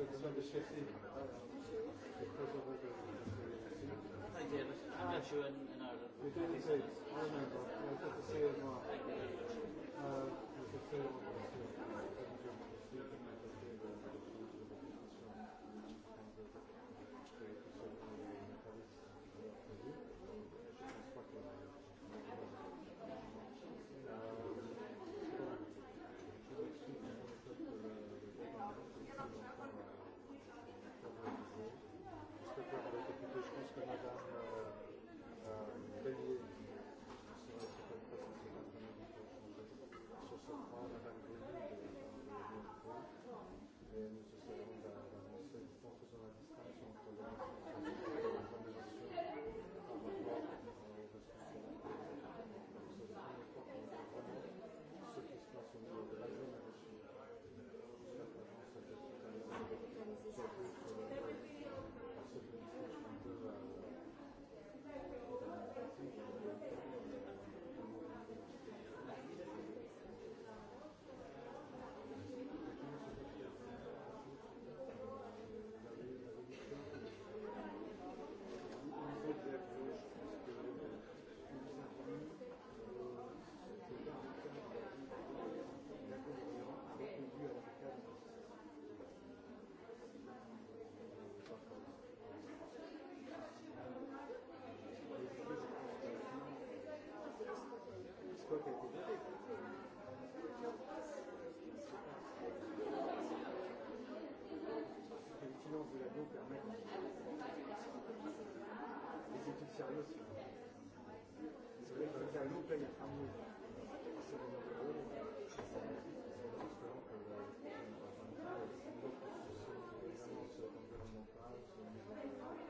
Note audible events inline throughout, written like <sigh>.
I'm not sure in, in Ireland. We did the same. I remember. I did the same. Uh, we did the same. silence de la bio permettent des études sérieuses. C'est vrai que la bio paye à travailler. Thank you.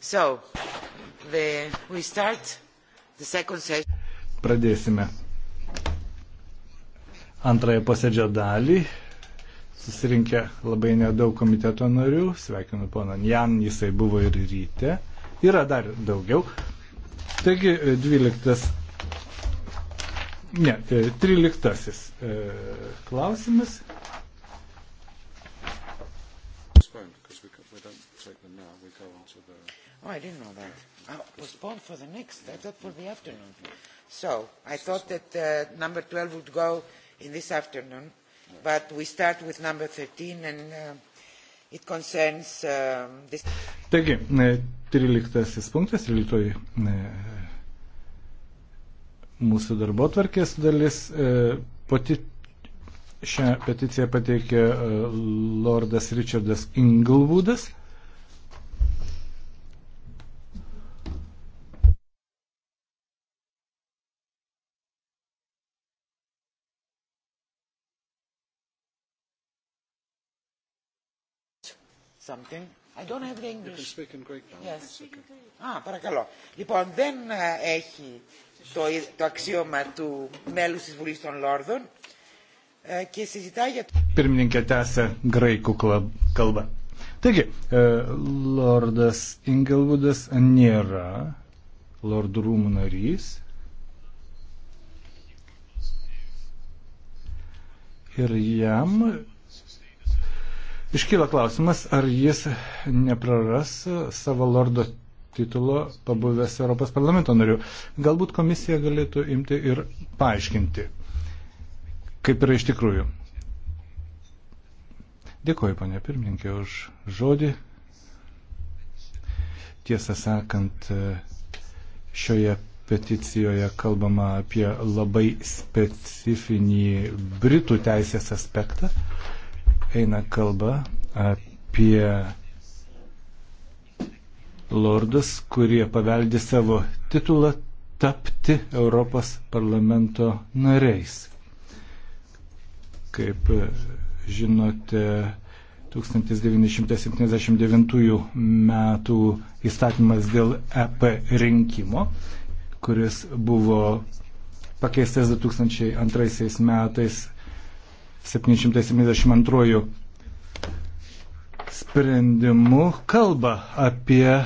So, the, we start the second session. Pradėsime antrąją posėdžio dalį. Susirinkę labai nedaug komiteto narių. Sveikinu poną Jan, jisai buvo ir ryte. Yra dar daugiau. Taigi, 12. E, ne, 13. E, e, klausimas. thought for the afternoon. So I thought that uh, number 12 would go in this afternoon, but we start with number 13 and uh, it concerns um, this. Taigi, 13 punktas, 13 mūsų darbo tvarkės dalis. E, Pati šią peticiją pateikė e, Lordas Richardas Inglewoodas. something. I don't have the English. You can speak in Greek now. Yes. Okay. Α, ah, παρακαλώ. Λοιπόν, δεν έχει το, το αξίωμα του μέλους της Βουλής των Λόρδων και συζητάει για... Pirmininkė tęsė graikų kalbą. Taigi, Lordas Ingelvudas nėra Lordų rūmų narys. Ir jam Iškyla klausimas, ar jis nepraras savo lordo titulo pabuvęs Europos parlamento nariu. Galbūt komisija galėtų imti ir paaiškinti, kaip yra iš tikrųjų. Dėkuoju, panė pirmininkė, už žodį. Tiesą sakant, šioje peticijoje kalbama apie labai specifinį Britų teisės aspektą. Uh, eina kalba apie lordus, kurie paveldi savo titulą tapti Europos parlamento nariais. Kaip žinote, 1979 metų įstatymas dėl EP rinkimo, kuris buvo pakeistas 2002 metais 772 sprendimu kalba apie e,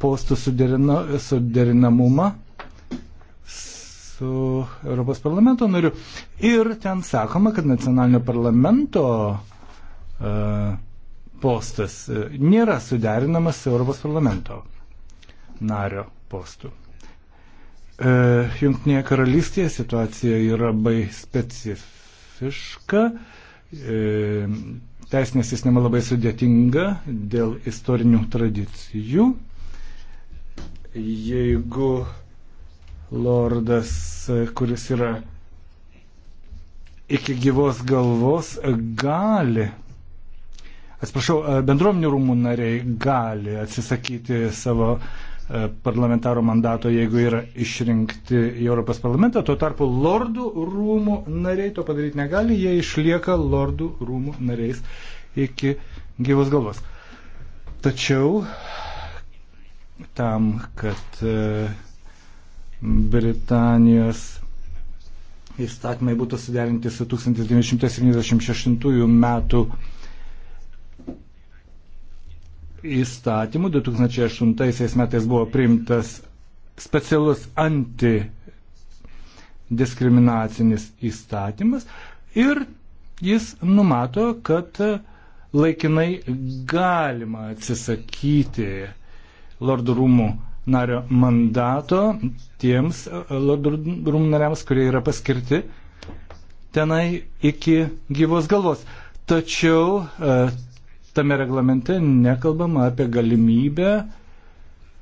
postų suderina, suderinamumą su Europos parlamento nariu. Ir ten sakoma, kad nacionalinio parlamento e, postas e, nėra suderinamas su Europos parlamento nario postu. Junktinėje karalystėje situacija yra labai specifi specifiška, e, teisinė sistema labai sudėtinga dėl istorinių tradicijų. Jeigu lordas, kuris yra iki gyvos galvos, gali atsiprašau, bendruomenių rūmų nariai gali atsisakyti savo E, parlamentaro mandato, jeigu yra išrinkti į Europos parlamentą. Tuo tarpu lordų rūmų nariai to padaryti negali, jie išlieka lordų rūmų nariais iki gyvos galvos. Tačiau tam, kad e, Britanijos įstatymai būtų suderinti su 1976 metų įstatymų 2008 metais buvo priimtas specialus antidiskriminacinis įstatymas ir jis numato, kad laikinai galima atsisakyti lordų rūmų nario mandato tiems lordų rūmų nariams, kurie yra paskirti tenai iki gyvos galvos. Tačiau e, tame reglamente nekalbama apie galimybę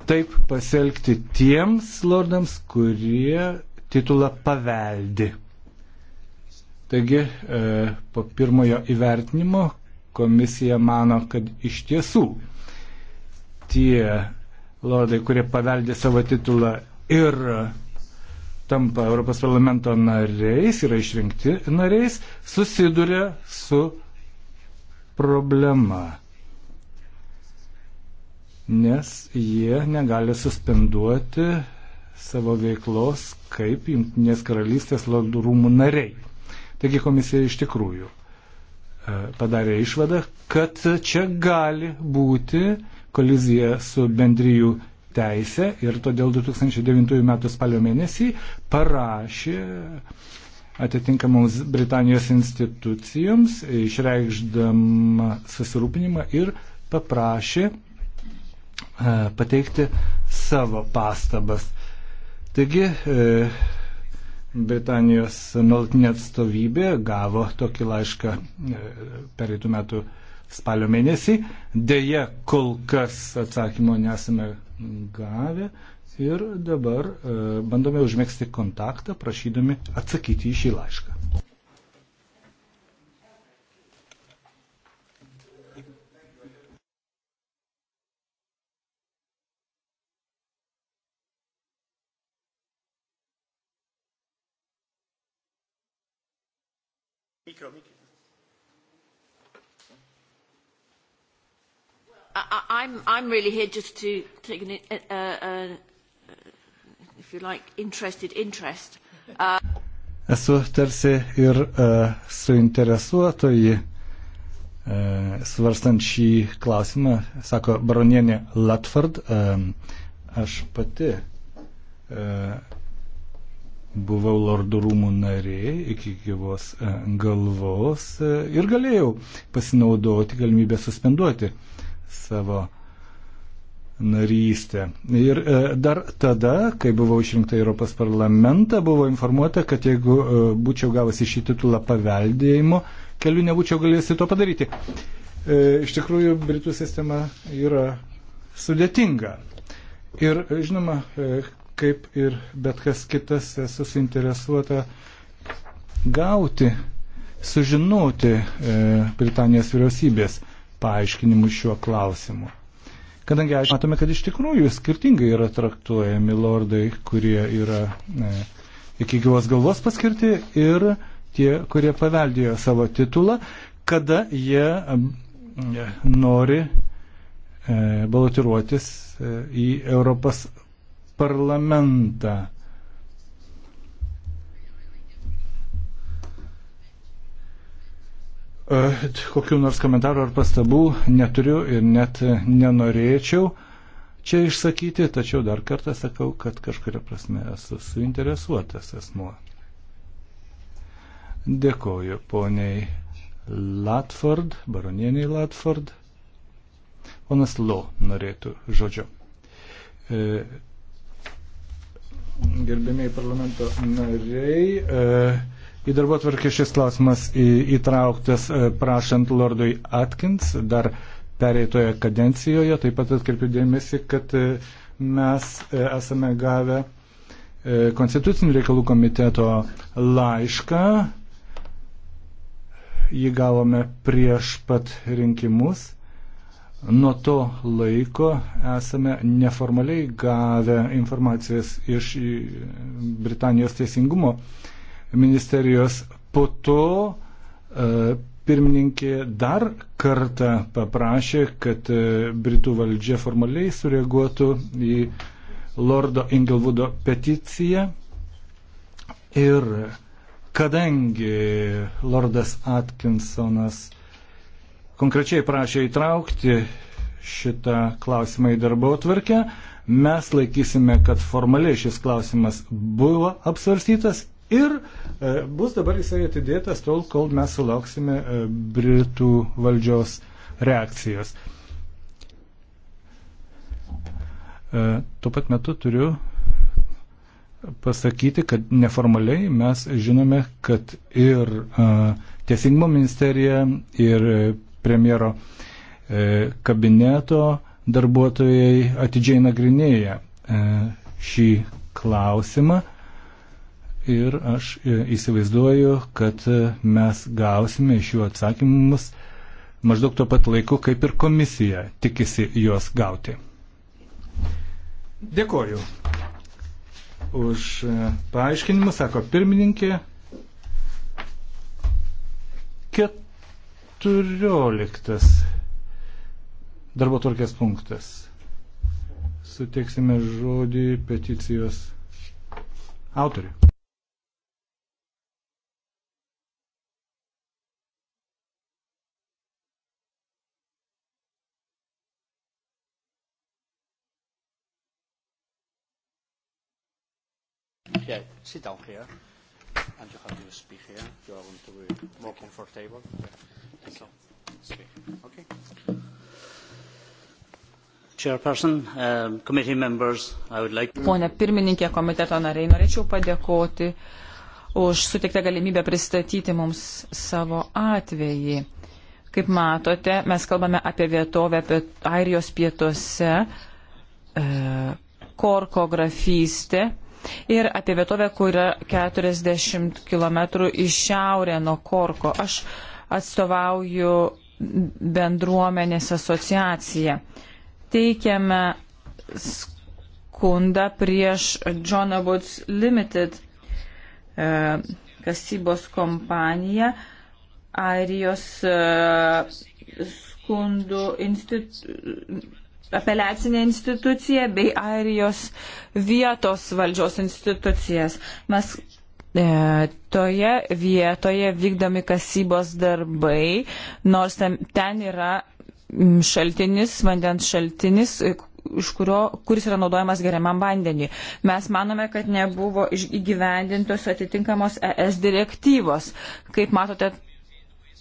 taip pasielgti tiems lordams, kurie titulą paveldi. Taigi e, po pirmojo įvertinimo komisija mano, kad iš tiesų tie lordai, kurie paveldė savo titulą ir tampa Europos parlamento nariais, yra išrinkti nariais, susiduria su problema, nes jie negali suspenduoti savo veiklos kaip Junktinės karalystės lordų rūmų nariai. Taigi komisija iš tikrųjų e, padarė išvadą, kad čia gali būti kolizija su bendryjų teisė ir todėl 2009 m. spalio mėnesį parašė atitinkamoms Britanijos institucijoms, išreikšdama susirūpinimą ir paprašė e, pateikti savo pastabas. Taigi e, Britanijos nuolatinė atstovybė gavo tokį laišką e, pereitų metų spalio mėnesį. Deja, kol kas atsakymo nesame gavę. Ir dabar e, bandome užmėgsti kontaktą, prašydami atsakyti į šį laišką. Mikro, mikro. I, I'm, I'm really here just to take an, uh, uh, if you like, interested interest. Uh... <laughs> Esu tarsi ir uh, suinteresuotoji, uh, svarstant šį klausimą, sako baronienė Latford, uh, aš pati uh, buvau lordų rūmų narė iki gyvos uh, galvos uh, ir galėjau pasinaudoti galimybę suspenduoti savo uh, narystę. Ir e, dar tada, kai buvau išrinkta Europos parlamentą, buvo informuota, kad jeigu e, būčiau gavusi šį titulą paveldėjimo keliu, nebūčiau galėjusi to padaryti. E, iš tikrųjų, Britų sistema yra sudėtinga. Ir žinoma, kaip ir bet kas kitas, esu suinteresuota gauti, sužinoti Britanijos vyriausybės paaiškinimus šiuo klausimu. Kadangi aiškiai matome, kad iš tikrųjų skirtingai yra traktuojami lordai, kurie yra e, iki gyvos galvos paskirti ir tie, kurie paveldėjo savo titulą, kada jie e, nori e, balotiruotis e, į Europos parlamentą. E, kokių nors komentarų ar pastabų neturiu ir net nenorėčiau čia išsakyti, tačiau dar kartą sakau, kad kažkuria prasme esu suinteresuotas asmuo. Dėkoju poniai Latford, baronieniai Latford. Ponas Lo norėtų žodžio. E, gerbėmiai parlamento nariai, e, Į darbo tvarkę šis klausimas įtrauktas e, prašant Lordui Atkins dar pereitoje kadencijoje. Taip pat atkirpiu dėmesį, kad e, mes e, esame gavę Konstitucinių reikalų komiteto laišką. Jį gavome prieš pat rinkimus. Nuo to laiko esame neformaliai gavę informacijas iš Britanijos teisingumo ministerijos. Po to e, pirmininkė dar kartą paprašė, kad e, Britų valdžia formaliai sureaguotų į Lordo Inglevudo peticiją. Ir kadangi Lordas Atkinsonas konkrečiai prašė įtraukti šitą klausimą į darbo atvarkę, mes laikysime, kad formaliai šis klausimas buvo apsvarstytas ir e, bus dabar jisai atidėtas tol, kol mes sulauksime e, Britų valdžios reakcijos. E, tuo pat metu turiu pasakyti, kad neformaliai mes žinome, kad ir Teisingumo ministerija, ir premjero kabineto darbuotojai atidžiai nagrinėja šį klausimą ir aš e, įsivaizduoju, kad e, mes gausime iš jų atsakymus maždaug tuo pat laiku, kaip ir komisija tikisi juos gauti. Dėkoju už e, paaiškinimus, sako pirmininkė. 14 darbo tvarkės punktas. Suteiksime žodį peticijos autoriui Yeah, sit down here. And you have to speak here. You are going to be more comfortable. Yeah. Thank so, you. Speak. Okay. Pone pirmininkė, komiteto nariai, norėčiau padėkoti už suteiktą galimybę pristatyti mums savo atvejį. Kaip matote, mes kalbame apie vietovę Airijos pietuose, e, korko grafystę, ir apie vietovę, kur yra 40 km į šiaurę nuo Korko. Aš atstovauju bendruomenės asociaciją. Teikiame skundą prieš John Woods Limited e, kasybos kompaniją Airijos e, skundų institu apeliacinę instituciją bei Airijos vietos valdžios institucijas. Mes e, toje vietoje vykdomi kasybos darbai, nors ten, ten yra šaltinis, vandens šaltinis, e, iš kurio, kuris yra naudojamas geriamam vandenį. Mes manome, kad nebuvo įgyvendintos atitinkamos ES direktyvos. Kaip matote,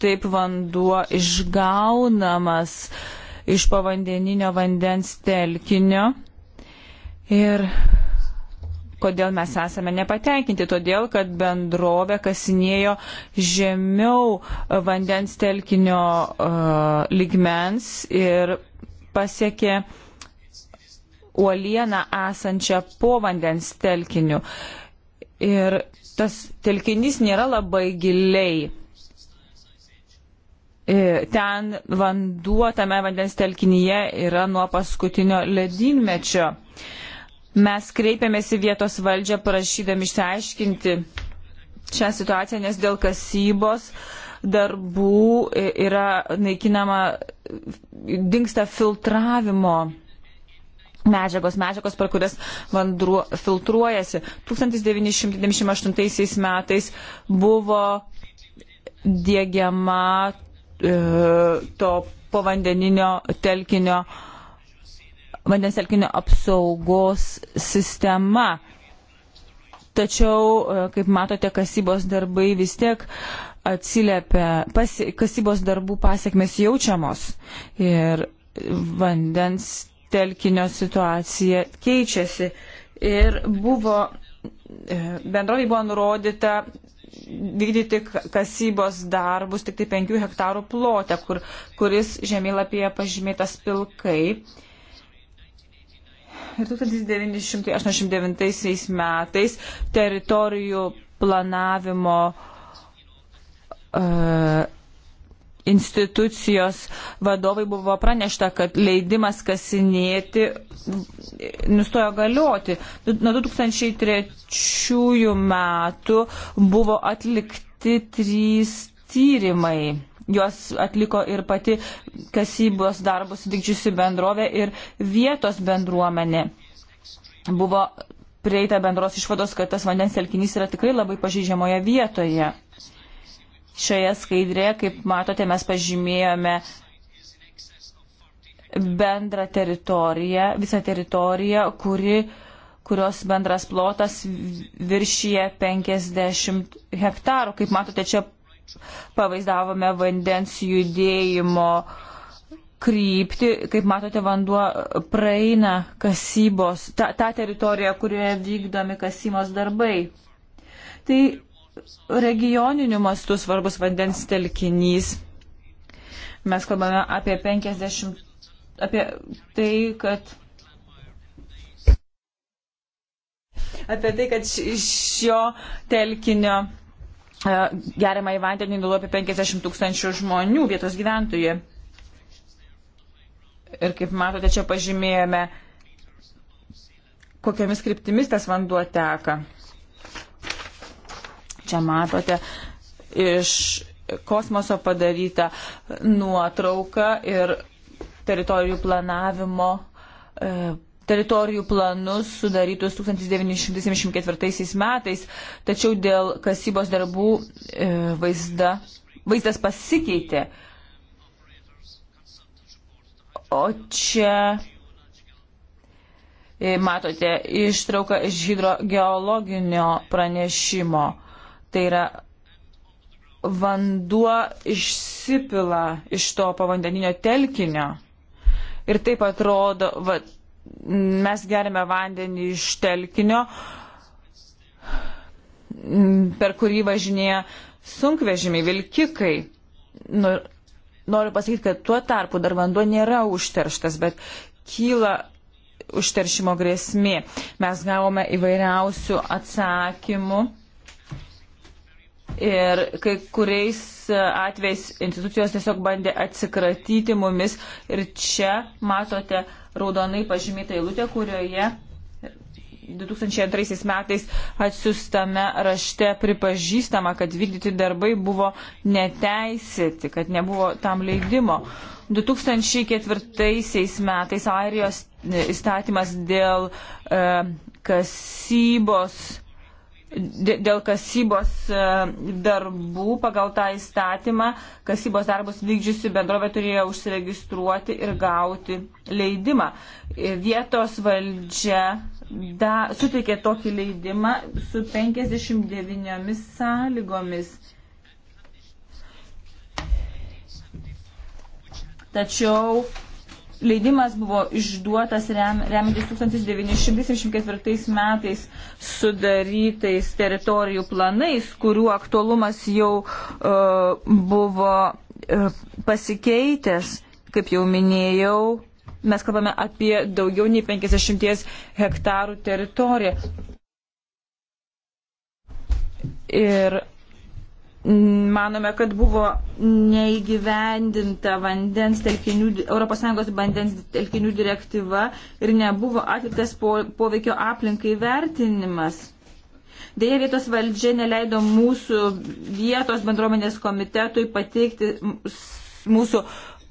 taip vanduo išgaunamas uh, iš povandeninio vandens telkinio. Ir kodėl mes esame nepatenkinti? Todėl, kad bendrovė kasinėjo žemiau vandens telkinio uh, e, ligmens ir pasiekė uolieną esančią po vandens telkiniu. Ir tas telkinys nėra labai giliai E, ten vanduo tame vandens telkinyje yra nuo paskutinio ledynmečio. Mes kreipėmės į vietos valdžią prašydami išsiaiškinti šią situaciją, nes dėl kasybos darbų e, yra naikinama, dinksta filtravimo medžiagos, medžiagos, per kurias vanduo filtruojasi. 1998 metais buvo dėgiama E, to povandeninio telkinio, vandens telkinio apsaugos sistema. Tačiau, e, kaip matote, kasybos darbai vis tiek atsiliepia, pasi, kasybos darbų pasiekmes jaučiamos ir vandens telkinio situacija keičiasi. Ir buvo, e, bendrovai buvo nurodyta vykdyti kasybos darbus tik tai 5 hektarų plote, kur, kuris žemėlapyje pažymėtas pilkai. Ir 1989 metais teritorijų planavimo uh, institucijos vadovai buvo pranešta, kad leidimas kasinėti nustojo galioti. Nuo 2003 metų buvo atlikti trys tyrimai. Jos atliko ir pati kasybos darbus vykdžiusi bendrovė ir vietos bendruomenė. Buvo prieita bendros išvados, kad tas vandens telkinys yra tikrai labai pažydžiamoje vietoje. Šioje skaidrėje, kaip matote, mes pažymėjome bendrą teritoriją, visą teritoriją, kuri, kurios bendras plotas viršyje 50 hektarų. Kaip matote, čia pavaizdavome vandens judėjimo krypti. Kaip matote, vanduo praeina kasybos, tą, tą teritoriją, kurioje vykdomi kasybos darbai. Tai regioniniu mastu svarbus vandens telkinys. Mes kalbame apie 50, apie tai, kad apie tai, kad šio telkinio e, geriamą į vandenį nulo apie 50 tūkstančių žmonių vietos gyventojų. Ir kaip matote, čia pažymėjome, kokiamis kryptimis tas vanduo teka. Čia matote iš kosmoso padarytą nuotrauką ir teritorijų planavimo. E, teritorijų planus sudarytus 1974 metais, tačiau dėl kasybos darbų e, vaizda, vaizdas pasikeitė. O čia e, matote ištrauką iš hidrogeologinio pranešimo. Tai yra vanduo išsipila iš to povandeninio telkinio. Ir taip atrodo, va, mes gerime vandenį iš telkinio, per kurį važinėja sunkvežimiai, vilkikai. Nu, noriu pasakyti, kad tuo tarpu dar vanduo nėra užterštas, bet kyla užteršimo grėsmė. Mes gavome įvairiausių atsakymų ir kai kuriais atvejais institucijos tiesiog bandė atsikratyti mumis ir čia matote raudonai pažymėtą eilutę, kurioje 2002 metais atsiustame rašte pripažįstama, kad vykdyti darbai buvo neteisėti, kad nebuvo tam leidimo. 2004 metais Airijos e, įstatymas dėl e, kasybos dėl kasybos e, darbų pagal tą įstatymą, kasybos darbus vykdžiusi bendrovė turėjo užsiregistruoti ir gauti leidimą. Vietos valdžia da, suteikė tokį leidimą su 59 sąlygomis. Tačiau Leidimas buvo išduotas rem, remiantis 1974 metais sudarytais teritorijų planais, kurių aktualumas jau uh, buvo uh, pasikeitęs, kaip jau minėjau. Mes kalbame apie daugiau nei 50 hektarų teritoriją. Ir manome, kad buvo neįgyvendinta vandens telkinių, ES vandens telkinių direktyva ir nebuvo atliktas po, poveikio aplinkai vertinimas. Deja, vietos valdžia neleido mūsų vietos bendruomenės komitetui pateikti mūsų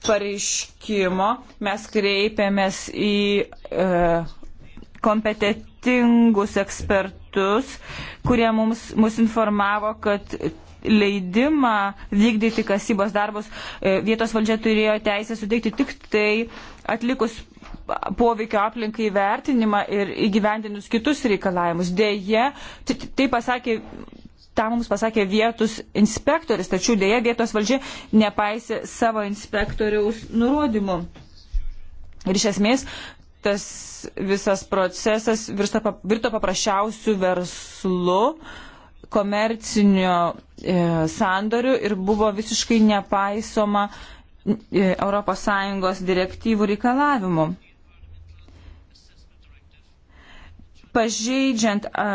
pareiškimo. Mes kreipėmės į e, kompetitingus ekspertus, kurie mums, mus informavo, kad leidimą vykdyti kasybos darbus e, vietos valdžia turėjo teisę suteikti tik tai atlikus poveikio aplinkai vertinimą ir įgyvendinus kitus reikalavimus. Deja, tai pasakė. Ta mums pasakė vietos inspektorius, tačiau dėja vietos valdžia nepaisė savo inspektoriaus nurodymų. Ir iš esmės tas visas procesas virto paprasčiausių verslų, uh, komercinių e, sandorių ir buvo visiškai nepaisoma ES direktyvų reikalavimų. Pažeidžiant e,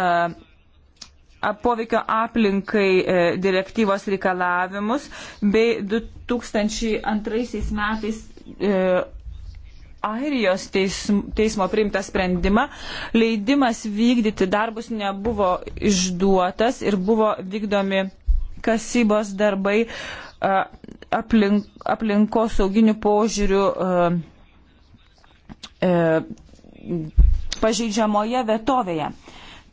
poveikio aplinkai e, direktyvos reikalavimus bei 2002 metais Airijos teism, teismo priimtą sprendimą, leidimas vykdyti darbus nebuvo išduotas ir buvo vykdomi kasybos darbai aplink, aplinkos sauginių požiūrių e, pažeidžiamoje vietovėje.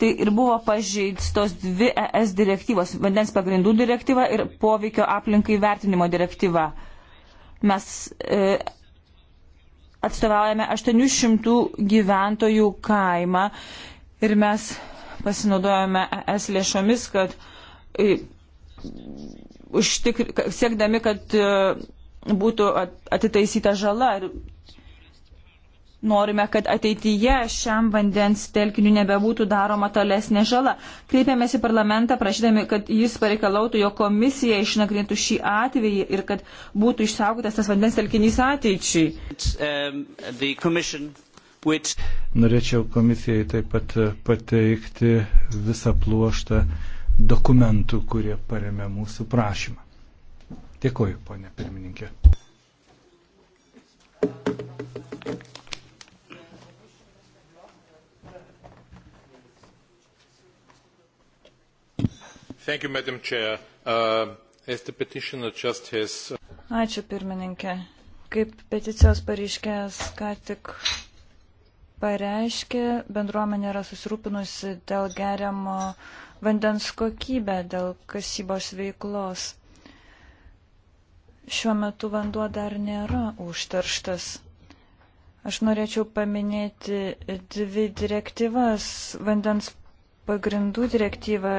Tai ir buvo pažeidustos dvi ES direktyvos - vandens pagrindų direktyva ir poveikio aplinkai vertinimo direktyva. Mes e, atstovaujame 800 gyventojų kaimą ir mes pasinaudojame es lėšomis, kad e, užtikri, siekdami, kad e, būtų atitaisyta žala ir Norime, kad ateityje šiam vandens telkiniu nebebūtų daroma tolesnė žala. Kreipėmės į parlamentą, prašydami, kad jis pareikalautų, jo komisija išnagrinėtų šį atvejį ir kad būtų išsaugotas tas vandens telkinys ateičiai. Um, Norėčiau komisijai taip pat uh, pateikti visą pluoštą dokumentų, kurie paremė mūsų prašymą. Dėkuoju, ponė pirmininkė. Thank you, Madam Chair. Uh, as the petitioner just has... Uh, Ačiū pirmininkė. Kaip peticijos pareiškės, ką tik pareiškė, bendruomenė yra susirūpinusi dėl geriamo vandens kokybę, dėl kasybos veiklos. Šiuo metu vanduo dar nėra užterštas. Aš norėčiau paminėti dvi direktyvas - vandens pagrindų direktyvą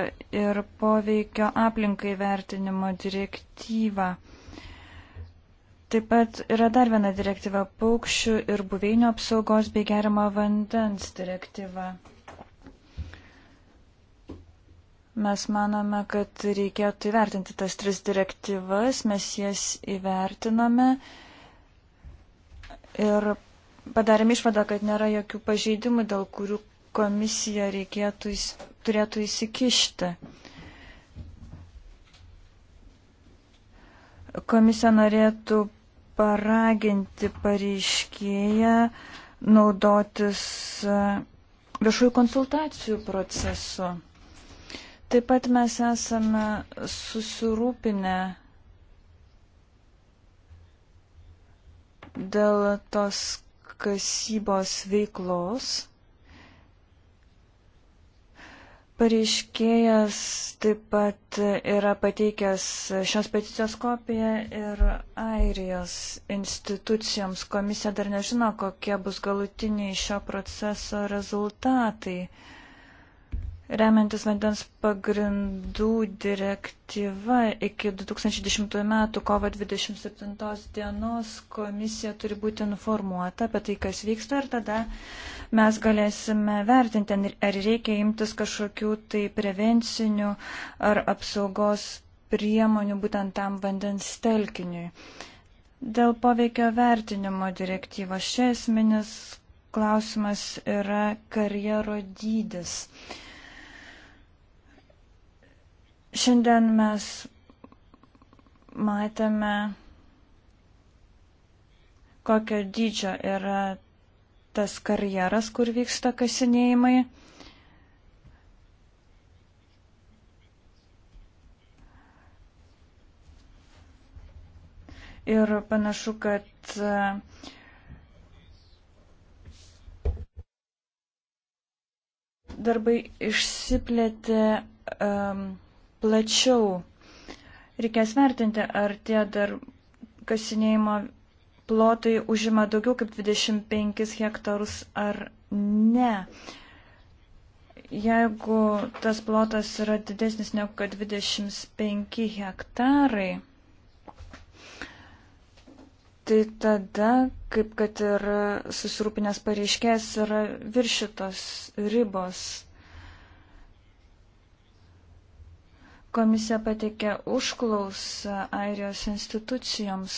ir poveikio aplinkai vertinimo direktyvą. Taip pat yra dar viena direktyva - paukščių ir buveinių apsaugos bei gerimo vandens direktyva. Mes manome, kad reikėtų įvertinti tas tris direktyvas, mes jas įvertiname ir padarėm išvadą, kad nėra jokių pažeidimų, dėl kurių komisija reikėtų, turėtų įsikišti. Komisija norėtų paraginti pareiškėją naudotis e, viešųjų konsultacijų procesu. Taip pat mes esame susirūpinę dėl tos kasybos veiklos. Pareiškėjas taip pat yra pateikęs šios peticijos kopiją ir Airijos institucijoms. Komisija dar nežino, kokie bus galutiniai šio proceso rezultatai. Uh, remiantis vandens pagrindų direktyva iki 2010 metų kovo 27 dienos komisija turi būti informuota apie tai, kas vyksta ir tada mes galėsime vertinti, ar reikia imtis kažkokių tai prevencinių ar apsaugos priemonių būtent tam vandens telkiniui. Dėl poveikio vertinimo direktyvos šia esminis klausimas yra karjero dydis. Uh, Šiandien mes matėme, kokio dydžio yra tas karjeras, kur vyksta kasinėjimai. Ir panašu, kad e, darbai išsiplėtė um, plačiau. Reikės vertinti, ar tie dar kasinėjimo plotai užima daugiau kaip 25 hektarus ar ne. Jeigu tas plotas yra didesnis negu kad 25 hektarai, tai tada, kaip kad ir susirūpinęs pareiškės, yra viršytos ribos Komisija pateikė užklausą Airijos institucijoms.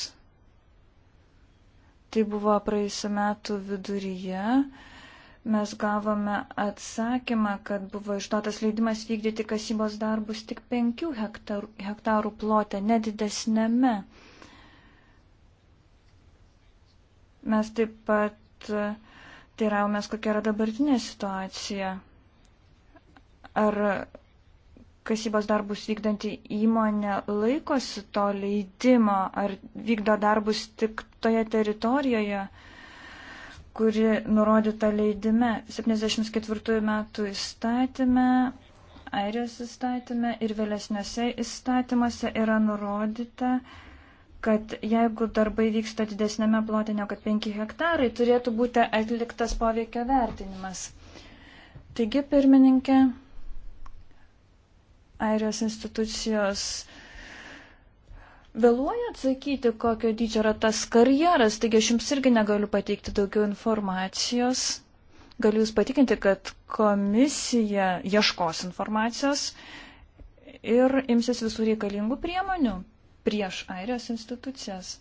Tai buvo praėjusiu metu viduryje. Mes gavome atsakymą, kad buvo išduotas leidimas vykdyti kasybos darbus tik 5 hektarų, hektarų plote, nedidesnėme. Mes taip pat e, teiravomės, kokia yra dabartinė situacija. Ar kasybos darbus vykdanti įmonė laikosi to leidimo ar vykdo darbus tik toje teritorijoje, kuri nurodyta leidime 74 metų įstatymę. Airijos įstatymė ir vėlesniuose įstatymuose yra nurodyta, kad jeigu darbai vyksta didesnėme plote negu 5 hektarai, turėtų būti atliktas poveikio vertinimas. Taigi, pirmininkė, airijos institucijos vėluoja atsakyti, kokio dydžio yra tas karjeras, taigi aš jums irgi negaliu pateikti daugiau informacijos. Galiu jūs patikinti, kad komisija ieškos informacijos ir imsis visų reikalingų priemonių prieš airijos institucijas.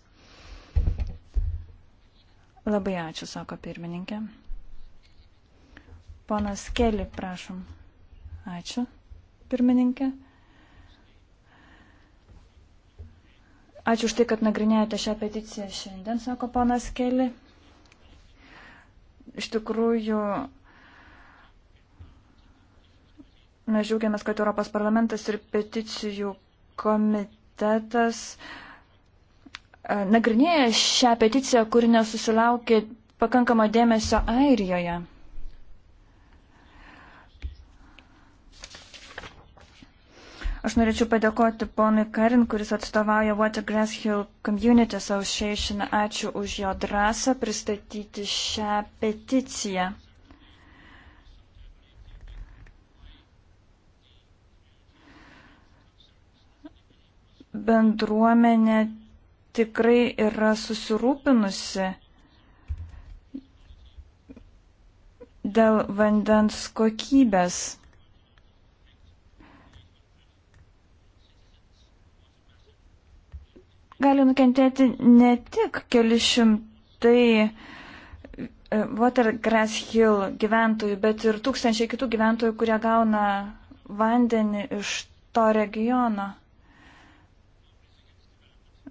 Labai ačiū, sako pirmininkė. Ponas Keli, prašom. Ačiū pirmininkė. Ačiū už tai, kad nagrinėjote šią peticiją šiandien, sako panas Keli. Iš tikrųjų, mes žiūrėjomės, kad Europos parlamentas ir peticijų komitetas e, nagrinėja šią peticiją, kuri nesusilaukė pakankamo dėmesio Airijoje. Aš norėčiau padėkoti ponui Karin, kuris atstovauja Watergrass Hill Community Association. Ačiū už jo drąsą pristatyti šią peticiją. Bendruomenė tikrai yra susirūpinusi dėl vandens kokybės. gali nukentėti ne tik keli šimtai e, Watergrass Hill gyventojų, bet ir tūkstančiai kitų gyventojų, kurie gauna vandenį iš to regiono.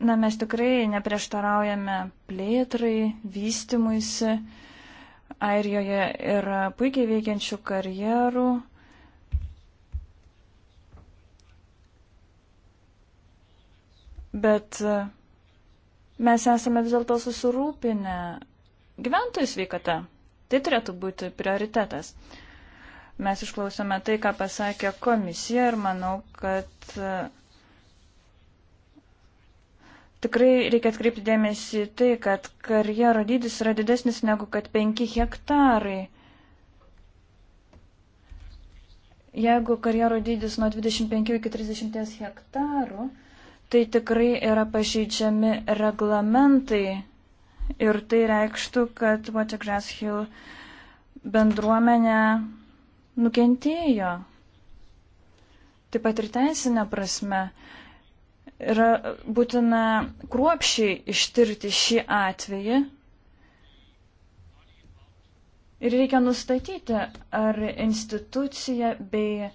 Na, mes tikrai neprieštaraujame plėtrai, vystimuisi. Airijoje yra puikiai veikiančių karjerų, Bet e, mes esame vis dėlto susirūpinę gyventojų sveikata. Tai turėtų būti prioritetas. Mes išklausome tai, ką pasakė komisija ir manau, kad e, tikrai reikia atkreipti dėmesį į tai, kad karjero dydis yra didesnis negu kad 5 hektarai. Jeigu karjero dydis nuo 25 iki 30 hektarų, tai tikrai yra pažeidžiami reglamentai ir tai reikštų, kad Watergrass Hill bendruomenė nukentėjo. Taip pat ir teisinė prasme yra būtina kruopšiai ištirti šį atvejį ir reikia nustatyti, ar institucija bei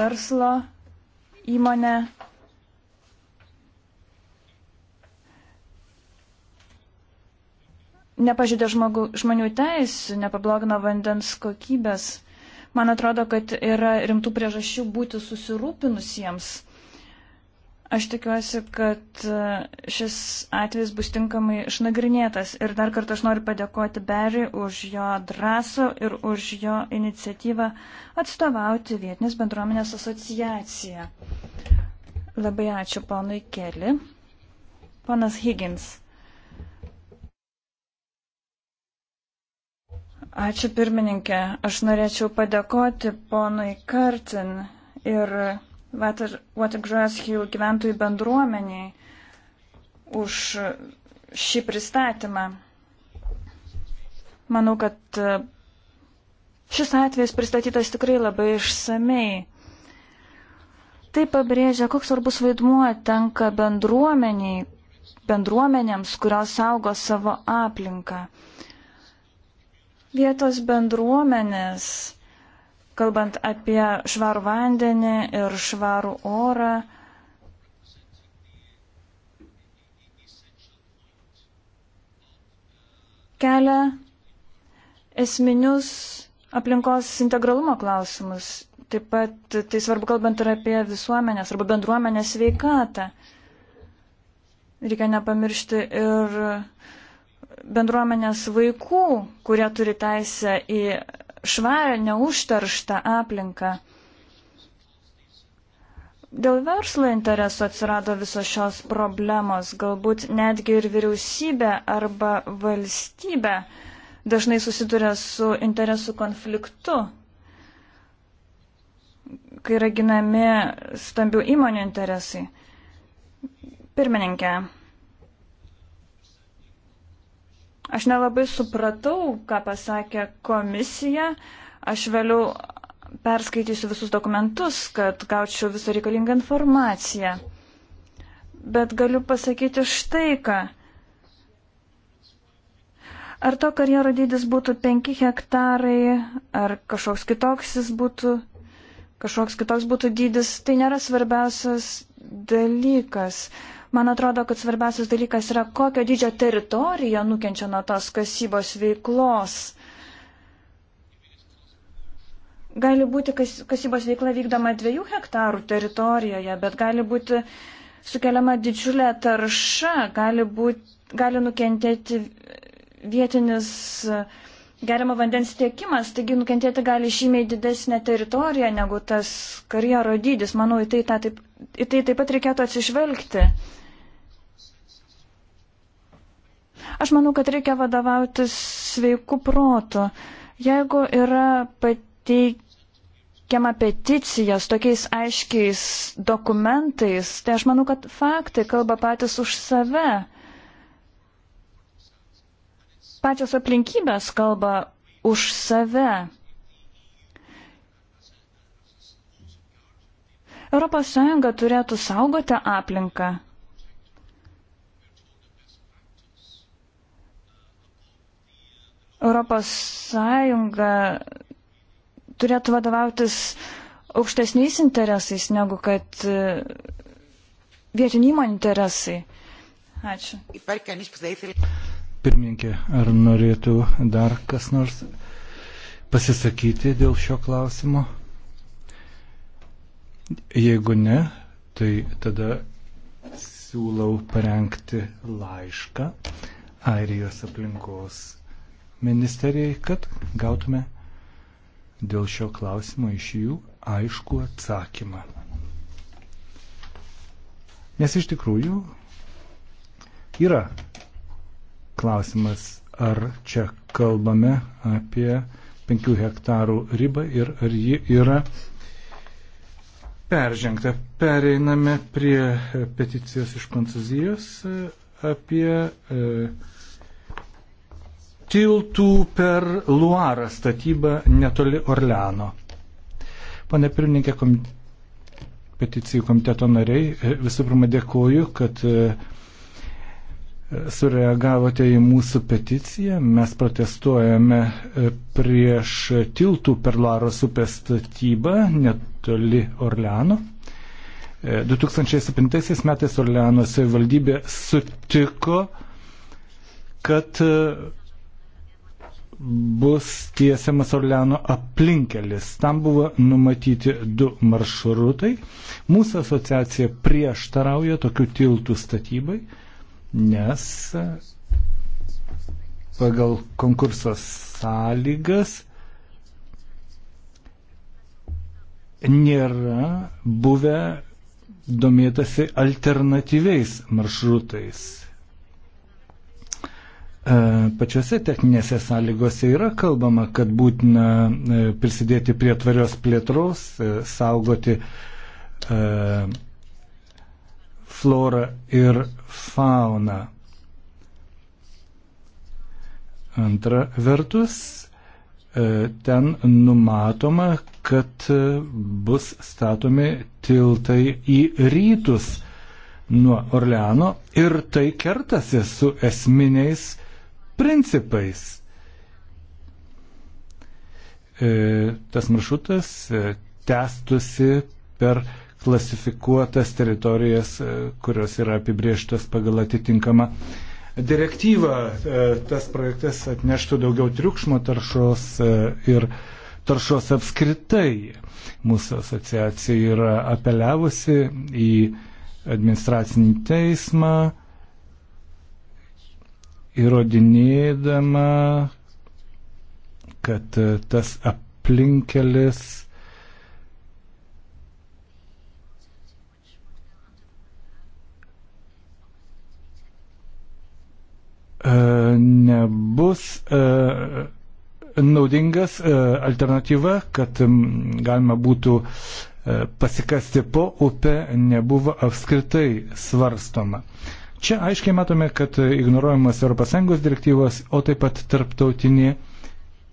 verslo įmonę. Nepažydė žmogų, žmonių teisų, nepablogino vandens kokybės. Man atrodo, kad yra rimtų priežasčių būti susirūpinusiems Aš tikiuosi, kad e, šis atvejs bus tinkamai išnagrinėtas. Ir dar kartą aš noriu padėkoti Berry už jo drąsą ir už jo iniciatyvą atstovauti vietinės bendruomenės asociaciją. Labai ačiū ponui Keli. Ponas Higgins. Ačiū pirmininkė. Aš norėčiau padėkoti ponui Kartin ir Watergrasshill gyventojų bendruomeniai už šį pristatymą. Manau, kad e, šis atvejis pristatytas tikrai labai išsamei. Tai pabrėžia, koks svarbus vaidmuo tenka bendruomeniai, bendruomenėms, kurios saugo savo aplinką. Vietos bendruomenės kalbant apie švarų vandenį ir švarų orą. kelia esminius aplinkos integralumo klausimus. Taip pat tai svarbu kalbant ir apie visuomenės arba bendruomenės veikatą. Reikia nepamiršti ir bendruomenės vaikų, kurie turi teisę į švarę, neužterštą aplinką. Dėl verslo interesų atsirado visos šios problemos, galbūt netgi ir vyriausybė arba valstybė dažnai susiduria su interesų konfliktu, kai yra ginami stambių įmonių interesai. Pirmininkė, Aš nelabai supratau, ką pasakė komisija. Aš vėliau perskaitysiu visus dokumentus, kad gaučiau visą reikalingą informaciją. Bet galiu pasakyti štai ką. Ar to karjero dydis būtų 5 hektarai, ar kažkoks kitoks jis būtų, kažkoks kitoks būtų dydis, tai nėra svarbiausias dalykas. Man atrodo, kad svarbiausias dalykas yra, kokio dydžio teritorija nukenčia nuo tos kasybos veiklos. Gali būti kas, kasybos veikla vykdoma dviejų hektarų teritorijoje, bet gali būti sukeliama didžiulė tarša, gali, būt, gali nukentėti vietinis uh, geriamo vandens tiekimas, taigi nukentėti gali žymiai didesnė teritorija negu tas karjero dydis. Manau, į tai, ta, taip, į tai taip pat reikėtų atsižvelgti. Aš manau, kad reikia vadovautis sveiku protu. Jeigu yra pateikiama peticija su tokiais aiškiais dokumentais, tai aš manau, kad faktai kalba patys už save pačios aplinkybės kalba už save. ES turėtų saugoti aplinką. ES turėtų vadovautis aukštesniais interesais negu kad e, vietinių įmonių interesai. Ačiū. Pirmininkė, ar norėtų dar kas nors pasisakyti dėl šio klausimo? Jeigu ne, tai tada siūlau parengti laišką Airijos aplinkos ministerijai, kad gautume dėl šio klausimo iš jų aišku atsakymą. Nes iš tikrųjų yra Klausimas, ar čia kalbame apie 5 hektarų ribą ir ar ji yra peržengta. Pereiname prie peticijos iš Prancūzijos apie e, tiltų per Luarą statybą netoli Orleano. Pane pirmininkė, kom... peticijų komiteto nariai, e, visų pirma dėkoju, kad e, sureagavote į mūsų peticiją. Mes protestuojame e, prieš tiltų per Laros upės statybą netoli Orleano. 2007 e, metais Orleano savivaldybė sutiko, kad e, bus tiesiamas Orleano aplinkelis. Tam buvo numatyti du maršrutai. Mūsų asociacija prieštarauja tokių tiltų statybai nes pagal konkurso sąlygas nėra buvę domėtasi alternatyviais maršrutais. E, pačiose techninėse sąlygose yra kalbama, kad būtina e, prisidėti prie tvarios plėtros, e, saugoti florą ir fauną. Antra vertus, e, ten numatoma, kad e, bus statomi tiltai į rytus nuo Orleano ir tai kertasi su esminiais principais. E, tas maršrutas tęstusi per klasifikuotas teritorijas, e, kurios yra apibrieštas pagal atitinkamą direktyvą. E, tas projektas atneštų daugiau triukšmo taršos e, ir taršos apskritai. Mūsų asociacija yra apeliavusi į administracinį teismą, įrodinėdama, kad tas aplinkelis E, nebus e, naudingas e, alternatyva, kad galima būtų pasikasti po upę, nebuvo apskritai svarstoma. Čia aiškiai matome, kad ignoruojamas ES direktyvos, o taip pat tarptautinė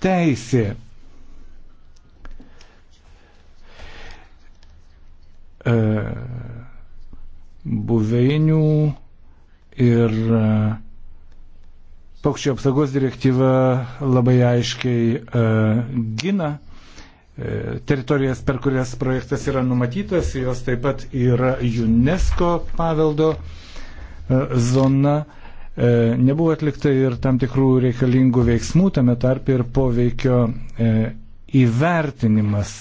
teisė. Buveinių ir paukščio apsaugos direktyva labai aiškiai e, gina e, teritorijas, per kurias projektas yra numatytas, jos taip pat yra UNESCO paveldo e, zona. E, nebuvo atlikta ir tam tikrų reikalingų veiksmų, tame tarp ir poveikio e, įvertinimas.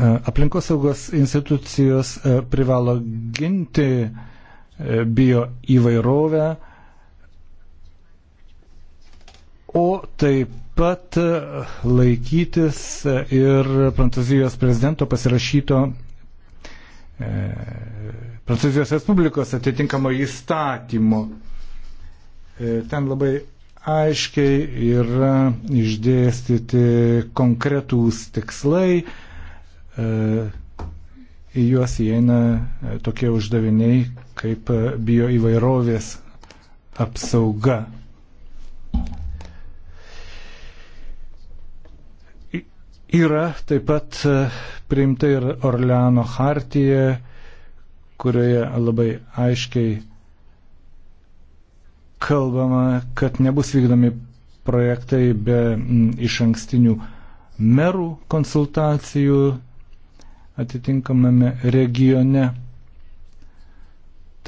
E, aplinkosaugos institucijos e, privalo ginti e, bio įvairovę, o taip pat laikytis ir Prancūzijos prezidento pasirašyto e, Prancūzijos Respublikos atitinkamo įstatymo. E, ten labai aiškiai yra išdėstyti konkretūs tikslai, e, į juos įeina tokie uždaviniai kaip e, bioįvairovės apsauga. Yra taip pat e, priimta ir Orleano hartija, kurioje labai aiškiai kalbama, kad nebus vykdomi projektai be iš ankstinių merų konsultacijų atitinkamame regione.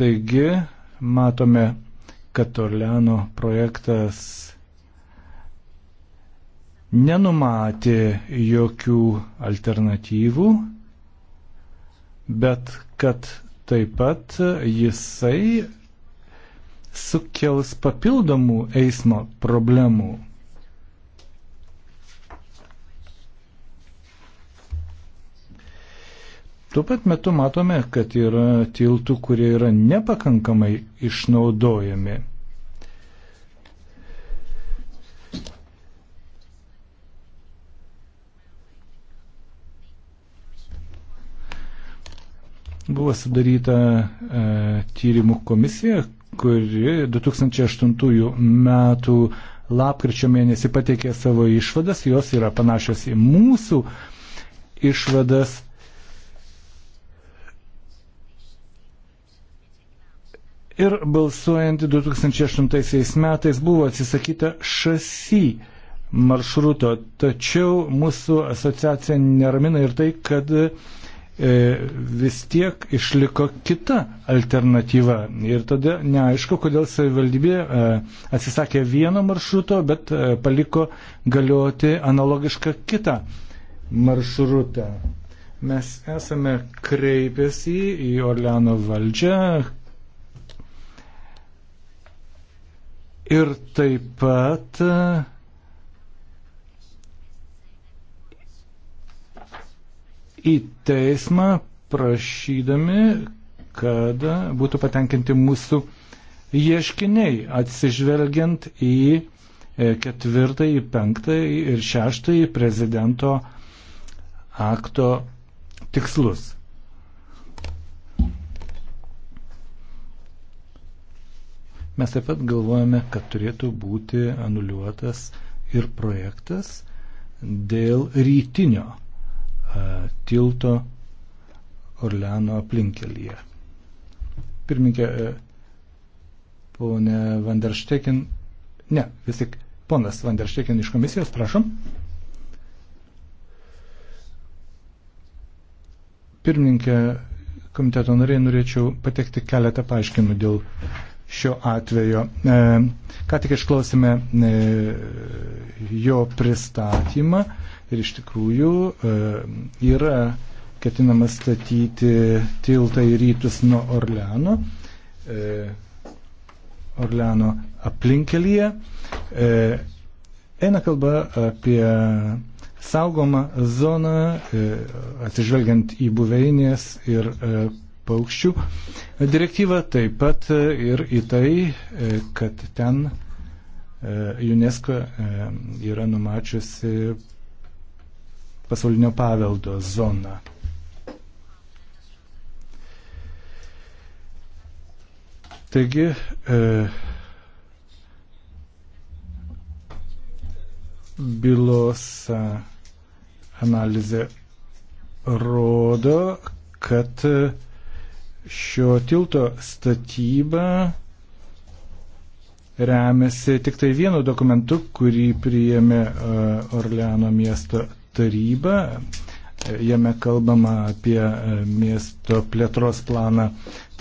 Taigi matome, kad Orleano projektas nenumatė jokių alternatyvų, bet kad taip pat jisai sukels papildomų eismo problemų. Tuo pat metu matome, kad yra tiltų, kurie yra nepakankamai išnaudojami. Buvo sudaryta e, tyrimų komisija, kuri 2008 metų lapkričio mėnesį pateikė savo išvadas, jos yra panašios į mūsų išvadas ir balsuojant 2008 metais buvo atsisakyta šasi maršruto, tačiau mūsų asociacija neramina ir tai, kad e, vis tiek išliko kita alternatyva. Ir tada neaišku, kodėl savivaldybė e, atsisakė vieno maršruto, bet e, paliko galioti analogišką kitą maršrutą. Mes esame kreipęsi į Orleano valdžią, Ir taip pat e, į teismą prašydami, kad būtų patenkinti mūsų ieškiniai, atsižvelgiant į e, ketvirtąjį, penktąjį ir šeštąjį prezidento akto tikslus. Mes taip pat galvojame, kad turėtų būti anuliuotas ir projektas dėl rytinio a, tilto Orleano aplinkelyje. Pirminkė, ponė Vanderštekin, ne, vis tik ponas Vanderštekin iš komisijos, prašom. Pirmininkė, komiteto nariai, norėčiau patekti keletą paaiškinimų dėl šio atvejo. E, ką tik išklausėme e, jo pristatymą ir iš tikrųjų e, yra ketinama statyti tiltą į rytus nuo Orleano, Orleano aplinkelyje. Eina kalba apie saugomą zoną, atsižvelgiant į buveinės ir paukščių direktyvą, taip pat e, ir į tai, e, kad ten e, UNESCO yra numačiusi pasaulinio paveldo zoną. Taigi, bylos analizė rodo, kad Šio tilto statyba remiasi tik tai vienu dokumentu, kurį priėmė e, Orleano miesto taryba. Jame kalbama apie e, miesto plėtros planą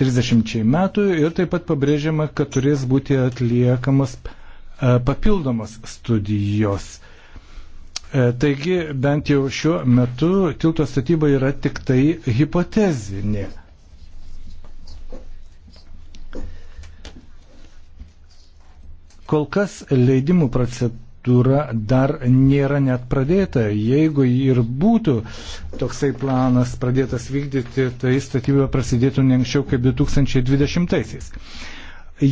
30 metų ir taip pat pabrėžiama, kad turės būti atliekamos e, papildomos studijos. Taigi bent jau šiuo metu tilto statyba yra tik tai hipotezinė. Kol kas leidimų procedūra dar nėra net pradėta. Jeigu ir būtų toksai planas pradėtas vykdyti, tai statyba prasidėtų ne anksčiau kaip 2020. -aisiais.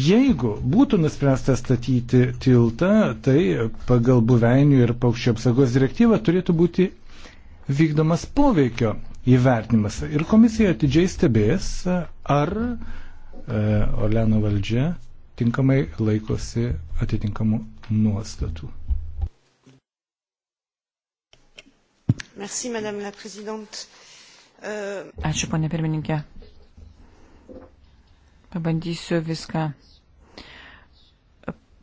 Jeigu būtų nuspręsta statyti tiltą, tai pagal buveinių ir paukščio apsaugos direktyvą turėtų būti vykdomas poveikio įvertinimas. Ir komisija atidžiai stebės, ar e, Oleno valdžia tinkamai laikosi atitinkamų nuostatų. Merci, Madame la Présidente. Uh... Ačiū, ponė pirmininkė. Pabandysiu viską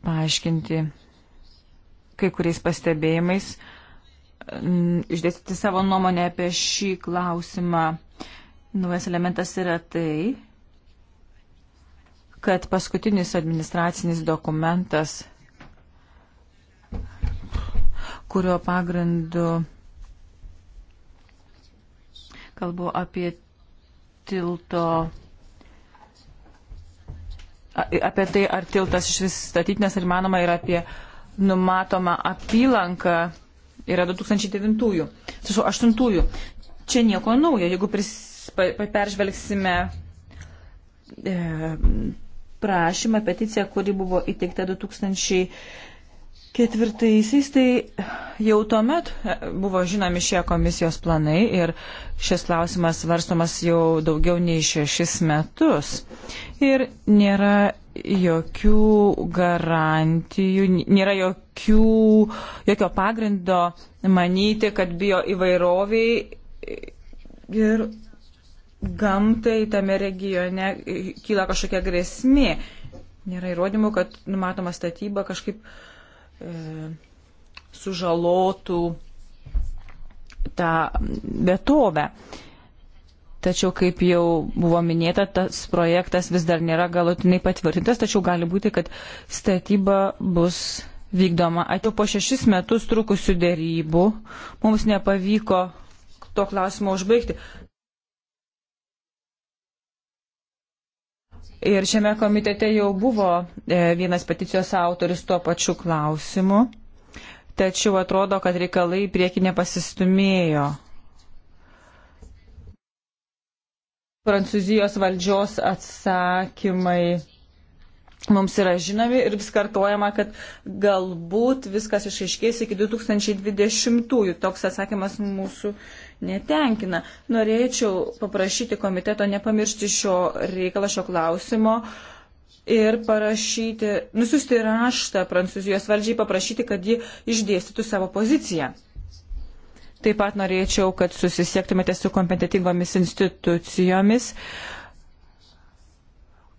paaiškinti kai kuriais pastebėjimais, išdėstyti savo nuomonę apie šį klausimą. Naujas elementas yra tai, kad paskutinis administracinis dokumentas, kurio pagrindu kalbu apie tilto apie tai, ar tiltas iš vis statytinas ir manoma ir apie numatomą apylanką yra 2009-ųjų. 8-ųjų. Čia nieko naujo. Jeigu pris, pa, pa, peržvelgsime e, prašymą, peticiją, kuri buvo įteikta 2004-aisiais, tai jau tuomet buvo žinomi šie komisijos planai ir šis klausimas svarstomas jau daugiau nei šešis metus. Ir nėra jokių garantijų, nėra jokių, jokio pagrindo manyti, kad bio įvairoviai ir gamtai tame regione kyla kažkokia grėsmė. Nėra įrodymų, kad numatoma statyba kažkaip e, sužalotų tą vietovę. Tačiau, kaip jau buvo minėta, tas projektas vis dar nėra galutinai patvirtintas, tačiau gali būti, kad statyba bus vykdoma. Atėjo po šešis metus trukusių dėrybų, mums nepavyko to klausimo užbaigti. Ir šiame komitete jau buvo e, vienas peticijos autoris tuo pačiu klausimu, tačiau atrodo, kad reikalai prieki nepasistumėjo. Prancūzijos valdžios atsakymai mums yra žinomi ir vis kartojama, kad galbūt viskas išaiškės iki 2020-ųjų. Toks atsakymas mūsų netenkina. Norėčiau paprašyti komiteto nepamiršti šio reikalo, šio klausimo ir parašyti, nusiųsti raštą Prancūzijos valdžiai, paprašyti, kad ji išdėstytų savo poziciją. Taip pat norėčiau, kad susisiektumėte su kompetitingomis institucijomis,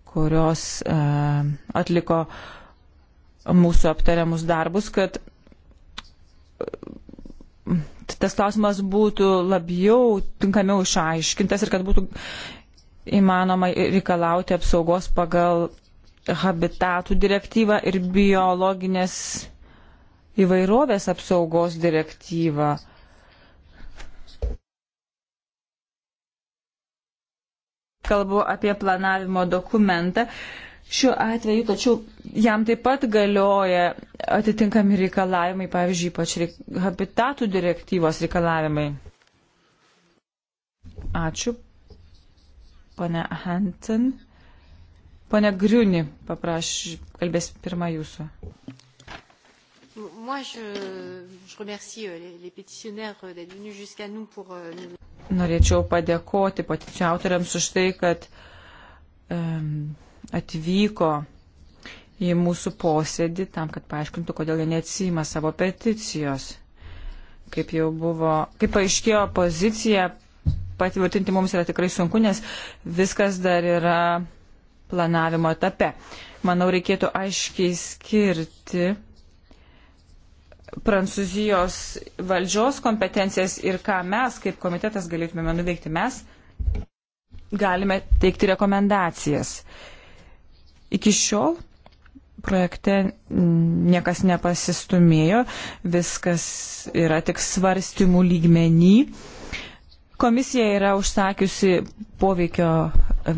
kurios uh, atliko mūsų aptariamus darbus, kad tas klausimas būtų labiau tinkamiau išaiškintas ir kad būtų įmanoma reikalauti apsaugos pagal habitatų direktyvą ir biologinės įvairovės apsaugos direktyvą. Kalbu apie planavimo dokumentą, šiuo atveju, tačiau jam taip pat galioja atitinkami reikalavimai, pavyzdžiui, ypač reik... habitatų direktyvos reikalavimai. Ačiū. Pane Hansen. Pane Griuni, paprašy, kalbės pirmą jūsų. Moi, je, je remercie euh, les, les pétitionnaires euh, d'être venus jusqu'à nous pour. Euh, Norėčiau padėkoti patyčių autoriams už tai, kad um, atvyko į mūsų posėdį tam, kad paaiškintų, kodėl jie neatsima savo peticijos. Kaip jau buvo, kaip paaiškėjo pozicija, patvirtinti mums yra tikrai sunku, nes viskas dar yra planavimo etape. Manau, reikėtų aiškiai skirti Prancūzijos valdžios kompetencijas ir ką mes kaip komitetas galėtume nuveikti. Mes galime teikti rekomendacijas. Iki šiol projekte niekas nepasistumėjo, viskas yra tik svarstymų lygmenį. Komisija yra užsakiusi poveikio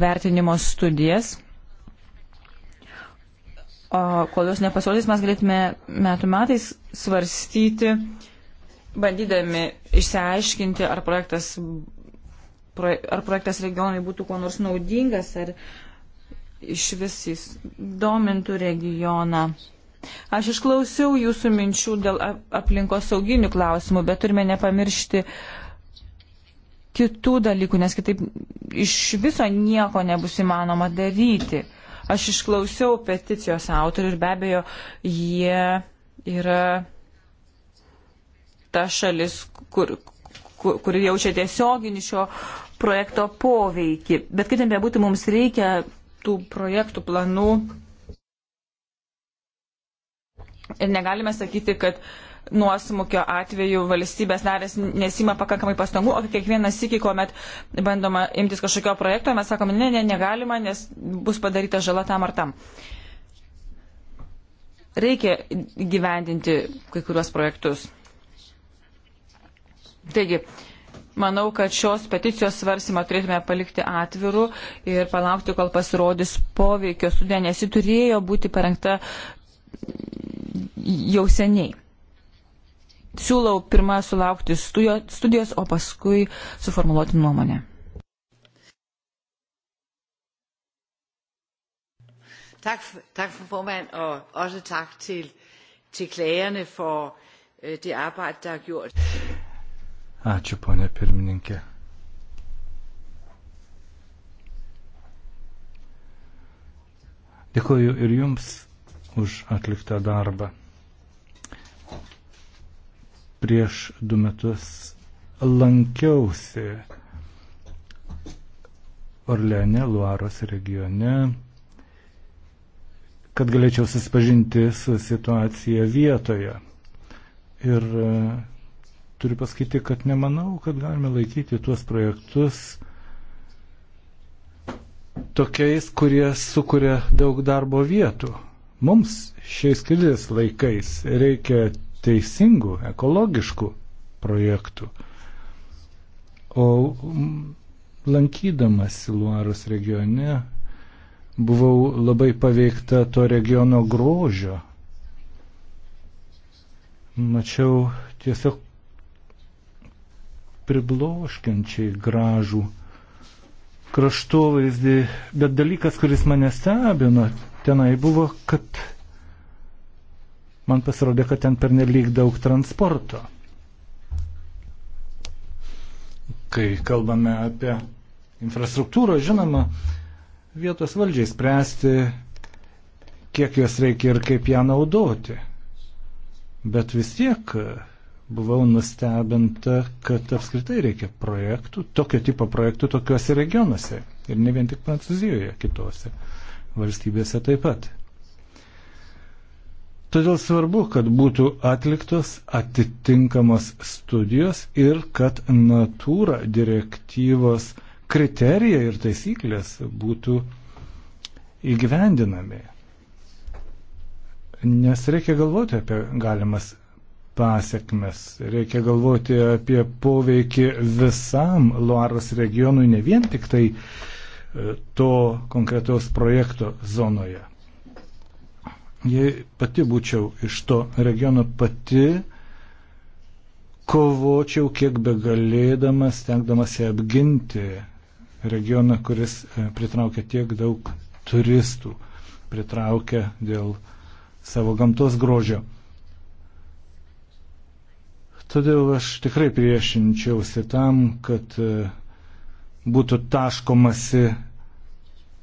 vertinimo studijas. O kol jos nepasirodys, mes galėtume metų metais svarstyti, bandydami išsiaiškinti, ar projektas, ar projektas regionai būtų kuo nors naudingas, ar uh, iš visys domintų regioną. Aš išklausiau jūsų minčių dėl aplinkos sauginių klausimų, bet turime nepamiršti kitų dalykų, nes kitaip iš viso nieko nebus įmanoma daryti. Aš išklausiau peticijos autorių ir be abejo, jie yra ta šalis, kur, kur, kur jaučia tiesioginį šio projekto poveikį. Bet kaip ten bebūtų, mums reikia tų projektų, planų. Ir negalime sakyti, kad nuosmukio atveju valstybės narės nesima pakankamai pastangų, o kiekvieną sykį, kuomet bandoma imtis kažkokio projekto, mes sakome, ne, ne, negalima, nes bus padaryta žala tam ar tam. Reikia gyvendinti kai kuriuos projektus. Taigi, uh, Manau, kad šios peticijos svarsimą turėtume palikti atvirų ir palaukti, kol pasirodys poveikio studija, nes ji turėjo būti parengta jau seniai. Siūlau pirmą sulaukti studijos, o paskui suformuoluoti nuomonę. Tak, tak for formand, og også tak til, til klagerne for øh, det arbejde, der er gjort. Ačiū, ponė pirmininkė. Dėkuoju ir jums už atliktą darbą. Prieš du metus lankiausi Orleane, Luaros regione, kad galėčiau susipažinti su situacija vietoje. Ir turiu pasakyti, kad nemanau, kad galime laikyti tuos projektus tokiais, kurie sukuria daug darbo vietų. Mums šiais krizės laikais reikia teisingų, ekologiškų projektų. O lankydamas Luaros regione buvau labai paveikta to regiono grožio. Mačiau tiesiog pribloškiančiai gražų kraštovaizdį, bet dalykas, kuris mane stebino tenai buvo, kad man pasirodė, kad ten pernelyg daug transporto. Kai kalbame apie infrastruktūrą, žinoma, vietos valdžiai spręsti, kiek jos reikia ir kaip ją naudoti. Bet vis tiek buvau nustebinta, kad apskritai reikia projektų, tokio tipo projektų tokiuose regionuose. Ir ne vien tik Prancūzijoje, kitose valstybėse taip pat. Todėl svarbu, kad būtų atliktos atitinkamos studijos ir kad natūra direktyvos kriterija ir taisyklės būtų įgyvendinami. Nes reikia galvoti apie galimas pasiekmes. Reikia galvoti apie poveikį visam Luaros regionui, ne vien tik tai e, to konkretaus projekto zonoje. Jei pati būčiau iš to regiono pati, kovočiau kiek begalėdamas, tenkdamasi apginti regioną, kuris e, pritraukia tiek daug turistų, pritraukia dėl savo gamtos grožio. Todėl aš tikrai priešinčiausi tam, kad e, būtų taškomasi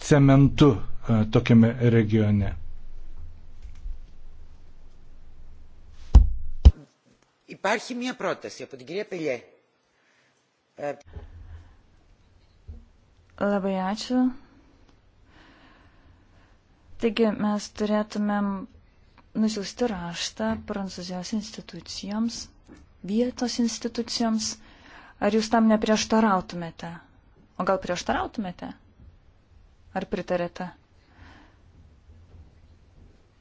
cementu e, tokiame regione. Υπάρχει μια πρόταση από την κυρία Πελιέ. Labai ačiū. Taigi mes turėtumėm nusiųsti raštą prancūzijos institucijoms vietos institucijoms. Ar jūs tam neprieštarautumėte? O gal prieštarautumėte? Ar pritarėte?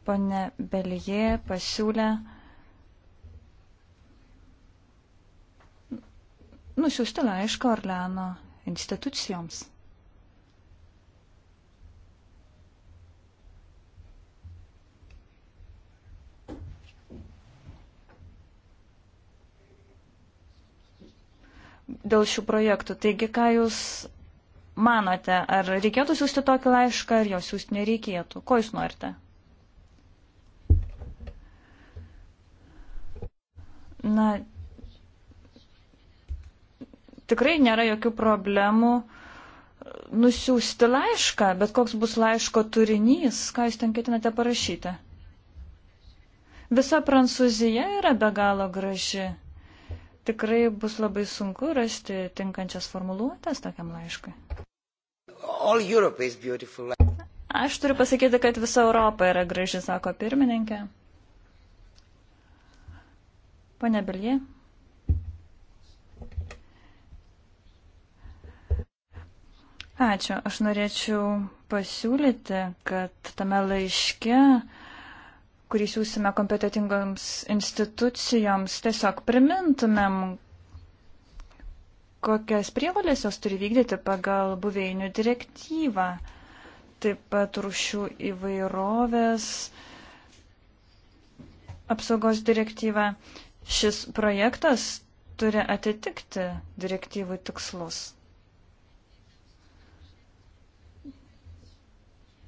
Pone Belyje pasiūlė nusiųsti laišką Orleano institucijoms. dėl šių projektų. Taigi, ką Jūs manote, ar reikėtų siūsti tokį laišką, ar jo siūsti nereikėtų? Ko Jūs norite? Na, tikrai nėra jokių problemų nusiųsti laišką, bet koks bus laiško turinys, ką jūs ten ketinate parašyti. Visa Prancūzija yra be galo graži tikrai bus labai sunku rasti tinkančias formuluotės tokiam laiškui. Aš turiu pasakyti, kad visa Europa yra graži, sako pirmininkė. Pane Belie. Ačiū. Aš norėčiau pasiūlyti, kad tame laiške uh, kurį siūsime kompetitingoms institucijoms, tiesiog primintumėm, kokias prievalės jos turi vykdyti pagal buveinių direktyvą, taip pat rūšių įvairovės apsaugos direktyvą. Šis projektas turi atitikti direktyvų tikslus.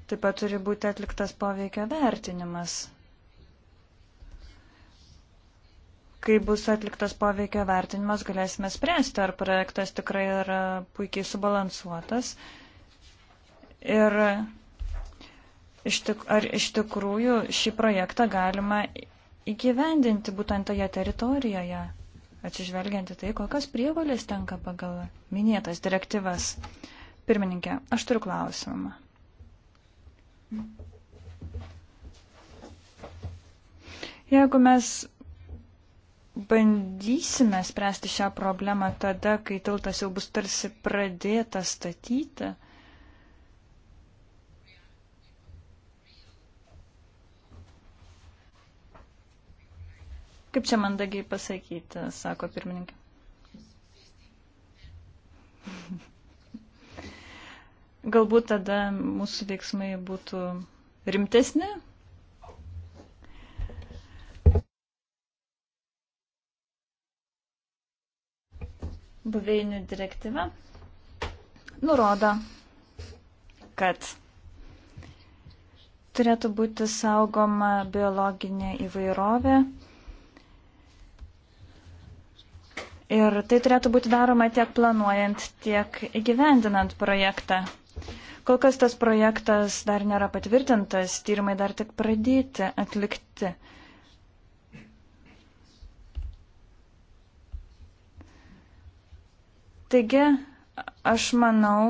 Taip pat turi būti atliktas poveikio vertinimas. kai bus atliktas poveikio vertinimas, galėsime spręsti, ar projektas tikrai yra puikiai subalansuotas ir iš tik, ar iš tikrųjų šį projektą galima įgyvendinti būtent toje teritorijoje, atsižvelgianti tai, kokias prievalės tenka pagal minėtas direktyvas. Pirmininkė, aš turiu klausimą. Jeigu mes bandysime spręsti šią problemą tada, kai tiltas jau bus tarsi pradėtas statyti. Kaip čia mandagiai pasakyti, sako pirmininkė. Galbūt tada mūsų veiksmai būtų rimtesni, buveinių direktyva nurodo, kad turėtų būti saugoma biologinė įvairovė. Ir tai turėtų būti daroma tiek planuojant, tiek įgyvendinant projektą. Kol kas tas projektas dar nėra patvirtintas, tyrimai dar tik pradėti atlikti. Taigi, aš manau,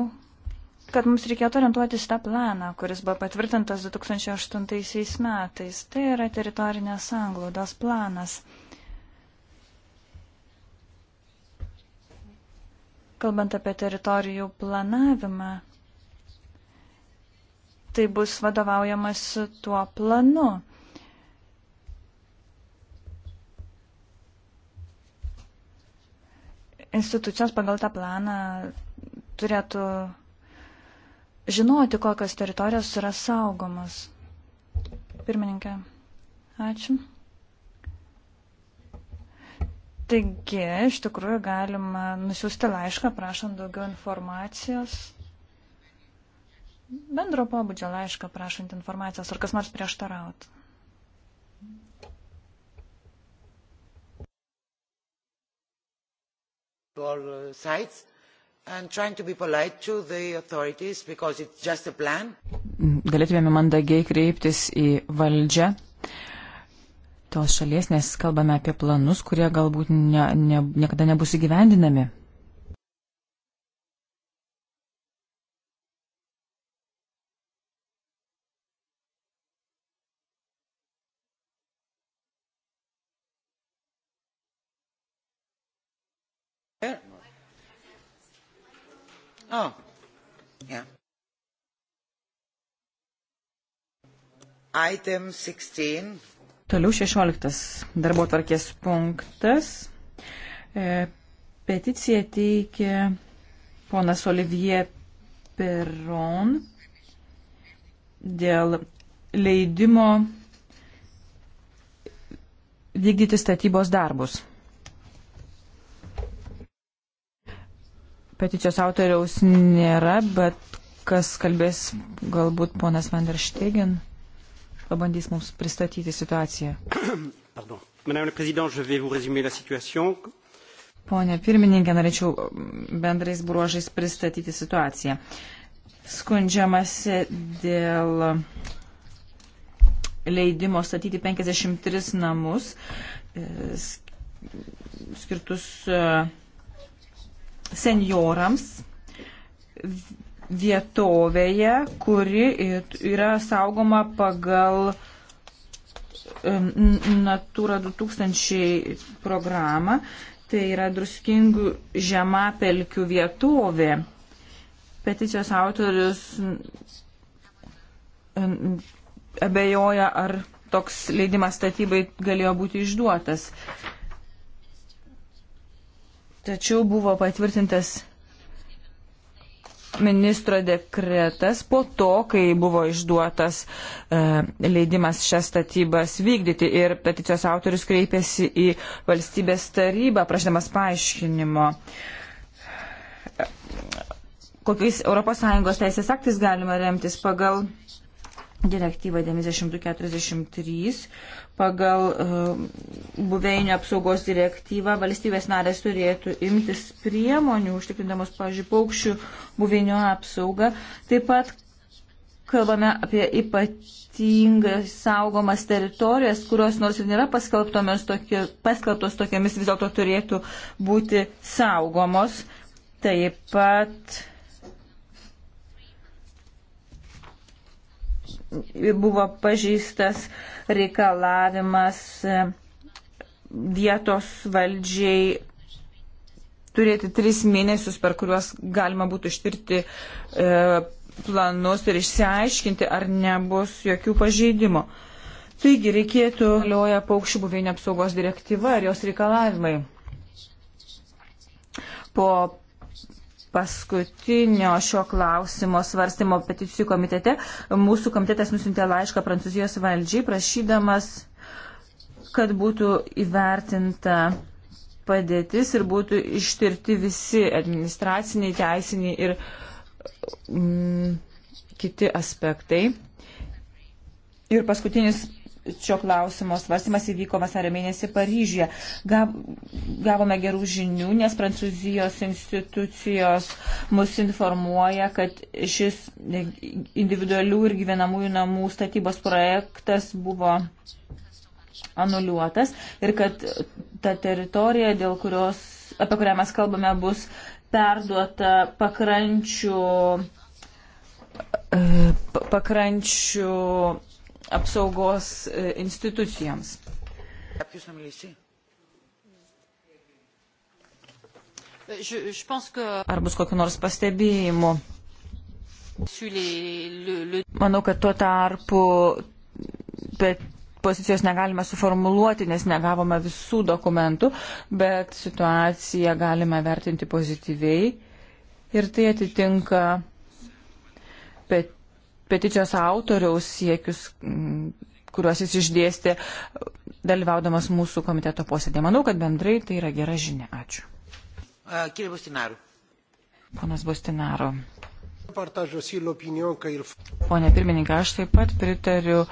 kad mums reikėtų orientuotis tą planą, kuris buvo patvirtintas 2008 metais. Tai yra teritorinės sanglaudos planas. Kalbant apie teritorijų planavimą, tai bus vadovaujamas tuo planu. institucijos pagal tą planą turėtų žinoti, kokios teritorijos yra saugomos. Pirmininkė, ačiū. Taigi, iš tikrųjų, galima nusiųsti laišką, prašant daugiau informacijos. Bendro pobūdžio laišką, prašant informacijos, ar kas nors prieštarautų. to all sides and trying to be polite to the authorities because it's just a plan. Galėtumėme mandagiai kreiptis į valdžią tos šalies, nes kalbame apie planus, kurie galbūt ne, ne, niekada nebus įgyvendinami. Toliau 16 darbo tvarkės punktas. E, peticiją teikė ponas Olivier Peron dėl leidimo vykdyti statybos darbus. Peticijos autoriaus nėra, bet kas kalbės galbūt ponas Vanderštegen pabandys mums pristatyti situaciją. <coughs> Pone pirmininkė, norėčiau bendrais bruožais pristatyti situaciją. Skundžiamasi dėl leidimo statyti 53 namus e, skirtus e, senjorams vietovėje, kuri yra saugoma pagal Natūra 2000 programą. Tai yra druskingų žemapelkių vietovė. Peticijos autorius abejoja, ar toks leidimas statybai galėjo būti išduotas. Tačiau buvo patvirtintas ministro dekretas po to, kai buvo išduotas e, leidimas šias statybas vykdyti ir peticijos autorius kreipėsi į valstybės tarybą, prašydamas paaiškinimo. Kokiais ES teisės aktais galima remtis pagal direktyvą 9243, pagal e, buveinio apsaugos direktyvą valstybės narės turėtų imtis priemonių, užtikrindamos, pažiūrėjau, paukščių buveinio apsaugą. Taip pat kalbame apie ypatingai saugomas teritorijas, kurios nors ir nėra tokio, paskelbtos tokiamis, vis dėlto turėtų būti saugomos. Taip pat buvo pažįstas reikalavimas e, vietos valdžiai turėti tris mėnesius, per kuriuos galima būtų ištirti e, planus ir išsiaiškinti, ar nebus jokių pažeidimų. Taigi reikėtų galioja paukščių buveinio apsaugos direktyva ir jos reikalavimai. Po paskutinio šio klausimo svarstymo peticijų komitete mūsų komitetas nusintė laišką Prancūzijos valdžiai, prašydamas, kad būtų įvertinta padėtis ir būtų ištirti visi administraciniai, teisiniai ir mm, kiti aspektai. Ir paskutinis šio klausimo svarstymas įvyko vasario mėnesį Paryžyje. Gavome gerų žinių, nes prancūzijos institucijos mus informuoja, kad šis individualių ir gyvenamųjų namų statybos projektas buvo anuliuotas ir kad ta teritorija, kurios, apie kurią mes kalbame, bus perduota pakrančių e, pakrančių apsaugos e, institucijoms. E, Ar bus kokiu nors pastebėjimu? Manau, kad tuo tarpu pozicijos negalime suformuluoti, nes negavome visų dokumentų, bet situaciją galime vertinti pozityviai ir tai atitinka pet, peticijos autoriaus siekius, mm, kuriuos jis išdėstė, dalyvaudamas mūsų komiteto posėdėje. Manau, kad bendrai tai yra gera žinia. Ačiū. Kyri Bustinaru. Ponas Bustinaru. Pone pirmininkai, aš taip pat pritariu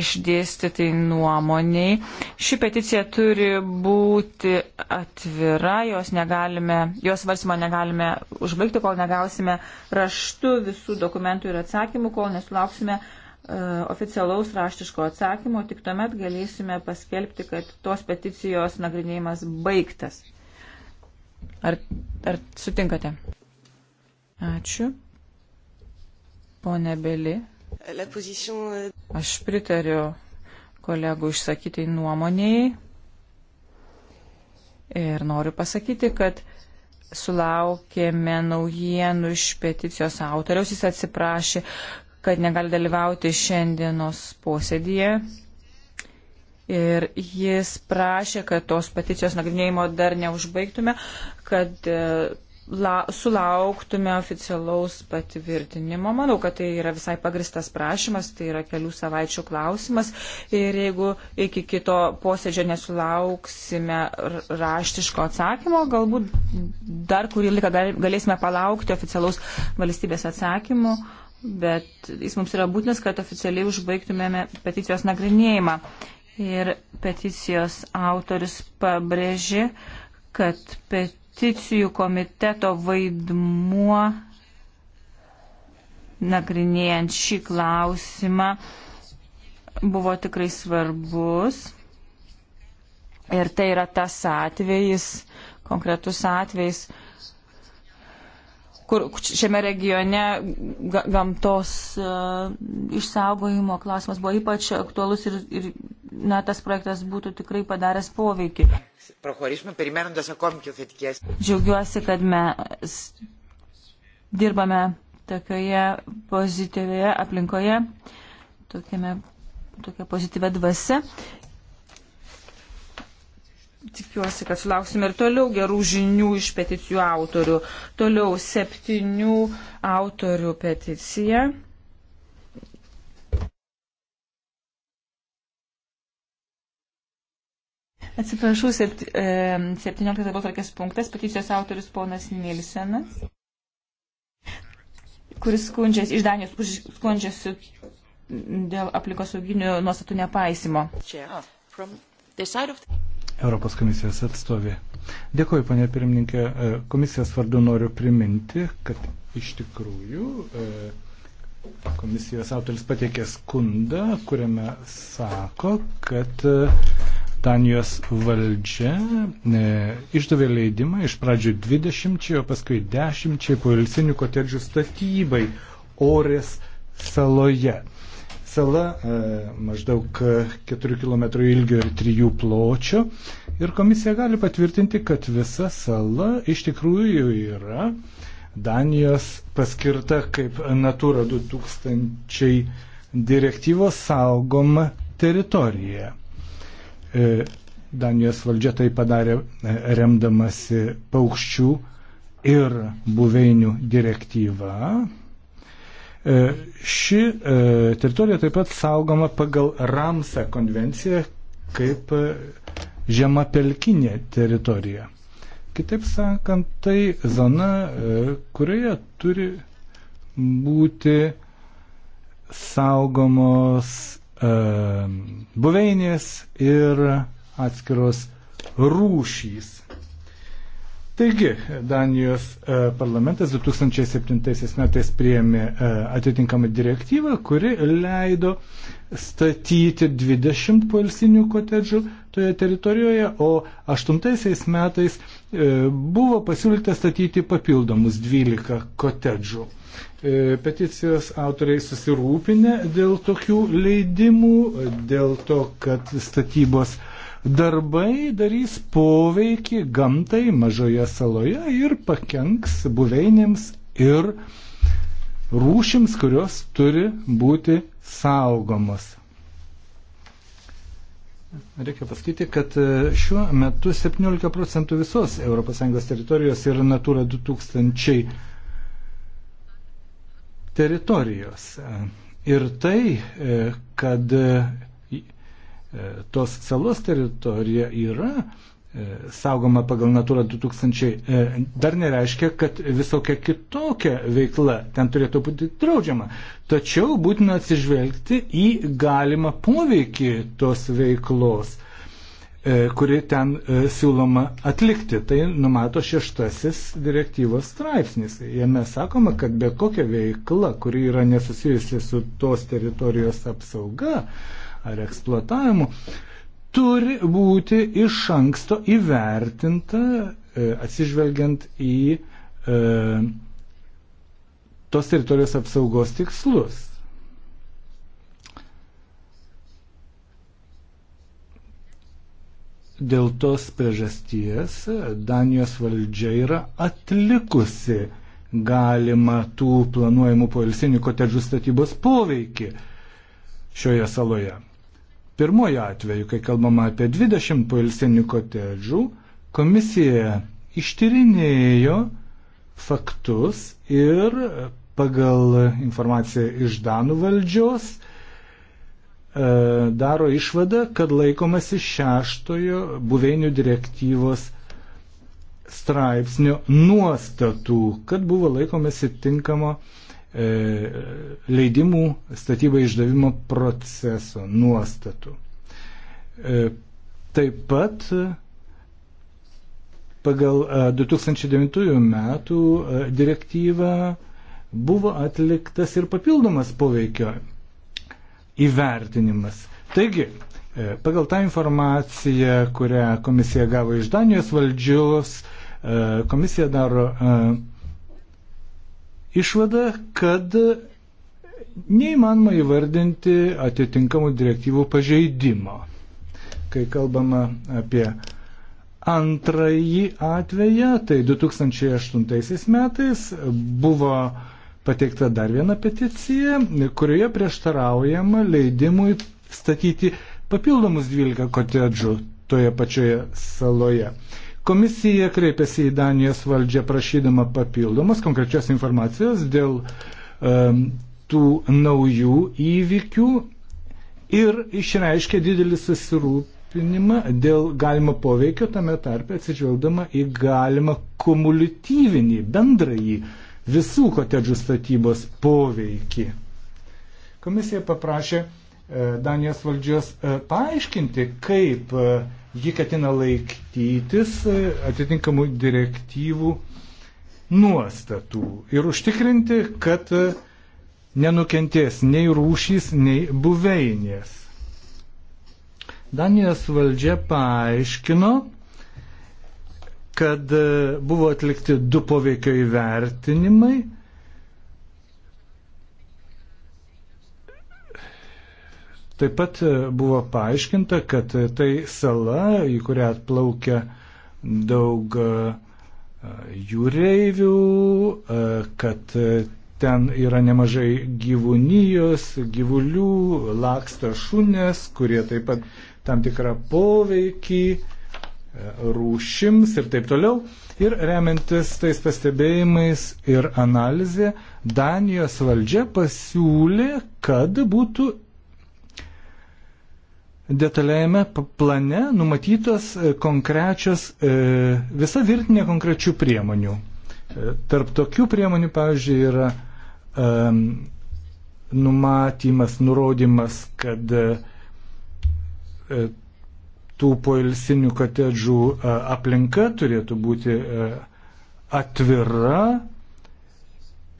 išdėstyti nuomoniai. Ši peticija turi būti atvira, jos, negalime, jos varsimo negalime užbaigti, kol negausime raštu visų dokumentų ir atsakymų, kol nesulauksime uh, oficialaus raštiško atsakymo, tik tuomet galėsime paskelbti, kad tos peticijos nagrinėjimas baigtas. Ar, ar sutinkate? Ačiū. Pone Beli. Euh, Aš pritariu kolegų išsakytai nuomonėjai ir noriu pasakyti, kad sulaukėme naujienų iš peticijos autoriaus. Jis atsiprašė, kad negali dalyvauti šiandienos posėdėje. Ir jis prašė, kad tos peticijos nagrinėjimo dar neužbaigtume, kad la, sulauktume oficialaus patvirtinimo. Manau, kad tai yra visai pagristas prašymas, tai yra kelių savaičių klausimas. Ir jeigu iki kito posėdžio nesulauksime raštiško atsakymo, galbūt dar kurį laiką galėsime palaukti oficialaus valstybės atsakymų, bet jis mums yra būtinas, kad oficialiai užbaigtumėme peticijos nagrinėjimą. Ir peticijos autoris pabrėži, kad peticijos peticijų komiteto vaidmuo nagrinėjant šį klausimą buvo tikrai svarbus. Ir tai yra tas atvejis, konkretus atvejis, kur šiame regione ga, gamtos uh, išsaugojimo klausimas buvo ypač aktualus ir, ir na, tas projektas būtų tikrai padaręs poveikį. Džiaugiuosi, kad mes dirbame tokioje pozityvioje aplinkoje, tokiame, tokia pozityvia dvasia Tikiuosi, kad sulauksime ir toliau gerų žinių iš peticijų autorių. Toliau septynių autorių peticija. Atsiprašau, 17 dabar tokias punktas, peticijos autorius ponas Nilsenas, kuris skundžiasi, iš Danijos skundžiasi dėl aplikosauginių nuostatų nepaisimo. Čia. Oh, Europos komisijos atstovė. Dėkuoju, ponė pirmininkė. E, komisijos vardu noriu priminti, kad iš tikrųjų e, komisijos autoris pateikė skundą, kuriame sako, kad e, Danijos valdžia išdavė leidimą iš pradžių 20, o paskui 10 poilsinių kotedžių statybai Orės saloje sala e, maždaug 4 km ilgio ir 3 pločio. Ir komisija gali patvirtinti, kad visa sala iš tikrųjų yra Danijos paskirta kaip Natura 2000 direktyvos saugoma teritorija. E, Danijos valdžia tai padarė e, remdamasi paukščių ir buveinių direktyva, E, ši e, teritorija taip pat saugoma pagal Ramsa konvenciją kaip e, žema pelkinė teritorija. Kitaip sakant, tai zona, kurioje turi būti saugomos buveinės ir atskiros rūšys. Taigi, Danijos e, parlamentas 2007 metais priėmė e, atitinkamą direktyvą, kuri leido statyti 20 poilsinių kotedžių toje teritorijoje, o 8 metais e, buvo pasiūlyta statyti papildomus 12 kotedžių. Peticijos autoriai susirūpinę dėl tokių leidimų, dėl to, kad statybos darbai darys poveikį gamtai mažoje saloje ir pakenks buveinėms ir rūšims, kurios turi būti saugomos. Reikia pasakyti, kad e, šiuo metu 17 procentų visos ES teritorijos yra Natura 2000 teritorijos. E, ir tai, e, kad E, tos salos teritorija yra e, saugoma pagal Natūra 2000, e, dar nereiškia, kad visokia kitokia veikla ten turėtų būti draudžiama. Tačiau būtina atsižvelgti į galimą poveikį tos veiklos, kuri ten siūloma atlikti. Tai numato šeštasis direktyvos straipsnis. Jame sakoma, kad bet kokia veikla, kuri yra nesusijusi su tos teritorijos apsauga, ar eksploatavimu, turi būti iš anksto įvertinta e, atsižvelgiant į e, tos teritorijos apsaugos tikslus. Dėl tos priežasties Danijos valdžia yra atlikusi galima tų planuojamų poilsinių kotedžių statybos poveikį šioje saloje. Pirmojo atveju, kai kalbama apie 20 poilsinių kotedžų, komisija ištyrinėjo faktus ir pagal informaciją iš Danų valdžios e, daro išvadą, kad laikomasi šeštojo buveinių direktyvos straipsnio nuostatų, kad buvo laikomasi tinkamo uh, E, leidimų statybai išdavimo proceso nuostatų. E, taip pat pagal 2009 e, metų direktyvą buvo atliktas ir papildomas poveikio įvertinimas. Taigi, pagal tą informaciją, kurią komisija gavo iš Danijos valdžios, komisija daro išvada, kad neįmanoma įvardinti atitinkamų direktyvų pažeidimo. Kai kalbama apie antrąjį atveją, tai 2008 metais buvo pateikta dar viena peticija, kurioje prieštaraujama leidimui statyti papildomus 12 kotedžų toje pačioje saloje. Komisija kreipėsi į Danijos valdžią prašydama papildomos konkrečios informacijos dėl um, tų naujų įvykių ir išreiškė didelį susirūpinimą dėl galimo poveikio tame tarpe atsižvelgdama į galimą kumulityvinį bendrąjį visų kotedžių statybos poveikį. Komisija paprašė e, Danijos valdžios e, paaiškinti, kaip e, ji ketina laikytis e, atitinkamų direktyvų nuostatų ir užtikrinti, kad e, nenukentės nei rūšys, nei buveinės. Danijos valdžia paaiškino, kad e, buvo atlikti du poveikio įvertinimai Taip pat e, buvo paaiškinta, kad e, tai sala, į kurią atplaukia daug e, jūreivių, kad ten yra nemažai gyvūnijos, gyvulių, laksta šunės, kurie taip pat tam tikrą poveikį rūšims ir taip toliau. Ir remiantis tais pastebėjimais ir analizė, Danijos valdžia pasiūlė, kad būtų detalėjame plane numatytos e, konkrečios, e, visa virtinė konkrečių priemonių. E, tarp tokių priemonių, pavyzdžiui, yra numatymas, nurodymas, kad tų poilsinių kotedžų aplinka turėtų būti atvira,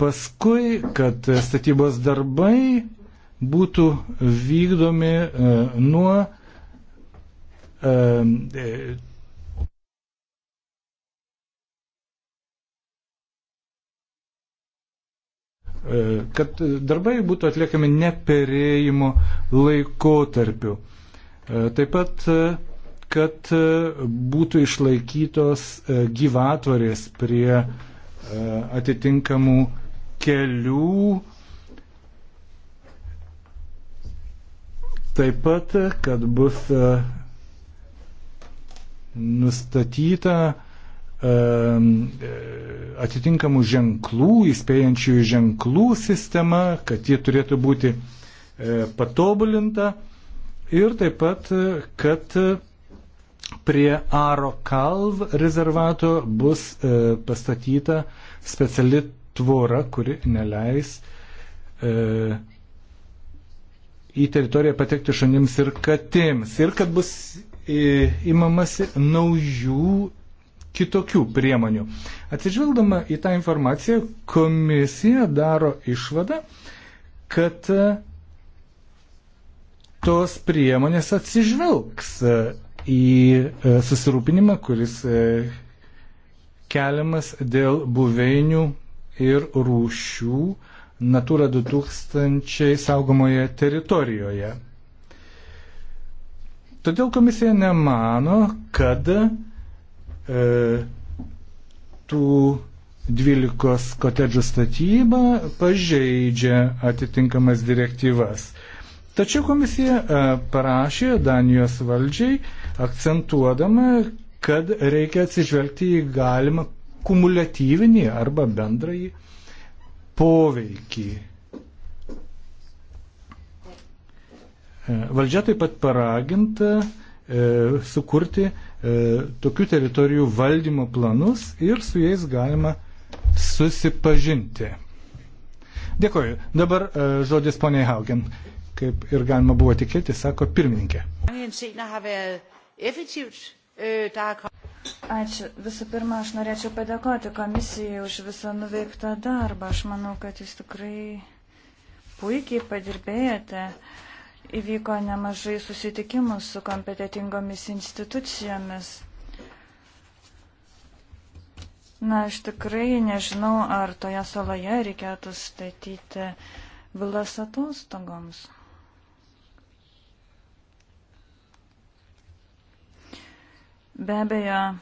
paskui, kad statybos darbai būtų vykdomi e, nuo e, e, kad darbai būtų atliekami neperėjimo laikotarpiu. Taip pat, kad būtų išlaikytos gyvatvarės prie atitinkamų kelių, Taip pat, kad bus e, nustatyta e, atitinkamų ženklų, įspėjančių ženklų sistema, kad jie turėtų būti e, patobulinta ir taip pat, kad prie Aro Kalv rezervato bus pastatyta speciali tvora, kuri neleis į teritoriją patekti šunims ir katėms ir kad bus e, imamasi naujų kitokių priemonių. Atsižvelgdama į tą informaciją, komisija daro išvadą, kad e, tos priemonės atsižvelgs e, į susirūpinimą, kuris keliamas dėl buveinių ir rūšių Natura 2000 saugomoje teritorijoje. Todėl komisija nemano, kad e, tų 12 kotedžų statyba pažeidžia atitinkamas direktyvas. Tačiau komisija e, parašė Danijos valdžiai, akcentuodama, kad reikia atsižvelgti į galimą kumuliatyvinį arba bendrąjį poveikį. E, valdžia taip pat paraginta e, sukurti e, tokių teritorijų valdymo planus ir su jais galima susipažinti. Dėkoju. Dabar žodis poniai Haugen, kaip ir galima buvo tikėti, sako pirmininkė. Ačiū. Visų pirma, aš norėčiau padėkoti komisijai už visą nuveiktą darbą. Aš manau, kad jūs tikrai puikiai padirbėjote. Įvyko nemažai susitikimų su kompetitingomis institucijomis. Na, aš tikrai nežinau, ar toje saloje reikėtų statyti vilas atostogoms. Be abejo,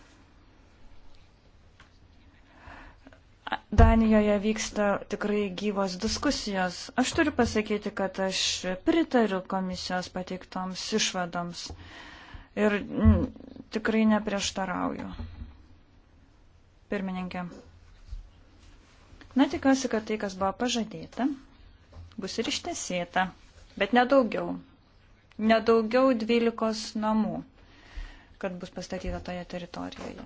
Danijoje vyksta tikrai gyvos diskusijos. Aš turiu pasakyti, kad aš pritariu komisijos pateiktoms išvadoms ir m, mm, tikrai neprieštarauju. Pirmininkė. Na, tikiuosi, kad tai, kas buvo pažadėta, bus ir ištesėta, bet nedaugiau. Nedaugiau 12 namų kad bus pastatyta toje teritorijoje.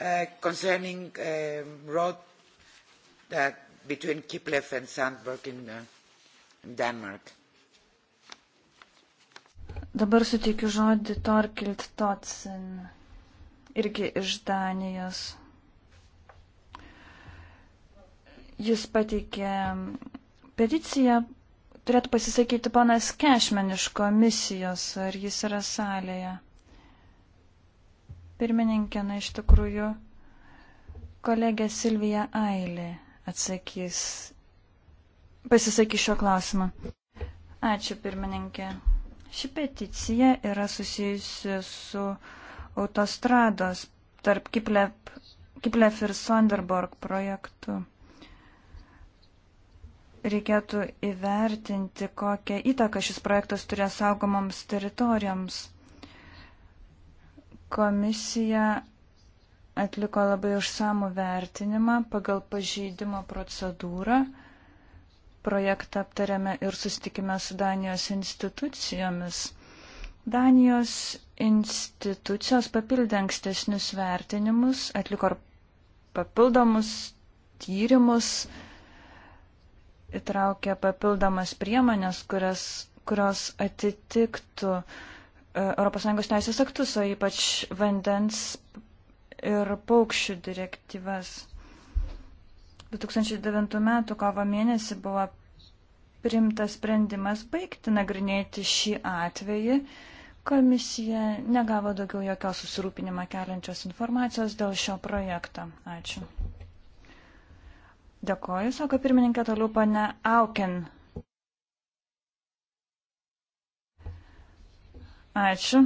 Uh, concerning uh, road that uh, between Kiplev and Sandberg in uh, Denmark. Dabar suteikiu žodį Torkild Totsen, irgi iš Danijos. Jis pateikė peticiją, turėtų pasisakyti ponas Kešmen iš komisijos, ar jis yra salėje. Pirmininkė, na iš tikrųjų, kolegė Silvija Ailė atsakys, pasisakys šio klausimą. Ačiū pirmininkė. Ši peticija yra susijusi su autostrados tarp Kiplep, Kiplef ir Sonderborg projektu. Reikėtų įvertinti, kokią įtaką šis projektas turės saugomoms teritorijoms. Komisija atliko labai išsamų vertinimą pagal pažeidimo procedūrą projektą aptarėme ir susitikime su Danijos institucijomis. Danijos institucijos papildė ankstesnius vertinimus, atliko papildomus tyrimus, įtraukė papildomas priemonės, kurias, kurios atitiktų e, ES teisės aktus, o ypač vandens ir paukščių direktyvas. 2009 m. kovo mėnesį buvo primtas sprendimas baigti nagrinėti šį atvejį. Komisija negavo daugiau jokios susirūpinimą keliančios informacijos dėl šio projekto. Ačiū. Dėkoju, sako pirmininkė toliau pane Auken. Ačiū.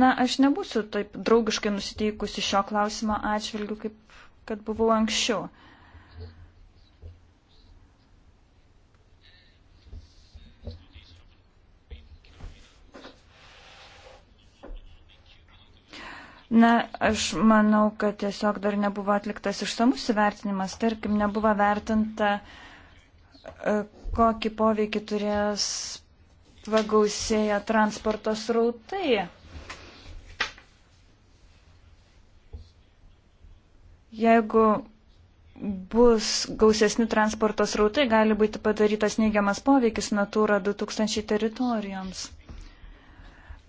Na, aš nebūsiu taip draugiškai nusiteikusi šio klausimo atžvilgiu kaip kad buvau anksčiau. Na, aš manau, kad tiesiog dar nebuvo atliktas išsamus įvertinimas. Tarkim, nebuvo vertinta, e, kokį poveikį turės pagausėję transporto srautai. Jeigu bus gausesni transporto srautai, gali būti padarytas neigiamas poveikis Natūra 2000 teritorijoms.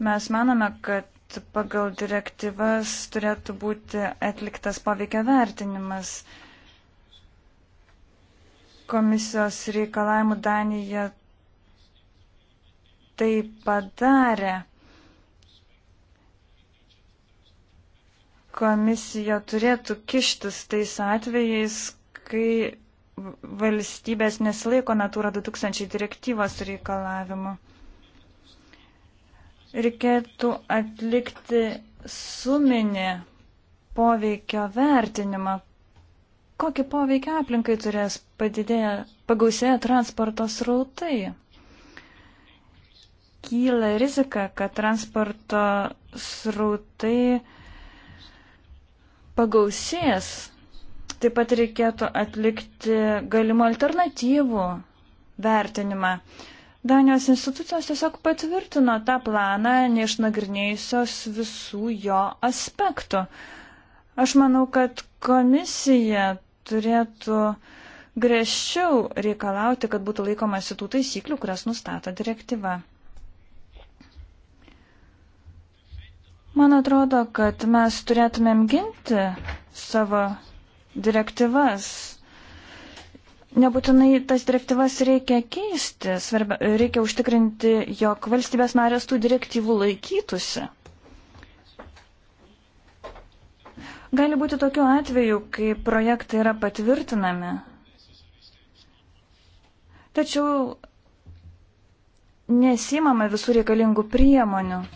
Mes manome, kad pagal direktyvas turėtų būti atliktas poveikia vertinimas komisijos reikalavimų Danija tai padarė. komisija turėtų kištis tais atvejais, kai valstybės nesilaiko Natūra 2000 direktyvos reikalavimu. Reikėtų atlikti suminį poveikio vertinimą. Kokį poveikį aplinkai turės padidėję, pagausėję transporto srautai? Kyla rizika, kad transporto srautai uh, pagausės, taip pat reikėtų atlikti galimų alternatyvų vertinimą. Danijos institucijos tiesiog patvirtino tą planą, neišnagrinėjusios visų jo aspektų. Aš manau, kad komisija turėtų griežčiau reikalauti, kad būtų laikomasi tų taisyklių, kurias nustato direktyva. Man atrodo, kad mes turėtumėm ginti savo direktyvas. Nebūtinai tas direktyvas reikia keisti, svarbia, reikia užtikrinti, jog valstybės narės tų direktyvų laikytųsi. Gali būti tokių atvejų, kai projektai yra patvirtinami, tačiau nesimama visų reikalingų priemonių.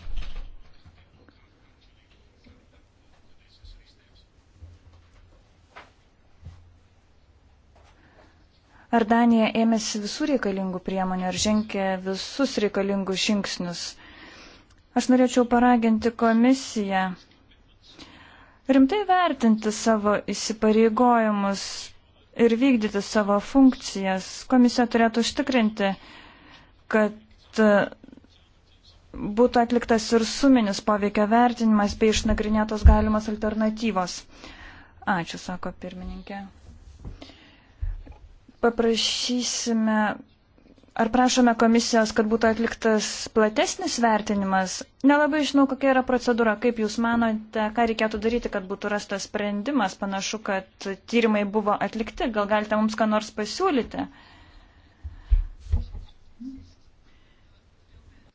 Ar Danija ėmėsi visų reikalingų priemonių, ar žengė visus reikalingus žingsnius? Aš norėčiau paraginti komisiją rimtai vertinti savo įsipareigojimus ir vykdyti savo funkcijas. Komisija turėtų užtikrinti, kad e, būtų atliktas ir suminis poveikio vertinimas bei išnagrinėtos galimos alternatyvos. Ačiū, sako pirmininkė paprašysime, ar prašome komisijos, kad būtų atliktas platesnis vertinimas. Nelabai žinau, kokia yra procedūra, kaip Jūs manote, ką reikėtų daryti, kad būtų rastas sprendimas. Panašu, kad tyrimai buvo atlikti. Gal galite mums ką nors pasiūlyti?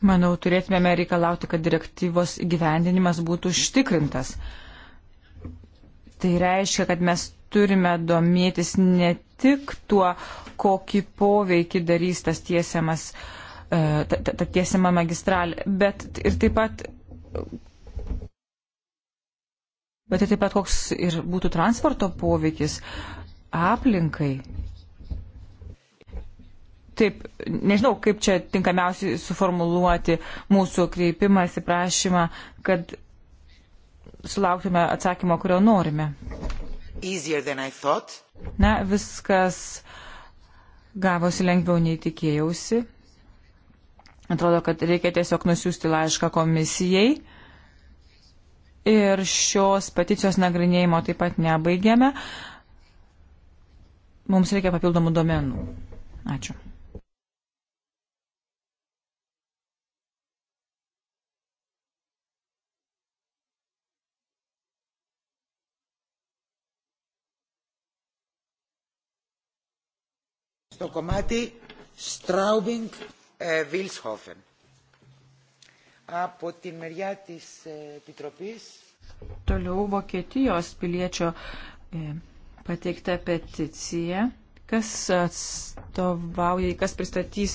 Manau, turėtumėme reikalauti, kad direktyvos įgyvendinimas būtų užtikrintas. Tai reiškia, kad mes turime domėtis ne tik tuo, kokį poveikį darys tas tiesiamas, e, ta, ta, ta tiesiama magistralė, bet ir taip pat. Bet ir taip pat koks ir būtų transporto poveikis aplinkai. Taip, nežinau, kaip čia tinkamiausiai suformuluoti mūsų kreipimą, įsiprašymą, kad sulauktume atsakymo, kurio norime. Na, viskas gavosi lengviau nei tikėjausi. Atrodo, kad reikia tiesiog nusiųsti laišką komisijai. Ir šios peticijos nagrinėjimo taip pat nebaigėme. Mums reikia papildomų domenų. Ačiū. στο κομμάτι Straubing Wilshofen. Από την μεριά της Επιτροπής. Toliau Vokietijos piliečio pateikta peticija. Kas atstovauja, kas pristatys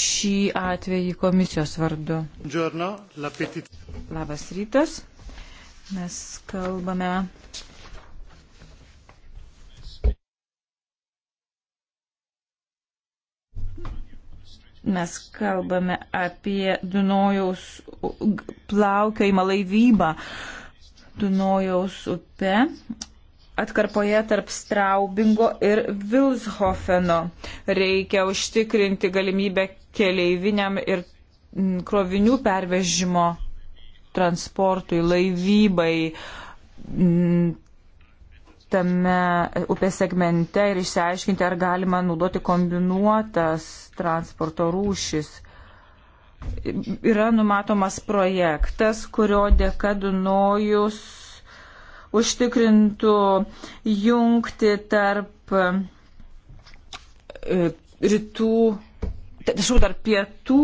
šį atvejį komisijos vardu? Labas rytas. Mes kalbame mes kalbame apie Dunojaus plaukiojimą laivybą Dunojaus upe atkarpoje tarp Straubingo ir Vilshofeno. Reikia užtikrinti galimybę keleiviniam ir mm, krovinių pervežimo transportui, laivybai, mm, tame upės segmente ir išsiaiškinti, ar galima naudoti kombinuotas transporto rūšis. Yra numatomas projektas, kurio dėka Dunojus užtikrintų jungti tarp e, rytų, tačiau tarp pietų,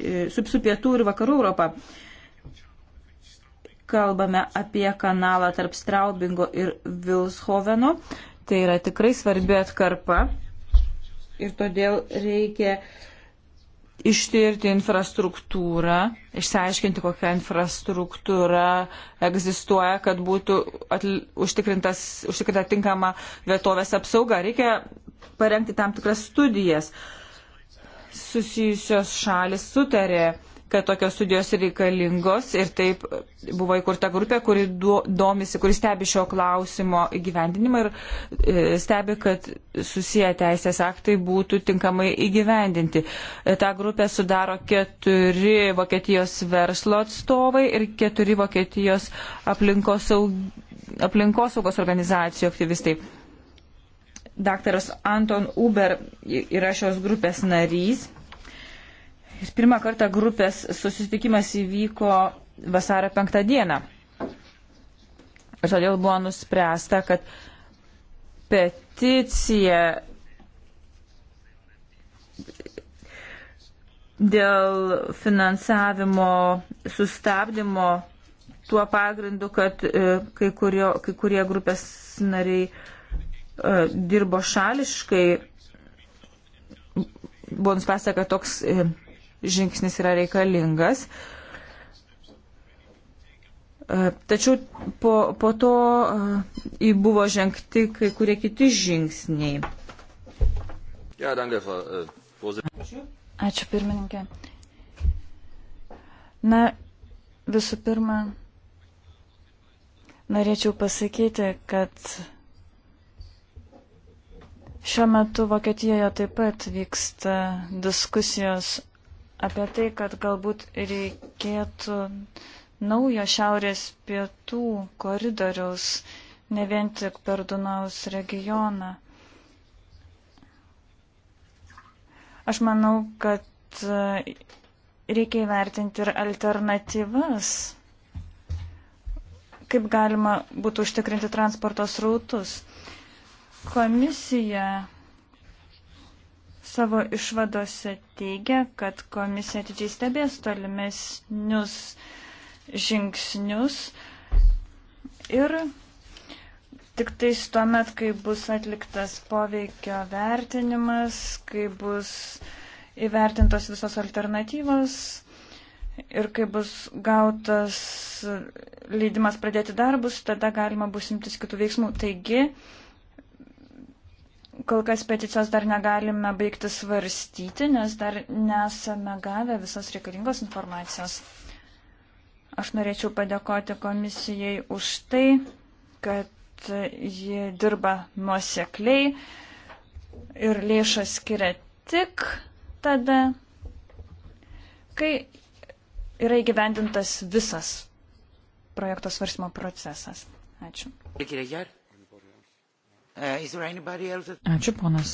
e, su, su pietų ir vakarų Europą kalbame apie kanalą tarp Straubingo ir Vilshoveno. Tai yra tikrai svarbi atkarpa ir todėl reikia ištirti infrastruktūrą, išsiaiškinti, kokia infrastruktūra egzistuoja, kad būtų užtikrinta tinkama vietovės apsauga. Reikia parengti tam tikras studijas. Susijusios šalis sutarė kad tokios studijos reikalingos ir taip buvo įkurta grupė, kuri domisi, kuri stebi šio klausimo įgyvendinimą ir e, stebi, kad susiję teisės aktai būtų tinkamai įgyvendinti. E, Ta grupė sudaro keturi Vokietijos verslo atstovai ir keturi Vokietijos aplinkosaugos aplinkos organizacijų aktyvistai. Daktaras Anton Uber yra šios grupės narys Jis pirmą kartą grupės susitikimas įvyko vasario penktą dieną. Ir todėl buvo nuspręsta, kad peticija dėl finansavimo sustabdymo tuo pagrindu, kad e, kai, kurio, kai kurie grupės nariai e, dirbo šališkai, buvo nuspręsta, kad toks e, žingsnis yra reikalingas. E, tačiau po, po to e, buvo žengti kai kurie kiti žingsniai. Ja, danke, äh, Ačiū. Ačiū pirmininkė. Na, visų pirma, norėčiau pasakyti, kad šiuo metu Vokietijoje taip pat vyksta diskusijos apie tai, kad galbūt reikėtų naujo šiaurės pietų koridoriaus, ne vien tik per Dunaus regioną. Aš manau, kad e, reikia įvertinti ir alternatyvas kaip galima būtų užtikrinti transporto srautus. Komisija savo išvadose teigia, kad komisija atidžiai stebės tolimesnius žingsnius ir tik tais tuomet, kai bus atliktas poveikio vertinimas, kai bus įvertintos visos alternatyvos ir kai bus gautas leidimas pradėti darbus, tada galima bus imtis kitų veiksmų. Taigi, kol kas peticijos dar negalime baigti svarstyti, nes dar nesame gavę visos reikalingos informacijos. Aš norėčiau padėkoti komisijai už tai, kad ji dirba nuosekliai ir lėšas skiria tik tada, kai yra įgyvendintas visas projekto svarstymo procesas. Ačiū. Reikia, reikia. Uh, Ačiū, ponas.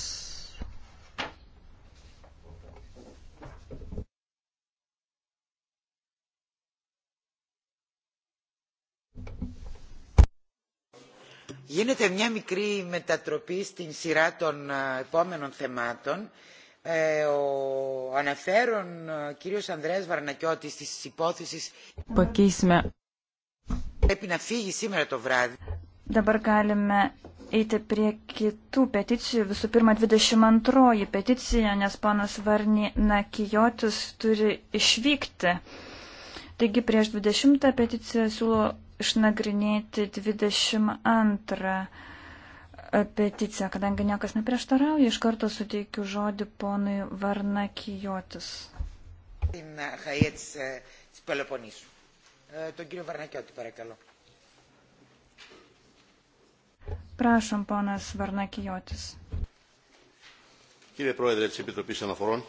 Γίνεται μια μικρή μετατροπή στην σειρά των επόμενων θεμάτων. Ο αναφέρον κύριος Ανδρέας Βαρνακιώτης της υπόθεσης Πακίσμε. πρέπει να φύγει σήμερα το βράδυ. Dabar galime eiti prie kitų peticijų. Visų pirma, 22 peticija, nes ponas Varni Nakijotis turi išvykti. Taigi prieš 20 peticiją siūlo išnagrinėti 22 peticiją, kadangi niekas neprieštarauja, iš karto suteikiu žodį ponui Varnakijotis. Την Χαΐέ της Πελοποννήσου. Τον κύριο Βαρνακιώτη παρακαλώ. Prašom, ponas Varnakijotis. Κύριε Πρόεδρε της Επιτροπής Αναφορών,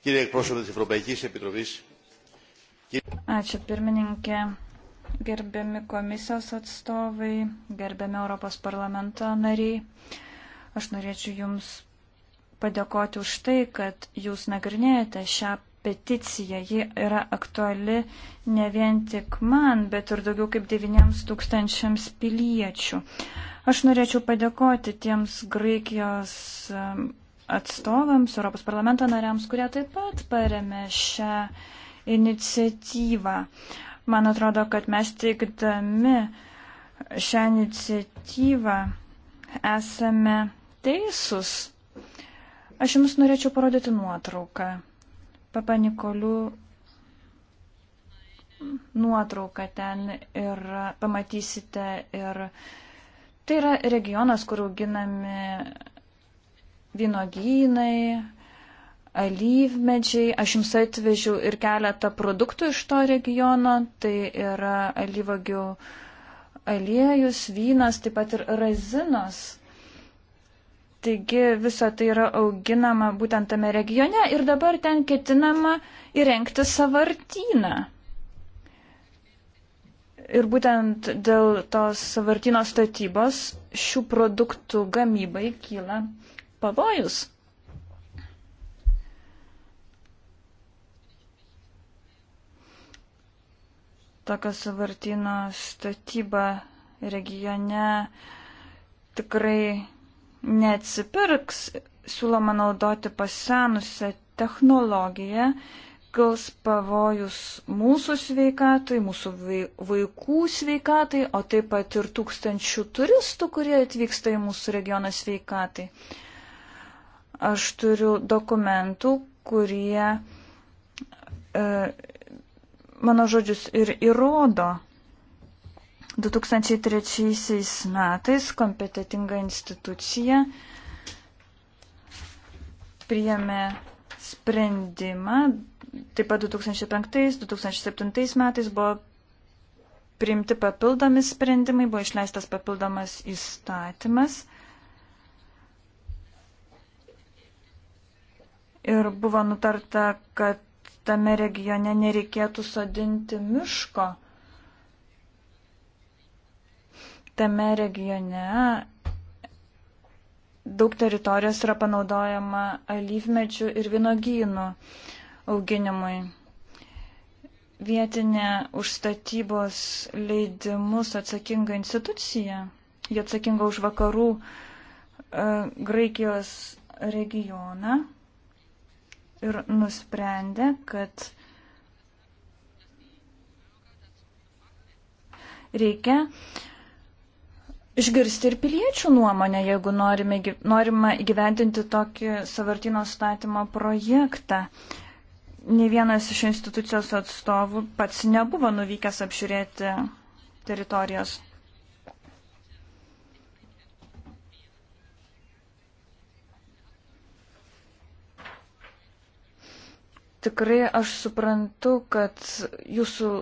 κύριε εκπρόσωπε της Ευρωπαϊκής Επιτροπής. Ačiū pirmininkė, gerbiami komisijos atstovai, gerbiami Europos parlamento nariai. Aš norėčiau Jums padėkoti už tai, kad Jūs nagrinėjate šią peticija. Ji yra aktuali ne vien tik man, bet ir daugiau kaip 9 tūkstančiams piliečių. Aš norėčiau padėkoti tiems Graikijos atstovams, Europos parlamento nariams, kurie taip pat paremė šią iniciatyvą. Man atrodo, kad mes teikdami šią iniciatyvą esame teisūs. Aš jums norėčiau parodyti nuotrauką. Papa Nikoliu nuotrauką ten ir pamatysite ir tai yra regionas, kur auginami vynogynai, alyvmedžiai. Aš jums atvežiau ir keletą produktų iš to regiono. Tai yra alyvagių aliejus, vynas, taip pat ir razinos. Taigi visa tai yra auginama būtent tame regione ir dabar ten ketinama įrengti savartyną. Ir būtent dėl tos savartino statybos šių produktų gamybai kyla pavojus. Tokio savartino statyba regione tikrai neatsipirks, siūloma naudoti pasenusią technologiją, kils pavojus mūsų sveikatai, mūsų vaikų sveikatai, o taip pat ir tūkstančių turistų, kurie atvyksta į mūsų regioną sveikatai. Aš turiu dokumentų, kurie e, mano žodžius ir įrodo. 2003 metais kompetitinga institucija priėmė sprendimą, taip pat 2005-2007 metais buvo priimti papildomi sprendimai, buvo išleistas papildomas įstatymas ir buvo nutarta, kad tame regione nereikėtų sodinti miško tame regione daug teritorijos yra panaudojama alyvmečių ir vinogynų auginimui. Vietinė už statybos leidimus atsakinga institucija, jie atsakinga už vakarų e, Graikijos regioną ir nusprendė, kad reikia e, išgirsti ir piliečių nuomonę, jeigu norime, norima įgyventinti tokį savartino statymo projektą. Ne vienas iš institucijos atstovų pats nebuvo nuvykęs apžiūrėti teritorijos. Tikrai aš suprantu, kad jūsų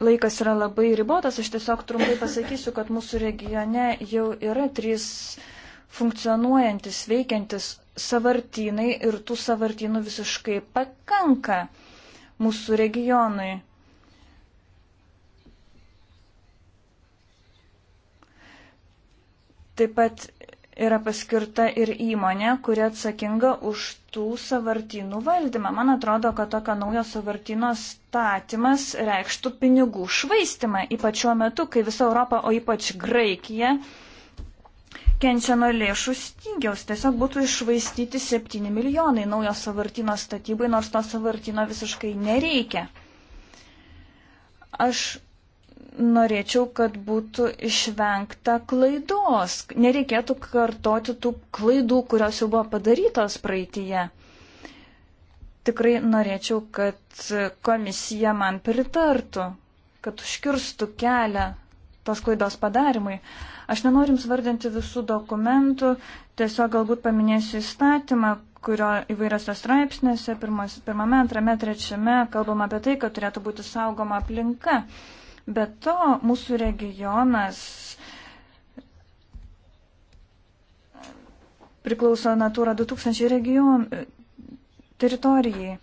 laikas yra labai ribotas, aš tiesiog trumpai pasakysiu, kad mūsų regione jau yra trys funkcionuojantis, veikiantis savartynai ir tų savartynų visiškai pakanka mūsų regionui. Taip pat yra paskirta ir įmonė, kuri atsakinga už tų savartynų valdymą. Man atrodo, kad tokio naujo savartyno statymas reikštų pinigų švaistimą, ypač šiuo metu, kai visa Europa, o ypač Graikija, kenčia nuo lėšų stygiaus. Tiesiog būtų išvaistyti 7 milijonai naujo savartino statybai, nors to savartino visiškai nereikia. Aš norėčiau, kad būtų išvengta klaidos. Nereikėtų kartoti tų klaidų, kurios jau buvo padarytos praeitie. Tikrai norėčiau, kad komisija man pritartų, kad užkirstų kelią tos klaidos padarimui. Aš nenoriu jums vardinti visų dokumentų, tiesiog galbūt paminėsiu įstatymą, kurio įvairiose straipsnėse, pirmas, pirmame, antrame, trečiame, kalbama apie tai, kad turėtų būti saugoma aplinka. Uh, Be to, mūsų regionas priklauso Natura 2000 region teritorijai.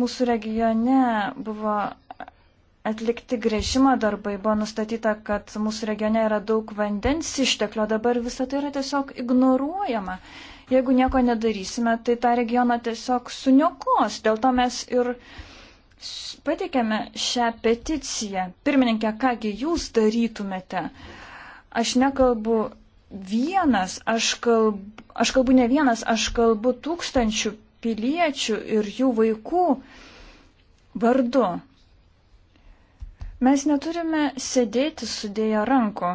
Mūsų regione buvo atlikti grėžimo darbai, buvo nustatyta, kad mūsų regione yra daug vandens išteklio, dabar visą tai yra tiesiog ignoruojama. Jeigu nieko nedarysime, tai tą regioną tiesiog suniokos. Dėl to mes ir uh, pateikėme šią peticiją. Pirmininkė, kągi jūs darytumėte? Aš nekalbu vienas, aš kalbu, aš kalbu ne vienas, aš kalbu tūkstančių piliečių ir jų vaikų vardu. Mes neturime sėdėti sudėję ranko.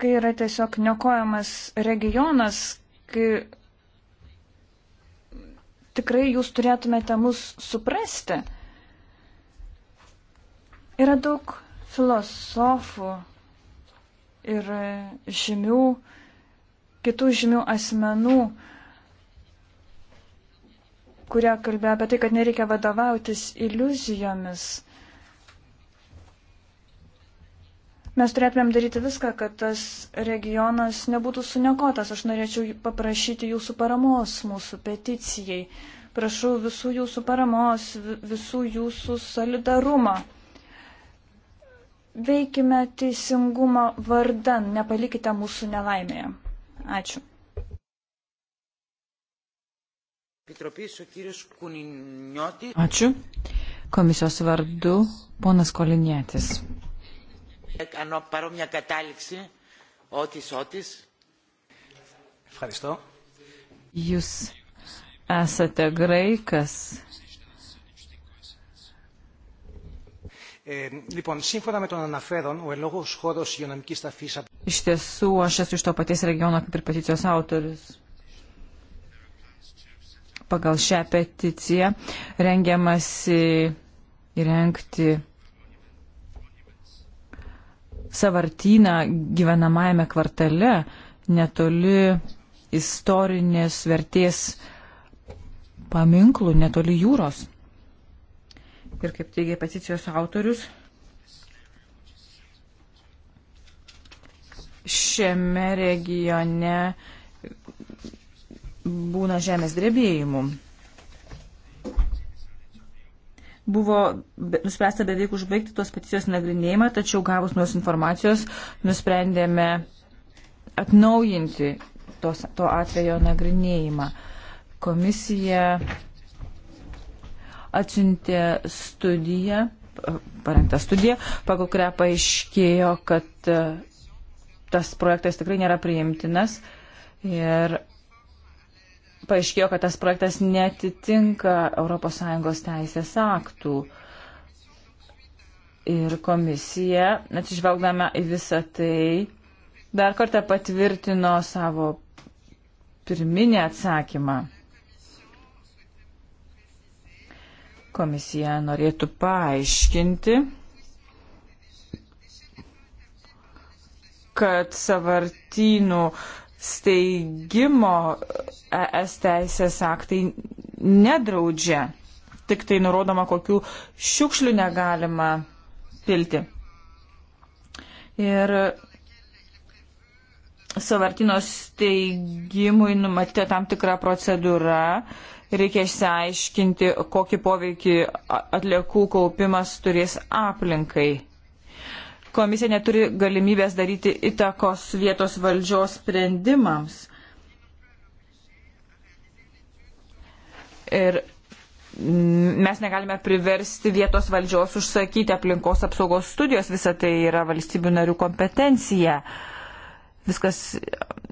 Kai yra tiesiog nekojamas regionas, kai tikrai jūs turėtumėte mus suprasti. Yra daug filosofų ir žymių, kitų žymių asmenų, kurie kalbėjo apie tai, kad nereikia vadovautis iliuzijomis. Mes turėtumėm daryti viską, kad tas regionas nebūtų sunekotas. Aš norėčiau paprašyti jūsų paramos mūsų peticijai. Prašau visų jūsų paramos, visų jūsų solidarumo. Veikime teisingumo vardan, nepalikite mūsų nelaimėje. Ačiū. Ačiū. Komisijos vardu ponas Kolinėtis. Κάνω, πάρω μια κατάληξη, ότις, ότις. Ευχαριστώ. Jūs esate graikas. Iš tiesų, aš esu iš to paties regiono kaip ir peticijos autorius. Pagal šią peticiją rengiamasi įrengti savartyną gyvenamajame kvartale netoli istorinės vertės paminklų, netoli jūros. Ir kaip teigia peticijos autorius, šiame regione būna žemės drebėjimų buvo nuspręsta beveik užbaigti tos peticijos nagrinėjimą, tačiau gavus nuos informacijos nusprendėme atnaujinti tos, to atvejo nagrinėjimą. Komisija atsiuntė studiją, parengtą studiją, pagal kurią paaiškėjo, kad tas projektas tikrai nėra priimtinas ir paaiškėjo, kad tas projektas netitinka ES teisės aktų. Ir komisija, atsižvelgdama į visą tai, dar kartą patvirtino savo pirminį atsakymą. Komisija norėtų paaiškinti, kad savartynų steigimo ES teisės aktai nedraudžia, tik tai nurodoma, kokių šiukšlių negalima pilti. Ir savartino steigimui numatyta tam tikra procedūra, reikia išsiaiškinti, kokį poveikį atliekų kaupimas turės aplinkai komisija neturi galimybės daryti įtakos vietos valdžios sprendimams. Ir mes negalime priversti vietos valdžios užsakyti aplinkos apsaugos studijos, visa tai yra valstybių narių kompetencija. Viskas,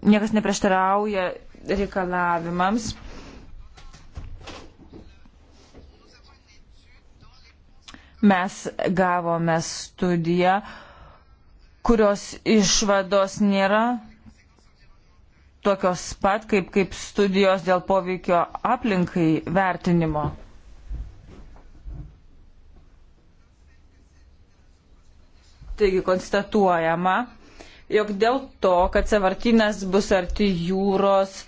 niekas neprieštarauja reikalavimams. Mes gavome studiją, kurios išvados nėra tokios pat kaip, kaip studijos dėl poveikio aplinkai vertinimo. Taigi konstatuojama, jog dėl to, kad savartinas bus arti jūros,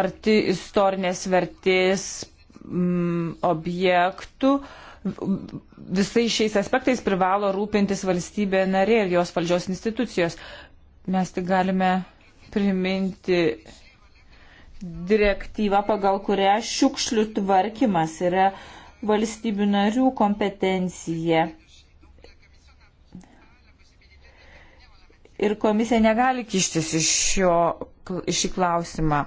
arti istorinės vertės m, mm, objektų, m, visai šiais aspektais privalo rūpintis valstybė narė ir jos valdžios institucijos. Mes tik galime priminti direktyvą, pagal kurią šiukšlių tvarkymas yra valstybių narių kompetencija. Ir komisija negali kištis iš šį klausimą.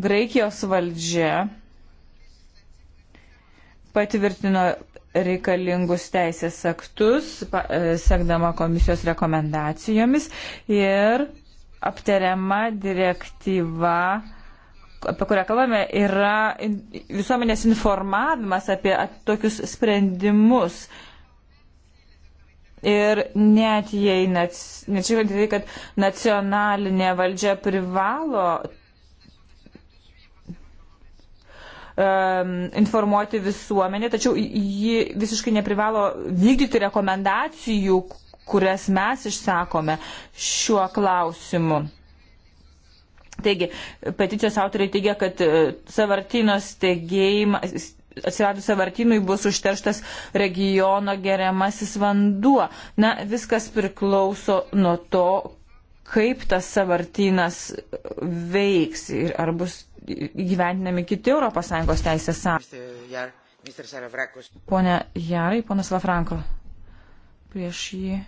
Graikijos valdžia patvirtino reikalingus teisės aktus, e, sekdama komisijos rekomendacijomis ir aptariama direktyva, apie kurią kalbame, yra visuomenės informavimas apie tokius sprendimus. Ir net jei, net šiandien tai, kad nacionalinė valdžia privalo um, informuoti visuomenę, tačiau ji visiškai neprivalo vykdyti rekomendacijų, kurias mes išsakome šiuo klausimu. Taigi, peticijos autoriai teigia, kad e, savartinos tegėjimas atsiradus savartinui bus užterštas regiono geriamasis vanduo. Na, viskas priklauso nuo to, kaip tas savartinas veiks ir ar bus gyventinami kiti ES teisės aktai. Pone Jarai, ponas Lafranko, prieš jį.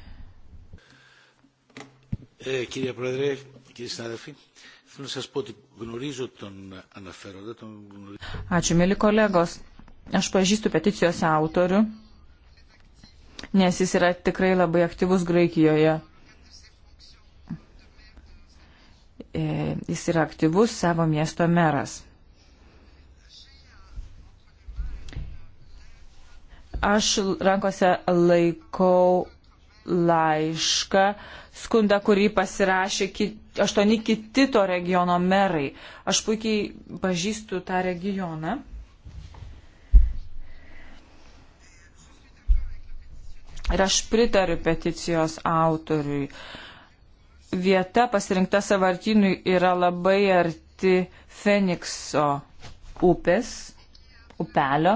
Eh, κύριε Πρόεδρε, κύριοι συνάδελφοι, θέλω να σας πω ότι γνωρίζω τον αναφέροντα. Τον γνωρίζω... Ačiū, mėly kolegos. Aš pažįstu peticijos autorių, nes jis yra tikrai labai aktyvus Graikijoje. E, jis yra aktyvus savo miesto meras. Aš rankose laikau laišką, skundą, kurį pasirašė kit, aštuoni kiti to regiono merai. Aš puikiai pažįstu tą regioną. Ir aš pritariu peticijos autoriui. Uh, vieta pasirinkta savartinui yra labai arti Fenikso upės, upelio.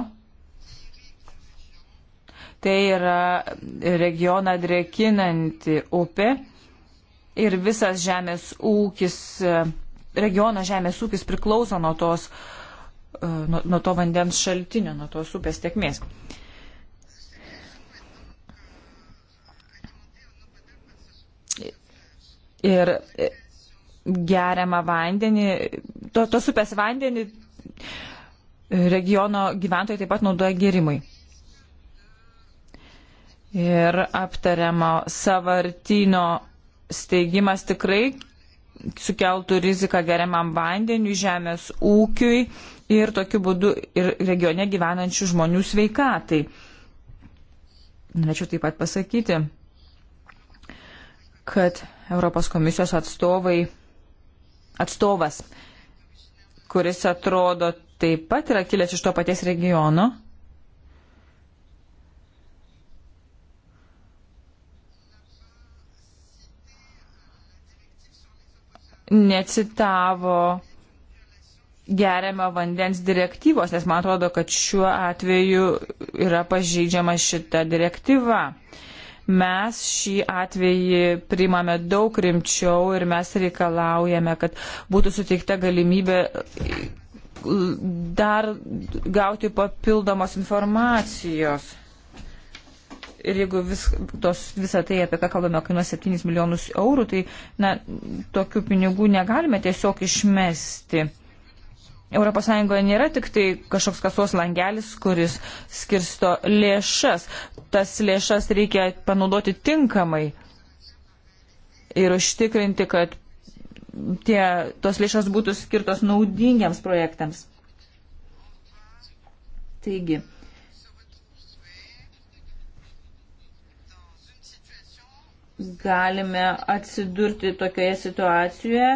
Tai yra regioną drekinanti upė ir visas žemės ūkis, regiono žemės ūkis priklauso nuo tos, nuo, nuo to vandens šaltinio, nuo tos upės tekmės. Uh, ir e, geriamą vandenį, to, tos upės vandenį regiono gyventojai taip pat naudoja gėrimai. Ir aptariamo savartino steigimas tikrai sukeltų riziką geriamam vandeniu, žemės ūkiui ir tokiu būdu ir regione gyvenančių žmonių sveikatai. Norėčiau taip pat pasakyti, kad Europos komisijos atstovai, atstovas, kuris atrodo taip pat yra kilęs iš to paties regiono. Necitavo geriamą vandens direktyvos, nes man atrodo, kad šiuo atveju yra pažeidžiama šita direktyva. Mes šį atvejį priimame daug rimčiau ir mes reikalaujame, kad būtų suteikta galimybė e, dar gauti papildomos informacijos. Ir jeigu vis, tos, visą tai, apie ką kalbame, kainuos 7 milijonus eurų, tai na, tokių pinigų negalime tiesiog išmesti. ES nėra tik tai kažkoks kasos langelis, kuris skirsto lėšas. Tas lėšas reikia panaudoti tinkamai ir užtikrinti, kad tie, tos lėšas būtų skirtos naudingiams projektams. Taigi. Galime atsidurti tokioje situacijoje,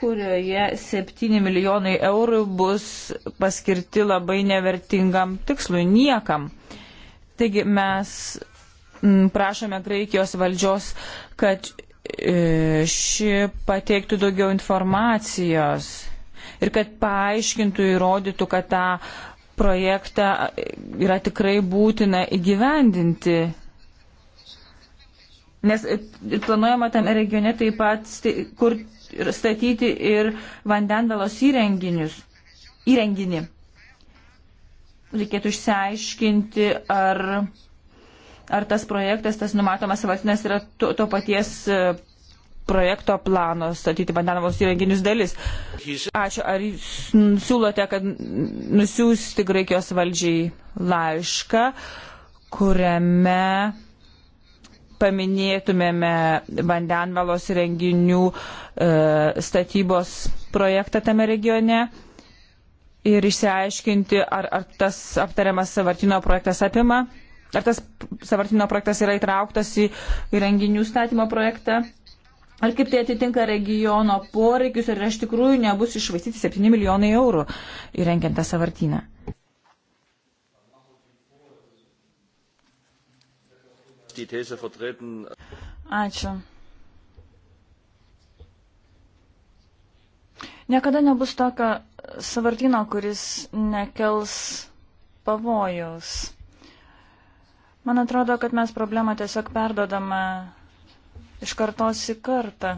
kurioje 7 milijonai eurų bus paskirti labai nevertingam tikslui niekam. Taigi mes mm, prašome Graikijos valdžios, kad e, ši pateiktų daugiau informacijos ir kad paaiškintų, įrodytų, kad tą projektą yra tikrai būtina įgyvendinti. Nes planuojama tam regione taip pat kur statyti ir vandenvalos įrenginius. Įrenginį. Reikėtų išsiaiškinti, ar, ar tas projektas, tas numatomas vatinas yra to, to paties e, projekto plano statyti vandenvalos įrenginius dalis. Ačiū. Ar siūlote, kad nusiųsti Graikijos valdžiai laišką, kuriame paminėtumėme vandenvalos renginių e, statybos projektą tame regione ir išsiaiškinti, ar, ar tas aptariamas savartino projektas apima, ar tas savartino projektas yra įtrauktas į renginių statymo projektą, ar kaip tai atitinka regiono poreikius, ar iš tikrųjų nebus išvaistyti 7 milijonai eurų įrengiant tą savartyną. die These vertreten. Ačiū. Niekada nebus tokio savartino, kuris nekels pavojaus. Man atrodo, kad mes problemą tiesiog perdodame iš kartos į kartą.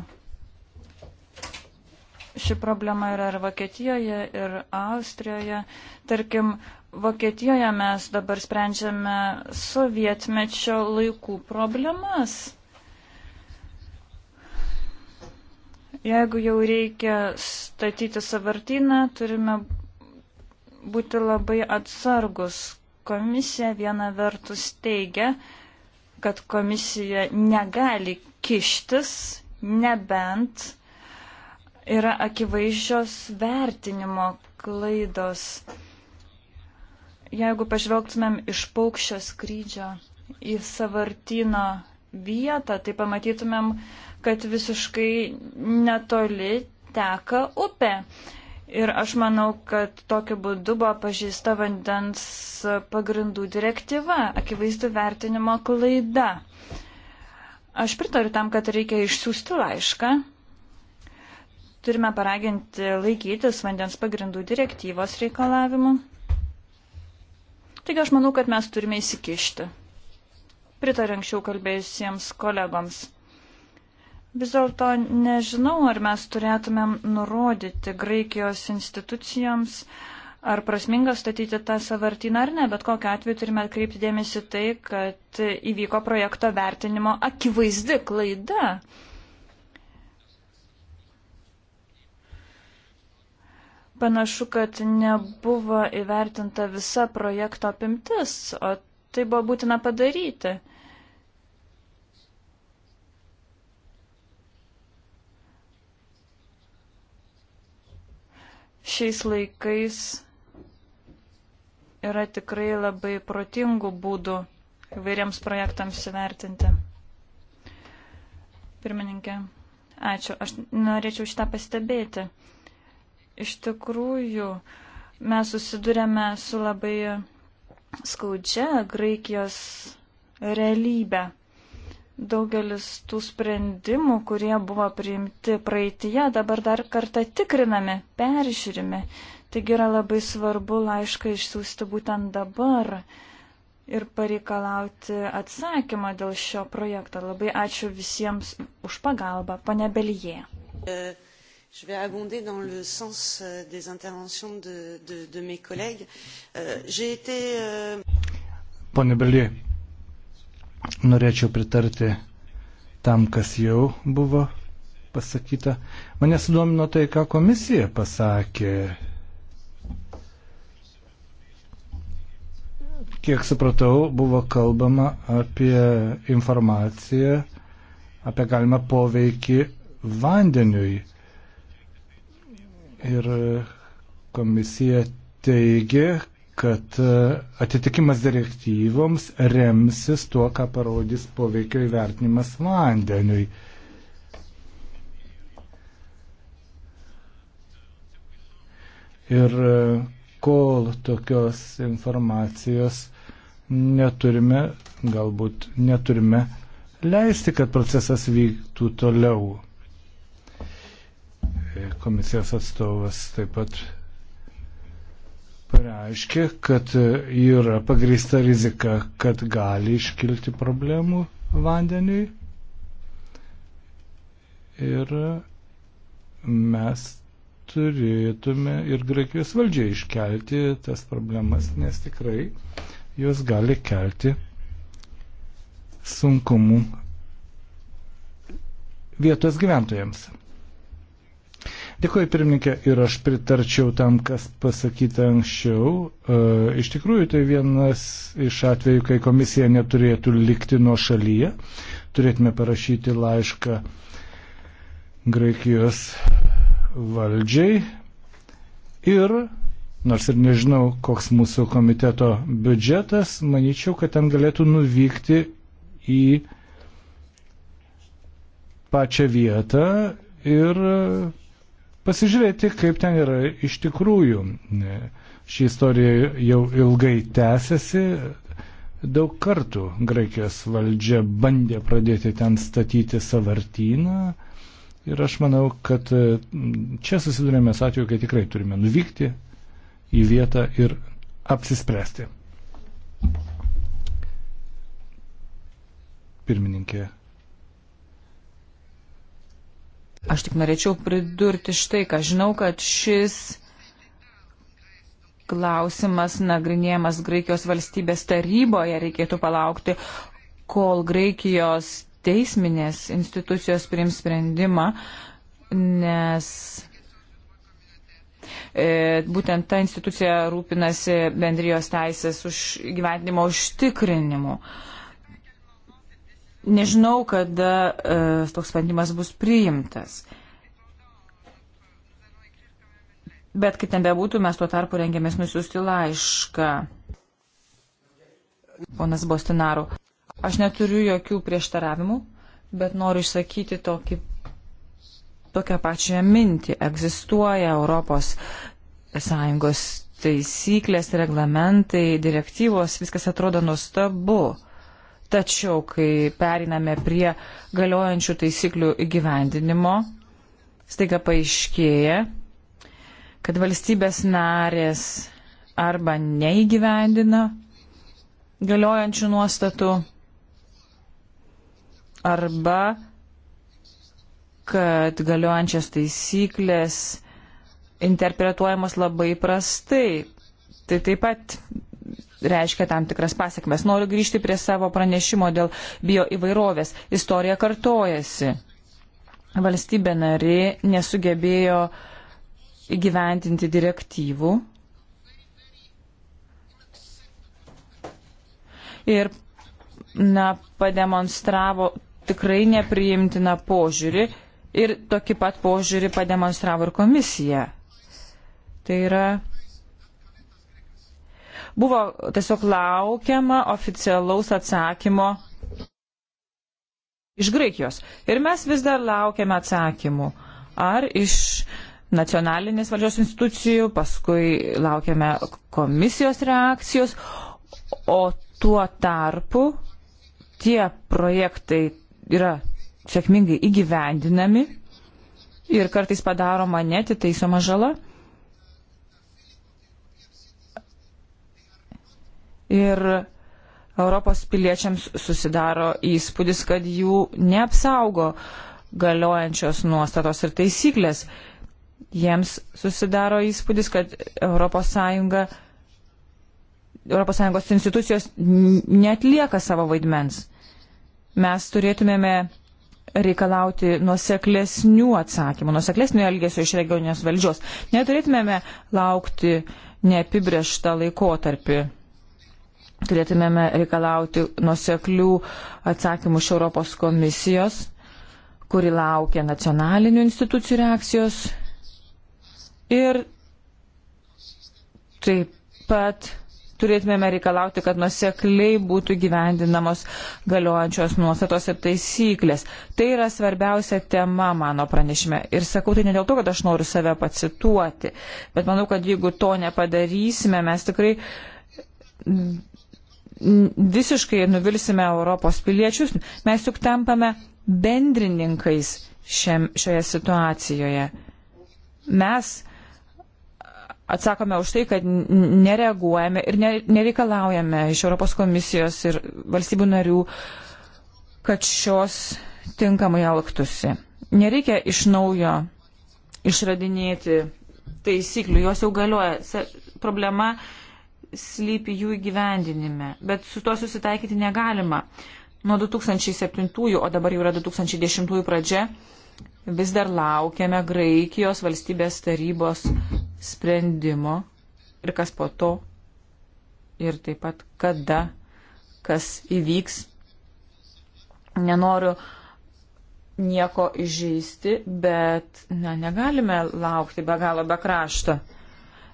Ši problema yra ir Vokietijoje, ir Austrijoje. Tarkim, Vokietijoje mes dabar sprendžiame sovietmečio laikų problemas. Jeigu jau reikia statyti savartyną, turime būti labai atsargus. Komisija viena vertus teigia, kad komisija negali kištis, nebent yra akivaizdžios vertinimo klaidos. Jeigu pažvelgtumėm iš paukščio skrydžio į savartino vietą, tai pamatytumėm, kad visiškai netoli teka upė. Ir aš manau, kad tokiu būdu buvo pažįsta vandens pagrindų direktyva, akivaizdu vertinimo klaida. Aš pritariu tam, kad reikia išsiųsti laišką. Turime paraginti laikytis vandens pagrindų direktyvos reikalavimų. Taigi aš manau, kad mes turime įsikišti. Pritariu anksčiau kalbėjusiems kolegoms. Vis dėlto nežinau, ar mes turėtumėm nurodyti Graikijos institucijoms, ar prasminga statyti tą savartyną ar ne, bet kokiu atveju turime atkreipti dėmesį tai, kad įvyko projekto vertinimo akivaizdi klaida. Panašu, kad nebuvo įvertinta visa projekto apimtis, o tai buvo būtina padaryti. Šiais laikais yra tikrai labai protingų būdų įvairiems projektams įvertinti. Pirmininkė, ačiū. Aš norėčiau šitą pastebėti. Iš tikrųjų, mes susidurėme su labai skaudžia Graikijos realybė. Daugelis tų sprendimų, kurie buvo priimti praeitie, dabar dar kartą tikrinami, peržiūrimi. Taigi yra labai svarbu laišką išsiųsti būtent dabar ir pareikalauti atsakymą dėl šio projekto. Labai ačiū visiems už pagalbą, pane Belyje. Uh. E, Je vais abonder dans le sens euh, des interventions de, de, de mes collègues. Euh, J'ai été. Euh... Pone Belie, norėčiau pritarti tam, kas jau buvo pasakyta. Mane sudomino tai, ką komisija pasakė. Kiek supratau, buvo kalbama apie informaciją, apie galimą poveikį vandeniui. Ir komisija teigia, kad e, atitikimas direktyvoms remsis tuo, ką parodys poveikio įvertinimas vandeniui. Ir e, kol tokios informacijos neturime, galbūt neturime leisti, kad procesas vyktų toliau. Komisijos atstovas taip pat pareiškė, kad yra pagrįsta rizika, kad gali iškilti problemų vandeniui. Ir mes turėtume ir Graikijos valdžiai iškelti tas problemas, nes tikrai jos gali kelti sunkumų vietos gyventojams. Dėkuoju pirmininkė ir aš pritarčiau tam, kas pasakyta anksčiau. E, iš tikrųjų, tai vienas iš atvejų, kai komisija neturėtų likti nuo šalyje. Turėtume parašyti laišką Graikijos valdžiai ir nors ir nežinau, koks mūsų komiteto biudžetas, manyčiau, kad ten galėtų nuvykti į pačią vietą ir pasižiūrėti, kaip ten yra iš tikrųjų. Ši istorija jau ilgai tęsiasi. Daug kartų Graikijos valdžia bandė pradėti ten statyti savartyną. Ir aš manau, kad mm, čia susidurėme su atveju, kai tikrai turime nuvykti į vietą ir apsispręsti. Pirmininkė Aš tik norėčiau pridurti štai, ką žinau, kad šis klausimas nagrinėjamas Graikijos valstybės taryboje reikėtų palaukti, kol Graikijos teisminės institucijos priims sprendimą, nes e, būtent ta institucija rūpinasi bendrijos teisės už gyvenimo užtikrinimu. Uh, Nežinau, kada uh, toks sprendimas bus priimtas. Bet kaip ten bebūtų, mes tuo tarpu rengiamės nusiųsti laišką. Ponas Bostinaru, aš neturiu jokių prieštaravimų, bet noriu išsakyti tokį, tokią pačią mintį. Egzistuoja Europos Sąjungos taisyklės, reglamentai, direktyvos, viskas atrodo nuostabu. Tačiau, kai periname prie galiojančių taisyklių įgyvendinimo, staiga paaiškėja, kad valstybės narės arba neįgyvendina galiojančių nuostatų, arba kad galiojančias taisyklės interpretuojamos labai prastai. Tai taip pat reiškia tam tikras pasiekmes. Noriu grįžti prie savo pranešimo dėl bioįvairovės. Istorija kartojasi. Valstybė nari nesugebėjo įgyventinti direktyvų. Ir na, pademonstravo tikrai nepriimtiną požiūrį ir tokį pat požiūrį pademonstravo ir komisija. Tai yra Buvo tiesiog laukiama oficialaus atsakymo iš Graikijos. Ir mes vis dar laukiame atsakymų. Ar iš nacionalinės valdžios institucijų, paskui laukiame komisijos reakcijos, o tuo tarpu tie projektai yra sėkmingai įgyvendinami ir kartais padaroma netitaisoma žala. ir Europos piliečiams susidaro įspūdis, kad jų neapsaugo galiojančios nuostatos ir taisyklės. Jiems susidaro įspūdis, kad ES ES institucijos netlieka savo vaidmens. Mes turėtumėme reikalauti nuoseklesnių atsakymų, nuoseklesnių elgesio iš regioninės valdžios. Neturėtumėme laukti neapibrieštą laikotarpį turėtumėme reikalauti nuseklių atsakymų iš Europos komisijos, kuri laukia nacionalinių institucijų reakcijos ir taip pat turėtumėme reikalauti, kad nusekliai būtų gyvendinamos galiojančios nuostatos ir taisyklės. Tai yra svarbiausia tema mano pranešime. Ir sakau tai ne dėl to, kad aš noriu save pacituoti, bet manau, kad jeigu to nepadarysime, mes tikrai visiškai nuvilsime Europos piliečius, mes juk tampame bendrininkais šiam, šioje situacijoje. Mes atsakome už tai, kad nereaguojame ir nereikalaujame iš Europos komisijos ir valstybių narių, kad šios tinkamai elgtųsi. Nereikia iš naujo išradinėti taisyklių, jos jau galioja. Problema slypi jų įgyvendinime, bet su to susitaikyti negalima. Nuo 2007, o dabar jau yra 2010 pradžia, vis dar laukiame Graikijos valstybės tarybos sprendimo ir kas po to ir taip pat kada kas įvyks. Nenoriu nieko įžeisti, bet na, negalime laukti be galo be krašto.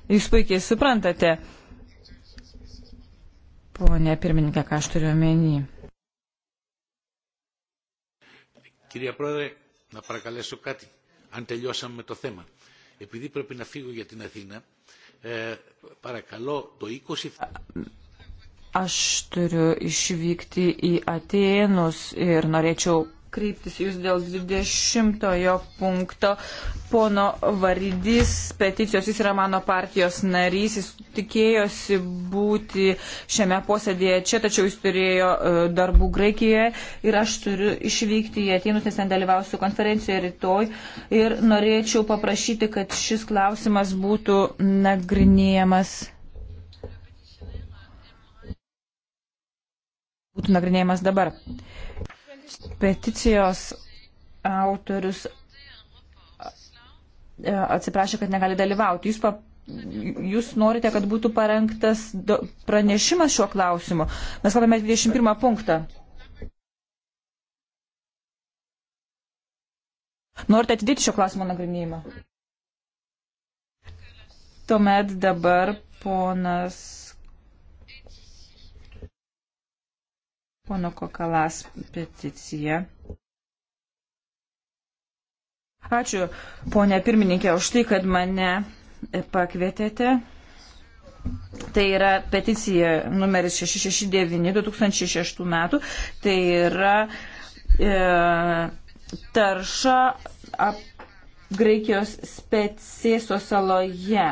Jūs puikiai suprantate, Pone pirmininkė, ką aš turiu omeny? Κυρία Πρόεδρε, να παρακαλέσω κάτι, αν τελειώσαμε με το θέμα. Επειδή πρέπει να φύγω για την Αθήνα, ε, παρακαλώ το 20... Aš turiu išvykti į Atenus ir norėčiau kreiptis jūs dėl 20 punkto. Pono Varydys, peticijos, jis yra mano partijos narys, jis tikėjosi būti šiame posėdėje čia, tačiau jis turėjo e, darbų Graikijoje ir aš turiu išvykti į Atinus, nes ten dalyvausiu konferencijoje rytoj ir norėčiau paprašyti, kad šis klausimas būtų nagrinėjamas. būtų nagrinėjamas dabar. Peticijos autorius e, atsiprašė, kad negali dalyvauti. Jūs, pa, jūs norite, kad būtų parengtas do, pranešimas šiuo klausimu. Mes kalbame 21 punktą. Norite atidėti šio klausimo nagrinėjimą? Tuomet dabar ponas Pono Kokalas peticija. Ačiū, ponė pirmininkė, už tai, kad mane pakvietėte. Tai yra peticija numeris 669 2006 metų. Tai yra e, tarša ap, Graikijos specieso saloje.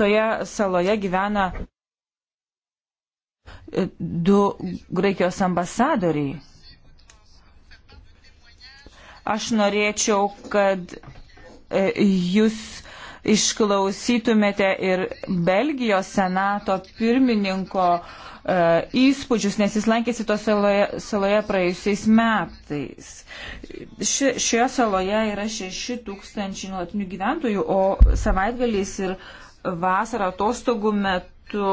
Toje saloje gyvena du Graikijos ambasadoriai. Aš norėčiau, kad e, jūs išklausytumėte ir Belgijos senato pirmininko e, įspūdžius, nes jis lankėsi to saloje, saloje praėjusiais metais. Ši, šioje saloje yra 6 tūkstančiai nuolatinių gyventojų, o savaitgaliais ir vasarą atostogų metu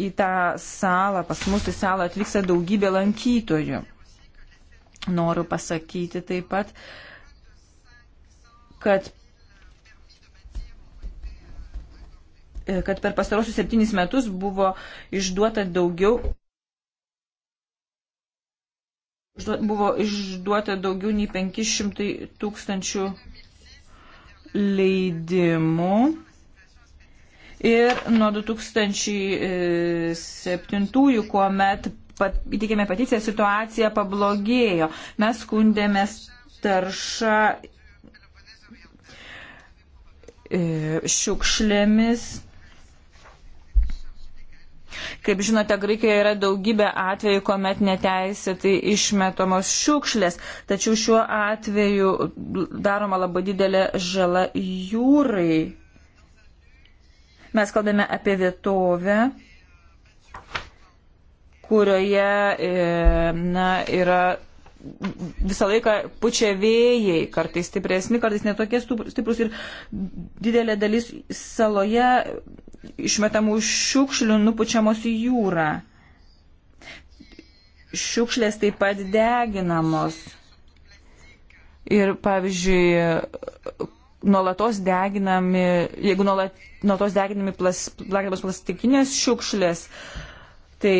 į tą salą, pas mus į salą atvyksta daugybė lankytojų. Noriu pasakyti taip pat, kad, e, kad per pastarosius septynis metus buvo išduota daugiau. Buvo išduota daugiau nei 500 tūkstančių leidimų Ir nuo 2007-ųjų, kuomet pat, įtikėme peticiją, situacija pablogėjo. Mes skundėmės tarša e, šiukšlėmis. Kaip žinote, Graikijoje yra daugybė atvejų, kuomet neteisėtai išmetamos šiukšlės, tačiau šiuo atveju daroma labai didelė žala jūrai. Mes kalbame apie vietovę, kurioje e, na, yra visą laiką pučia vėjai, kartais stipresni, kartais netokie stiprus ir didelė dalis saloje išmetamų šiukšlių nupučiamos į jūrą. Šiukšlės taip pat deginamos. Ir pavyzdžiui, nuolatos deginami, jeigu nuolat, nuolatos deginami plas, plakamos plastikinės šiukšlės, tai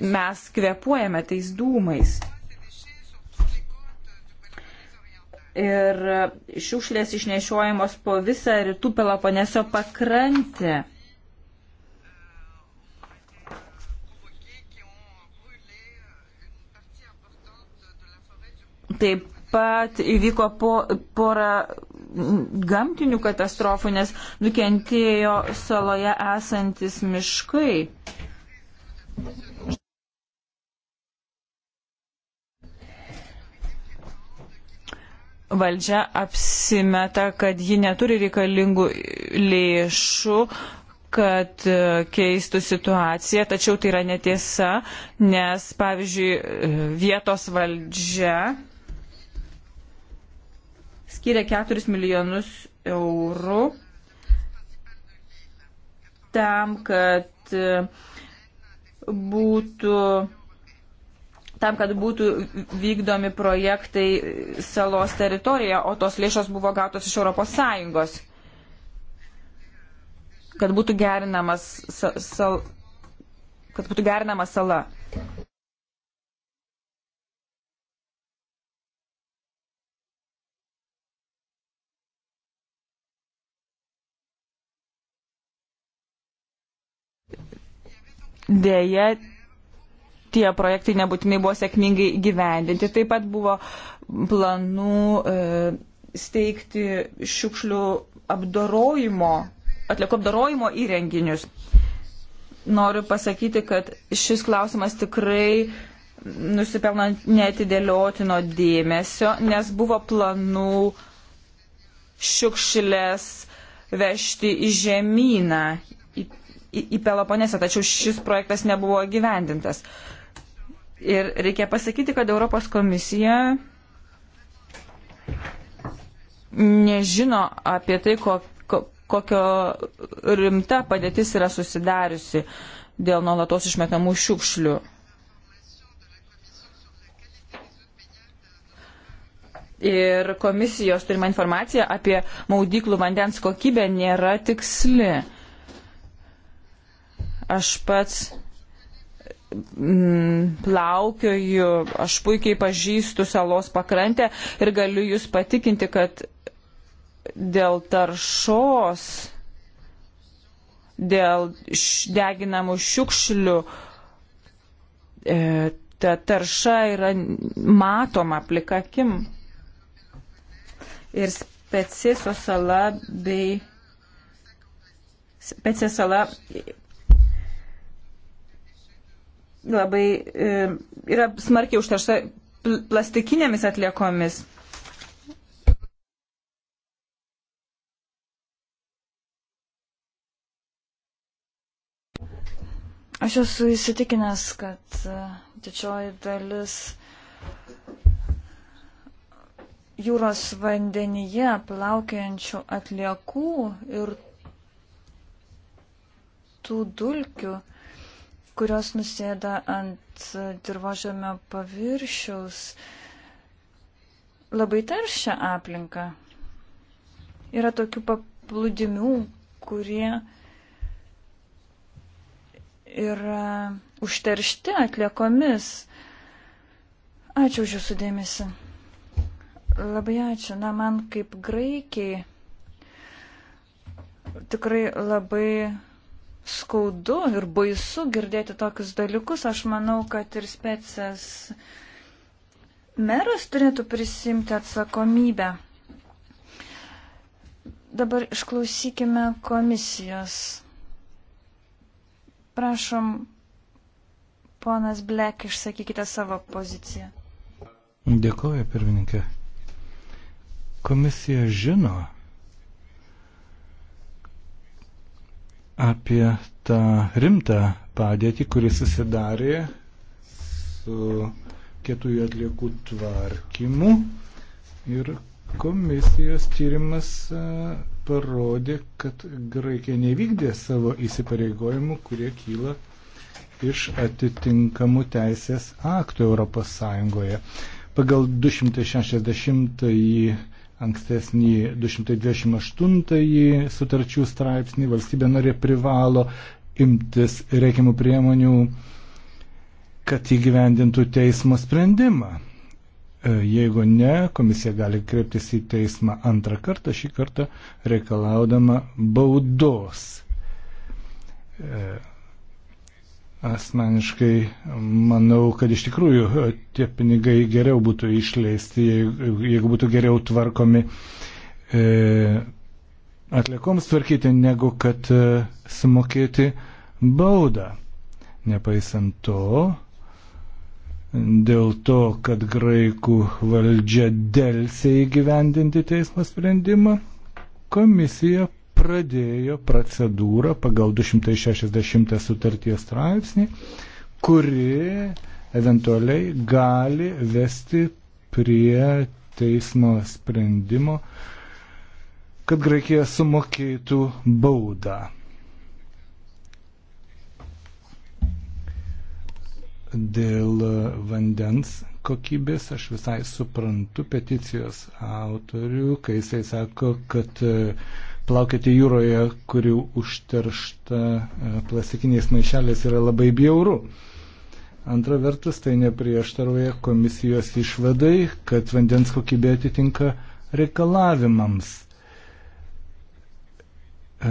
mes kvepuojame tais dūmais. Ir šiukšlės išnešiojamos po visą rytų Peloponeso pakrantę. Taip pat įvyko po, pora gamtinių katastrofų, nes nukentėjo saloje esantis miškai. Valdžia apsimeta, kad ji neturi reikalingų lėšų, kad e, keistų situaciją, tačiau tai yra netiesa, nes, pavyzdžiui, e, vietos valdžia skiria 4 milijonus eurų tam, kad e, būtų tam, kad būtų vykdomi projektai salos teritorijoje, o tos lėšos buvo gautos iš ES, kad būtų gerinamas, sal, kad būtų gerinamas sala. dėja tie projektai nebūtinai buvo sėkmingai gyvendinti. Taip pat buvo planų e, steigti šiukšlių apdorojimo, atliekų apdorojimo įrenginius. Noriu pasakyti, kad šis klausimas tikrai nusipelno netidėliotino dėmesio, nes buvo planų šiukšlės vežti į žemyną, į į Peloponesą, tačiau šis projektas nebuvo gyvendintas. Ir reikia pasakyti, kad Europos komisija nežino apie tai, ko, ko, kokio rimta padėtis yra susidariusi dėl nuolatos išmetamų šiukšlių. Ir komisijos turima informacija apie maudyklų vandens kokybę nėra tiksli. Aš pats mm, plaukioju, aš puikiai pažįstu salos pakrantę ir galiu jūs patikinti, kad dėl taršos, dėl deginamų šiukšlių, e, ta tarša yra matoma plikakim. Ir Pecėso sala bei Pecė sala labai e, yra smarkiai užteršta plastikinėmis atliekomis. Aš esu įsitikinęs, kad e, didžioji dalis jūros vandenyje plaukiančių atliekų ir tų dulkių kurios nusėda ant dirbožėmio paviršiaus, labai teršia aplinką. Yra tokių paplūdimių, kurie yra užteršti atliekomis. Ačiū už Jūsų dėmesį. Labai ačiū. Na, man kaip graikiai tikrai labai skaudu ir baisu girdėti tokius dalykus. Aš manau, kad ir specijas meras turėtų prisimti atsakomybę. Dabar išklausykime komisijos. Prašom, ponas Blek, išsakykite savo poziciją. Dėkuoju, pirmininkė. Komisija žino, apie tą rimtą padėtį, kuris susidarė su kietųjų atliekų tvarkymu. Ir komisijos tyrimas e, parodė, kad Graikija nevykdė savo įsipareigojimų, kurie kyla iš atitinkamų teisės aktų ES. Pagal 260 ankstesnį 228 sutarčių straipsnį, valstybė narė privalo imtis reikiamų priemonių, kad įgyvendintų teismo sprendimą. E, jeigu ne, komisija gali kreiptis į teismą antrą kartą, šį kartą reikalaudama baudos. E, Asmeniškai manau, kad iš tikrųjų e, tie pinigai geriau būtų išleisti, jeigu būtų geriau tvarkomi e, atliekoms tvarkyti, negu kad e, sumokėti baudą. Nepaisant to, dėl to, kad graikų valdžia dėlsiai įgyvendinti teismo sprendimą, komisija pradėjo procedūrą pagal 260 sutarties straipsnį, kuri eventualiai gali vesti prie teismo sprendimo, kad Graikija sumokėtų baudą. Dėl vandens kokybės aš visai suprantu peticijos autorių, kai jisai sako, kad uh, plaukėti jūroje, kuri užteršta e, plastikiniais maišeliais, yra labai bjauru. Antra vertus, tai neprieštaroja komisijos išvadai, kad vandens kokybė atitinka reikalavimams e,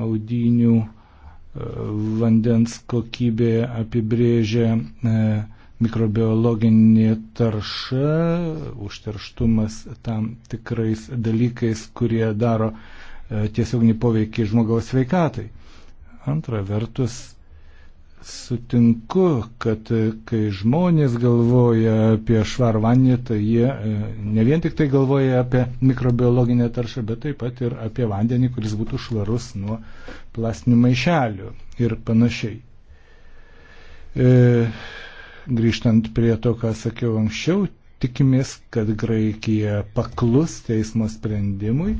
maudinių e, vandens kokybė apibrėžia mikrobiologinė tarša, užterštumas tam tikrais dalykais, kurie daro e, tiesioginį poveikį žmogaus sveikatai. Antra vertus, sutinku, kad e, kai žmonės galvoja apie švarų vandenį, tai jie e, ne vien tik tai galvoja apie mikrobiologinę taršą, bet taip pat ir apie vandenį, kuris būtų švarus nuo plastinių maišelių ir panašiai. E, grįžtant prie to, ką sakiau anksčiau, tikimės, kad Graikija paklus teismo sprendimui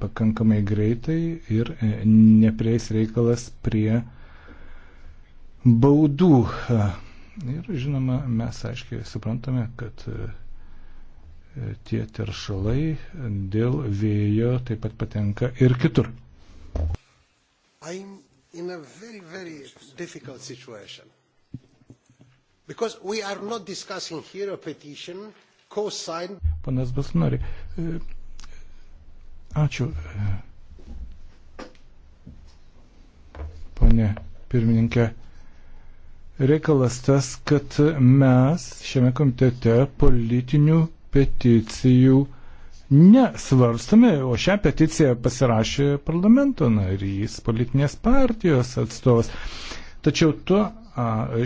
pakankamai greitai ir e, neprieis reikalas prie baudų. Ir žinoma, mes aiškiai suprantame, kad e, e, tie teršalai dėl vėjo taip pat patenka ir kitur. I'm in a very, very difficult situation. Because we are not discussing here a petition co-signed. Panas Basnori, e, ačiū. Pane pirmininkė, reikalas tas, kad mes šiame komitete politinių peticijų nesvarstame, o šią peticiją pasirašė parlamento narys, politinės partijos atstovas. Tačiau tuo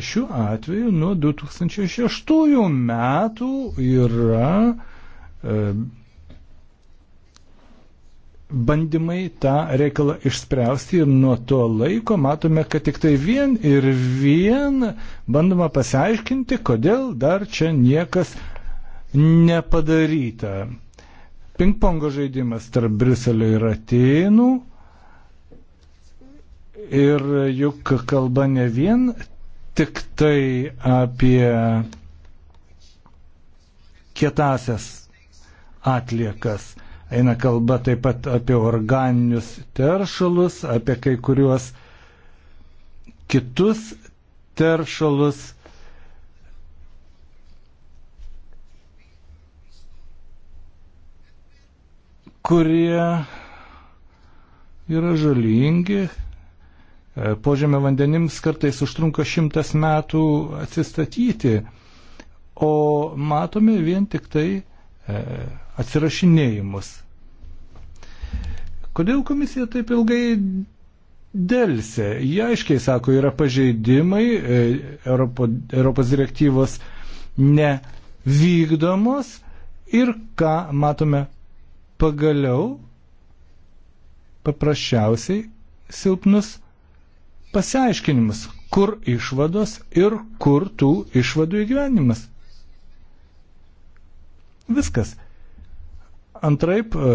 Šiuo atveju nuo 2006 metų yra e, bandymai tą reikalą išspręsti ir nuo to laiko matome, kad tik tai vien ir vien bandoma pasiaiškinti, kodėl dar čia niekas nepadaryta. Pingpongo žaidimas tarp Briuselio ir Atenų. Ir juk kalba ne vien tik tai apie kietasias atliekas. Eina kalba taip pat apie organinius teršalus, apie kai kuriuos kitus teršalus. kurie yra žalingi E, požemio vandenims kartais užtrunka šimtas metų atsistatyti, o matome vien tik tai e, atsirašinėjimus. Kodėl komisija taip ilgai dėlse? Jie aiškiai sako, yra pažeidimai, e, Europo, Europos direktyvos nevykdomos ir ką matome pagaliau, paprasčiausiai silpnus pasiaiškinimus, kur išvados ir kur tų išvadų įgyvenimas. Viskas. Antraip e,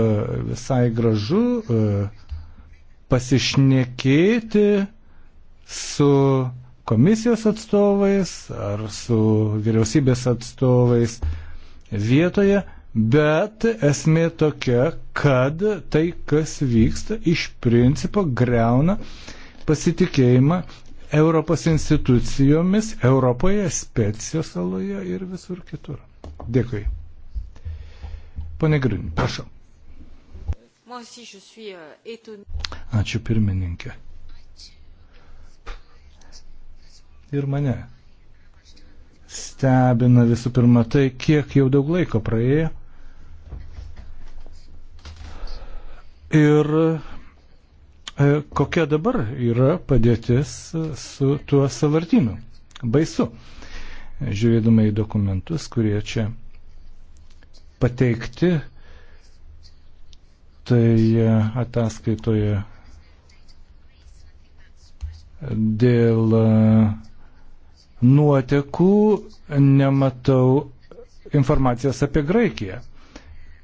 visai gražu e, pasišnekėti su komisijos atstovais ar su vyriausybės atstovais vietoje, bet esmė tokia, kad tai, kas vyksta, iš principo greuna uh, pasitikėjimą Europos institucijomis Europoje, Specijos saloje ir visur kitur. Dėkui. Pone Grin, prašau. Euh, Ačiū pirmininkė. Ir mane stebina visų pirma tai, kiek jau daug laiko praėjo. Ir E, kokia dabar yra padėtis su tuo savartinu? Baisu. Žiūrėdama į dokumentus, kurie čia pateikti, tai e, ataskaitoje dėl e, nuotekų nematau informacijos apie Graikiją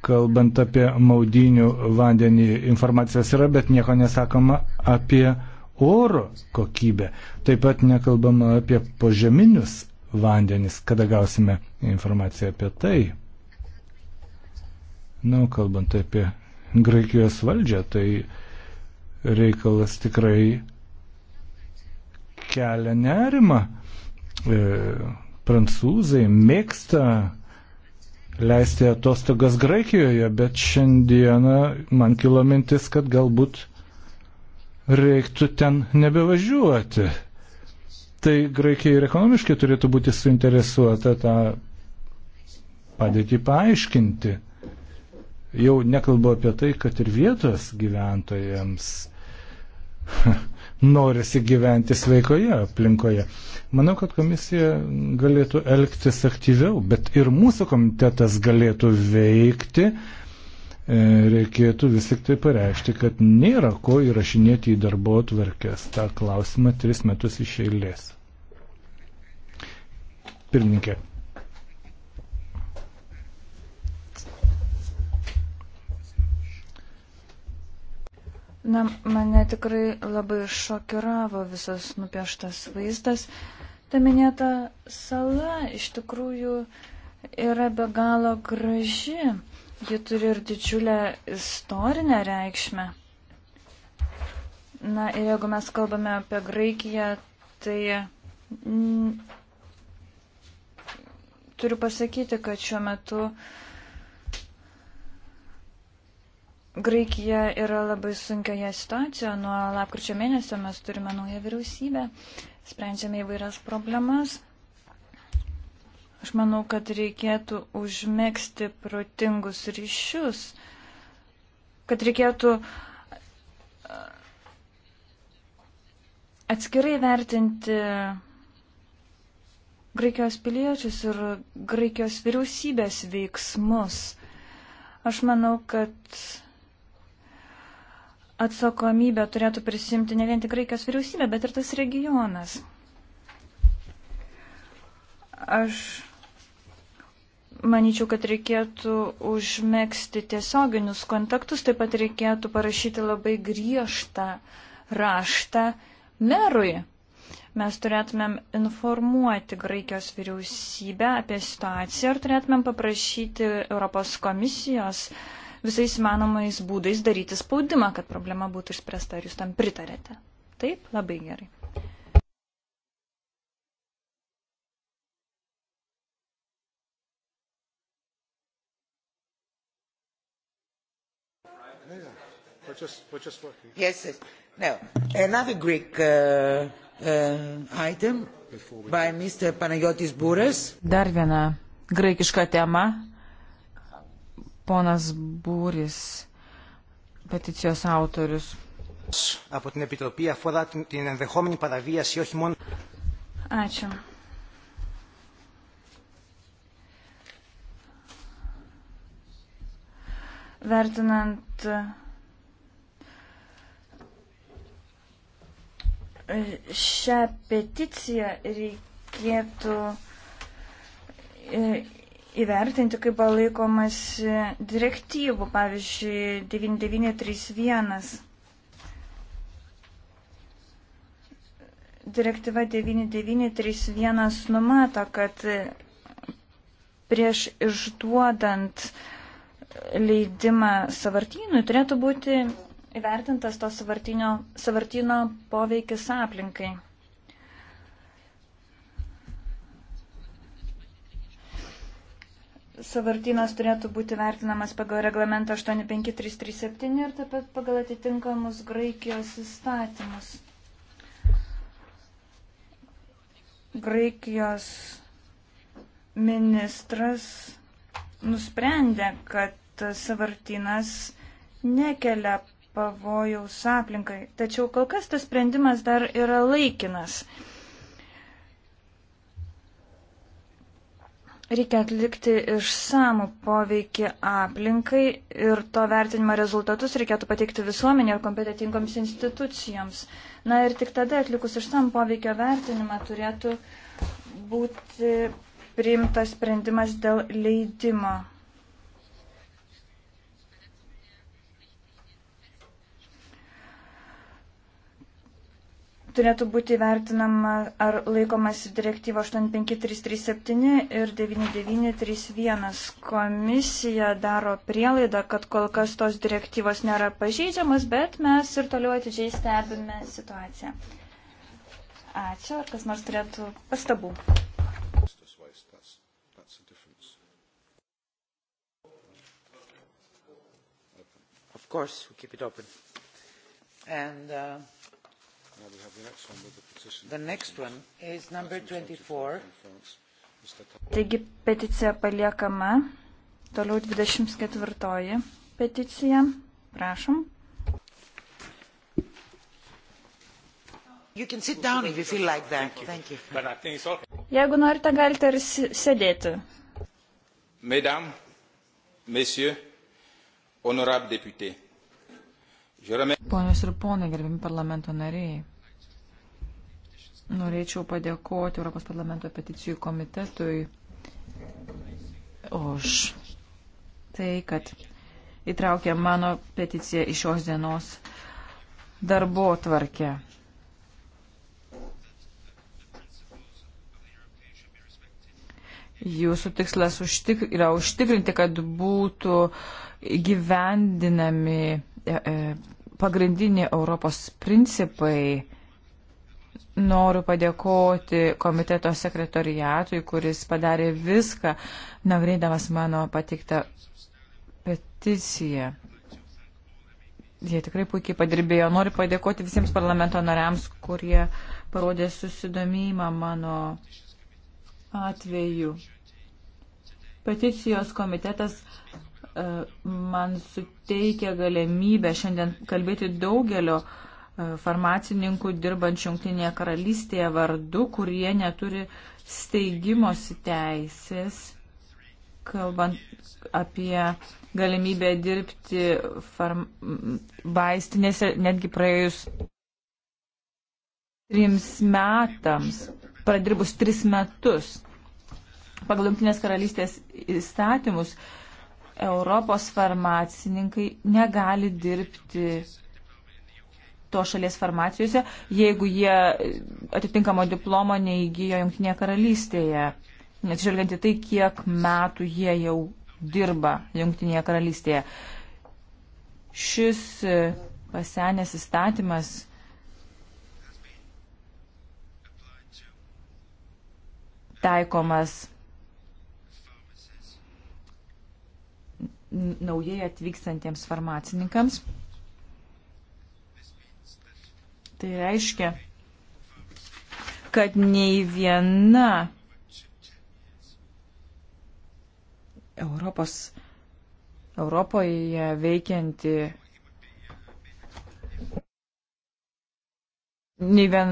kalbant apie maudinių vandenį informacijos yra, bet nieko nesakoma apie oro kokybę. Taip pat nekalbama apie požeminius vandenis, kada gausime informaciją apie tai. Na, nu, kalbant apie Graikijos valdžią, tai reikalas tikrai kelia nerima. E, prancūzai mėgsta leisti atostogas Graikijoje, bet šiandieną man kilo mintis, kad galbūt reiktų ten nebevažiuoti. Tai Graikija ir ekonomiškai turėtų būti suinteresuota tą padėtį paaiškinti. Jau nekalbu apie tai, kad ir vietos gyventojams <laughs> norisi gyventi sveikoje aplinkoje. Manau, kad komisija galėtų elgtis aktyviau, bet ir mūsų komitetas galėtų veikti. E, reikėtų vis tik tai pareišti, kad nėra ko įrašinėti į darbo atvarkęs tą klausimą tris metus iš eilės. Pirmininkė. Na, mane tikrai labai šokiravo visas nupieštas vaizdas. Ta minėta sala iš tikrųjų yra be galo graži. Ji turi ir didžiulę istorinę reikšmę. Na ir jeigu mes kalbame apie Graikiją, tai mm, turiu pasakyti, kad šiuo metu uh, Graikija yra labai sunkioje situacijoje. Nuo lapkričio mėnesio mes turime naują vyriausybę, sprendžiame įvairias problemas. Aš manau, kad reikėtų užmėgsti protingus ryšius, kad reikėtų uh, atskirai vertinti Graikijos piliečius ir Graikijos vyriausybės veiksmus. Aš manau, kad atsakomybę turėtų prisimti ne vien tik Graikijos vyriausybė, bet ir tas regionas. Aš manyčiau, kad reikėtų užmėgsti tiesioginius kontaktus, taip pat reikėtų parašyti labai griežtą raštą merui. Mes turėtumėm informuoti Graikijos vyriausybę apie situaciją ir turėtumėm paprašyti Europos komisijos uh, visais įmanomais būdais daryti spaudimą, kad problema būtų išspręsta. Ar jūs tam pritarėte? Taip, labai gerai. We're just, we're just working. Yes, yes. No. Another Greek uh, uh, item by Mr. Panayotis Bouras. Dar viena graikiška tema Ponas Būris, peticijos autorius. Από την Επιτροπή αφορά την ενδεχόμενη παραβίαση όχι μόνο. Ačiū. vertinant e, šią peticiją reikėtų e, įvertinti, kaip palaikomas direktyvų, pavyzdžiui, 9931. Direktyva 9931 numato, kad prieš išduodant leidimą savartynui turėtų būti įvertintas to savartino poveikis aplinkai. savartynas turėtų būti vertinamas pagal reglamentą 85337 ir taip pat pagal atitinkamus Graikijos įstatymus. Graikijos ministras nusprendė, kad savartynas nekelia pavojaus aplinkai. Tačiau kol kas tas sprendimas dar yra laikinas. Reikia atlikti išsamų poveikį aplinkai ir to vertinimo rezultatus reikėtų pateikti visuomenė ir kompetitingoms institucijoms. Na ir tik tada atlikus išsamų poveikio vertinimą turėtų būti priimtas sprendimas dėl leidimo. turėtų būti vertinama, ar laikomas direktyva 85337 ir 9931. Komisija daro prielaidą, kad kol kas tos direktyvos nėra pažeidžiamas, bet mes ir toliau atidžiai stebime situaciją. Ačiū, ar kas nors turėtų pastabų? Of course, we keep it open. And uh, Now we have the next one with the petition. The next one is number 24. Taigi peticija paliekama. Toliau 24 peticija. Prašom. Like all... Jeigu norite, galite ir sėdėti. Mesdames, messieurs, honorables députés. Remen... Ponios ir ponai, gerbimi parlamento nariai. Norėčiau padėkoti Europos parlamento peticijų komitetui už tai, kad įtraukė mano peticiją iš šios dienos darbo tvarkę. Jūsų tikslas užtik, yra užtikrinti, kad būtų gyvendinami e, e, pagrindiniai Europos principai Noriu padėkoti komiteto sekretoriatui, kuris padarė viską, nagrindamas mano patiktą peticiją. Jie tikrai puikiai padirbėjo. Noriu padėkoti visiems parlamento nariams, kurie parodė susidomėjimą mano atveju. Peticijos komitetas e, man suteikia galimybę šiandien kalbėti daugelio uh, farmacininkų dirbančių Junktinėje karalystėje vardu, kurie neturi steigimosi teisės, kalbant apie galimybę dirbti farm... vaistinėse netgi praėjus trims metams, pradirbus tris metus. Pagal Junktinės karalystės įstatymus Europos farmacininkai negali dirbti to šalies farmacijose, jeigu jie atitinkamo diplomo neįgyjo Junktinėje karalystėje, neatsižvelgiant į tai, kiek metų jie jau dirba Junktinėje karalystėje. Šis pasenęs įstatymas taikomas naujai atvykstantiems farmacininkams. Tai reiškia, kad nei viena Europos, Europoje veikianti nei vien,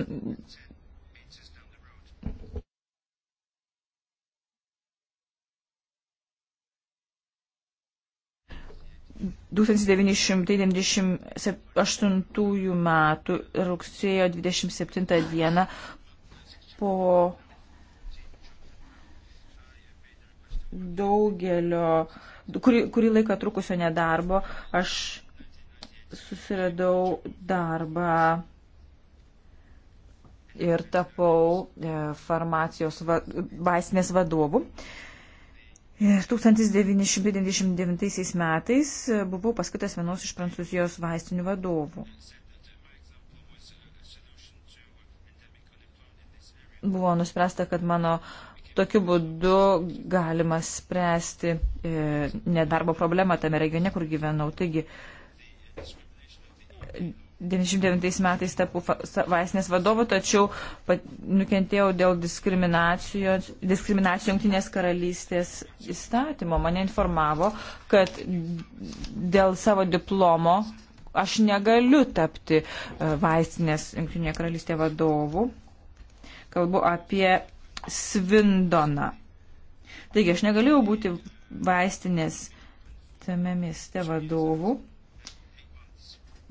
1998 metų rugsėjo 27 dieną po daugelio, kurį, kurį laiką trukusio nedarbo, aš susiradau darbą ir tapau e, farmacijos va, vaistinės vadovu. E, 1999 metais e, buvau paskirtas vienos iš Prancūzijos vaistinių vadovų. Buvo nuspręsta, kad mano tokiu būdu galima spręsti e, nedarbo problemą tame regione, kur gyvenau. Taigi 99 metais tapau vaistinės vadovu, tačiau nukentėjau dėl diskriminacijos, diskriminacijos Junktinės karalystės įstatymo. Mane informavo, kad dėl savo diplomo aš negaliu tapti e, vaistinės Junktinėje karalystėje vadovu. Kalbu apie Svindoną. Taigi aš negalėjau būti vaistinės tame mieste vadovu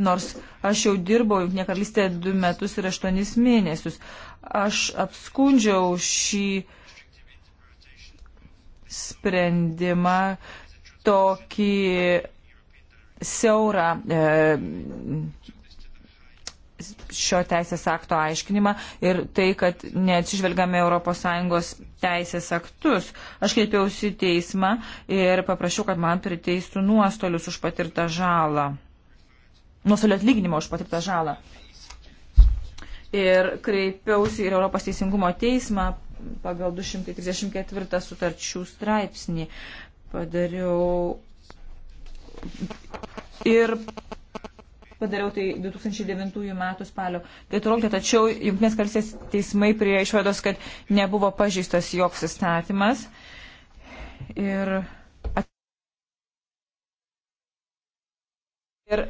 nors aš jau dirbau Junktinė karalystė 2 metus ir 8 mėnesius. Aš apskundžiau šį sprendimą tokį siaurą e, šio teisės akto aiškinimą ir tai, kad neatsižvelgame ES teisės aktus. Aš kreipiausi į teismą ir paprašiau, kad man priteistų nuostolius už patirtą žalą nusolio atlyginimo už patirtą žalą. Ir kreipiausi ir Europos teisingumo teismą pagal 234 sutarčių straipsnį. Padariau ir padariau tai 2009 metų spalio 14, tačiau Junktinės karalystės teismai prie išvados, kad nebuvo pažįstas joks įstatymas. Ir, at... ir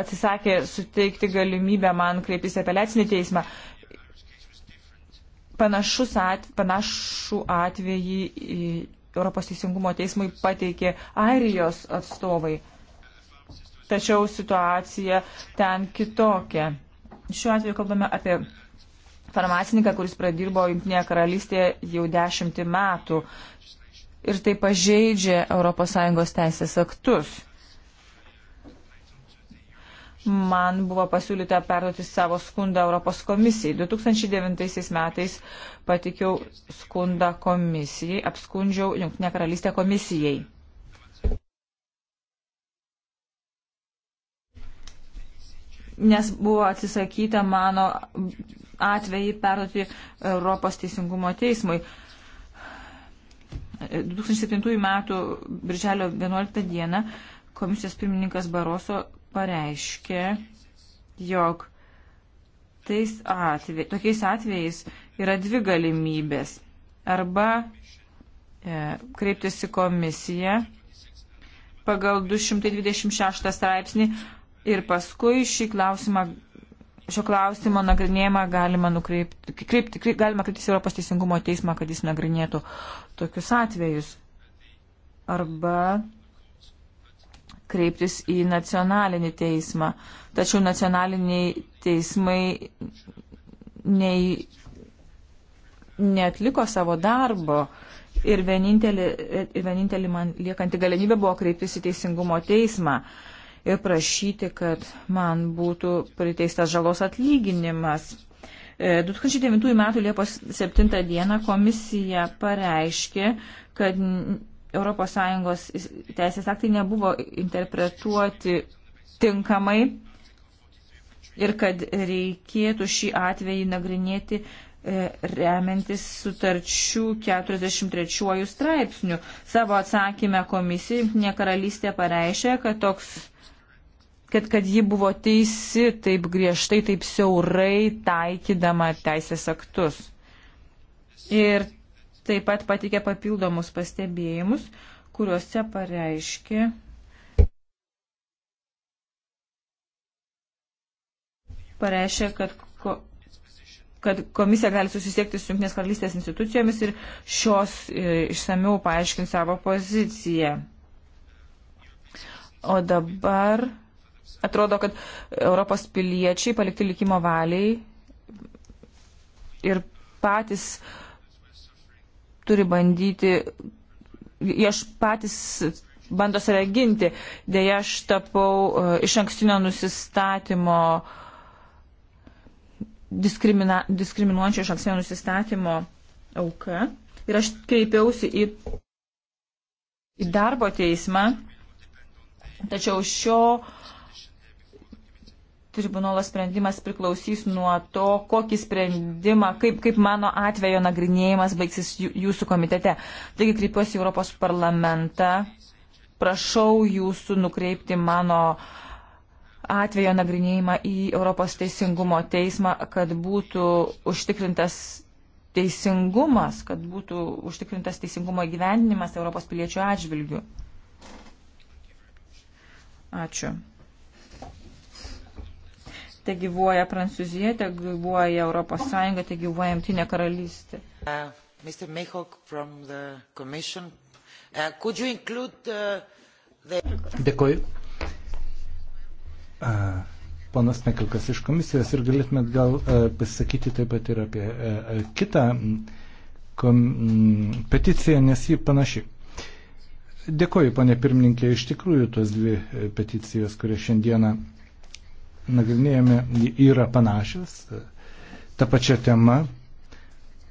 atsisakė suteikti galimybę man kreiptis į apeliacinį teismą. Panašus at, panašų atvejį Europos teisingumo teismui pateikė Airijos atstovai. Tačiau situacija ten kitokia. Šiuo atveju kalbame apie farmacininką, kuris pradirbo Junktinėje karalystėje jau dešimtį metų ir tai pažeidžia ES teisės aktus man buvo pasiūlyta perduoti savo skundą Europos komisijai. 2009 metais patikiau skundą komisijai, apskundžiau Junktinę karalystę komisijai. Nes buvo atsisakyta mano atvejį perduoti Europos teisingumo teismui. 2007 m. birželio 11 d. komisijos pirmininkas Baroso pareiškė, jog atvej, tokiais atvejais yra dvi galimybės. Arba e, kreiptis į komisiją pagal 226 straipsnį ir paskui šį klausimą, šio klausimo nagrinėjimą galima nukreipti, kreipti, kreip, galima kreiptis į Europos teisingumo teismą, kad jis nagrinėtų tokius atvejus. Arba kreiptis į nacionalinį teismą. Tačiau nacionaliniai teismai nei, neatliko savo darbo ir vienintelį, ir vienintelį man liekanti galimybė buvo kreiptis į teisingumo teismą ir prašyti, kad man būtų priteistas žalos atlyginimas. 2009 e, m. Liepos 7 d. komisija pareiškė, kad ES teisės aktai nebuvo interpretuoti tinkamai ir kad reikėtų šį atvejį nagrinėti e, remiantis sutarčių 43 straipsnių. Savo atsakymę komisija Junktinė karalystė pareiškė, kad toks kad, kad ji buvo teisi taip griežtai, taip siaurai taikydama teisės aktus. Ir taip pat patikė papildomus pastebėjimus, kuriuose pareiškė. Pareiškia, kad, ko, kad komisija gali susisiekti su Junktinės karalystės institucijomis ir šios e, išsamiau paaiškins savo poziciją. O dabar atrodo, kad Europos piliečiai palikti likimo valiai ir patys uh, turi bandyti, jie patys bando save ginti. Deja, aš tapau e, iš ankstinio nusistatymo, diskrimina, diskriminuojančio iš ankstinio nusistatymo auka. Ir aš kreipiausi į, į darbo teismą, tačiau šio tribunolo sprendimas priklausys nuo to, kokį sprendimą, kaip, kaip mano atvejo nagrinėjimas baigsis jūsų komitete. Taigi kreipiuosi Europos parlamentą, prašau jūsų nukreipti mano atvejo nagrinėjimą į Europos teisingumo teismą, kad būtų užtikrintas teisingumas, kad būtų užtikrintas teisingumo gyvendinimas Europos piliečių atžvilgių. Ačiū te gyvuoja Prancūzija, te gyvuoja Europos Sąjunga, te gyvuoja Jungtinė karalystė. Uh, Mr. Mehok from the Commission, uh, could you include uh, the... Dėkoju. Uh, Ponas Mekalkas iš komisijos ir galėtumėt gal uh, pasisakyti taip pat ir apie uh, kitą mm, kom, um, peticiją, nes ji panaši. Dėkoju, ponė pirmininkė, iš tikrųjų tos dvi uh, peticijos, kurias šiandieną nagrinėjame yra panašios, ta pačia tema,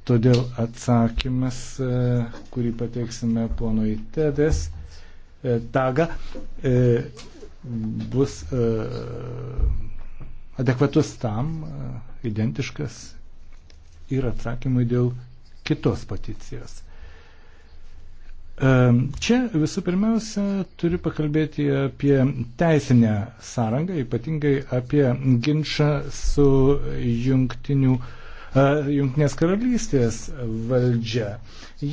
todėl atsakymas, e, kurį pateiksime ponui Tedės, e, taga, e, bus adekvatus tam, identiškas ir atsakymui dėl kitos peticijos. Čia visų pirmiausia turiu pakalbėti apie teisinę sąrangą, ypatingai apie ginčą su jungtiniu, e, jungtinės karalystės valdžia.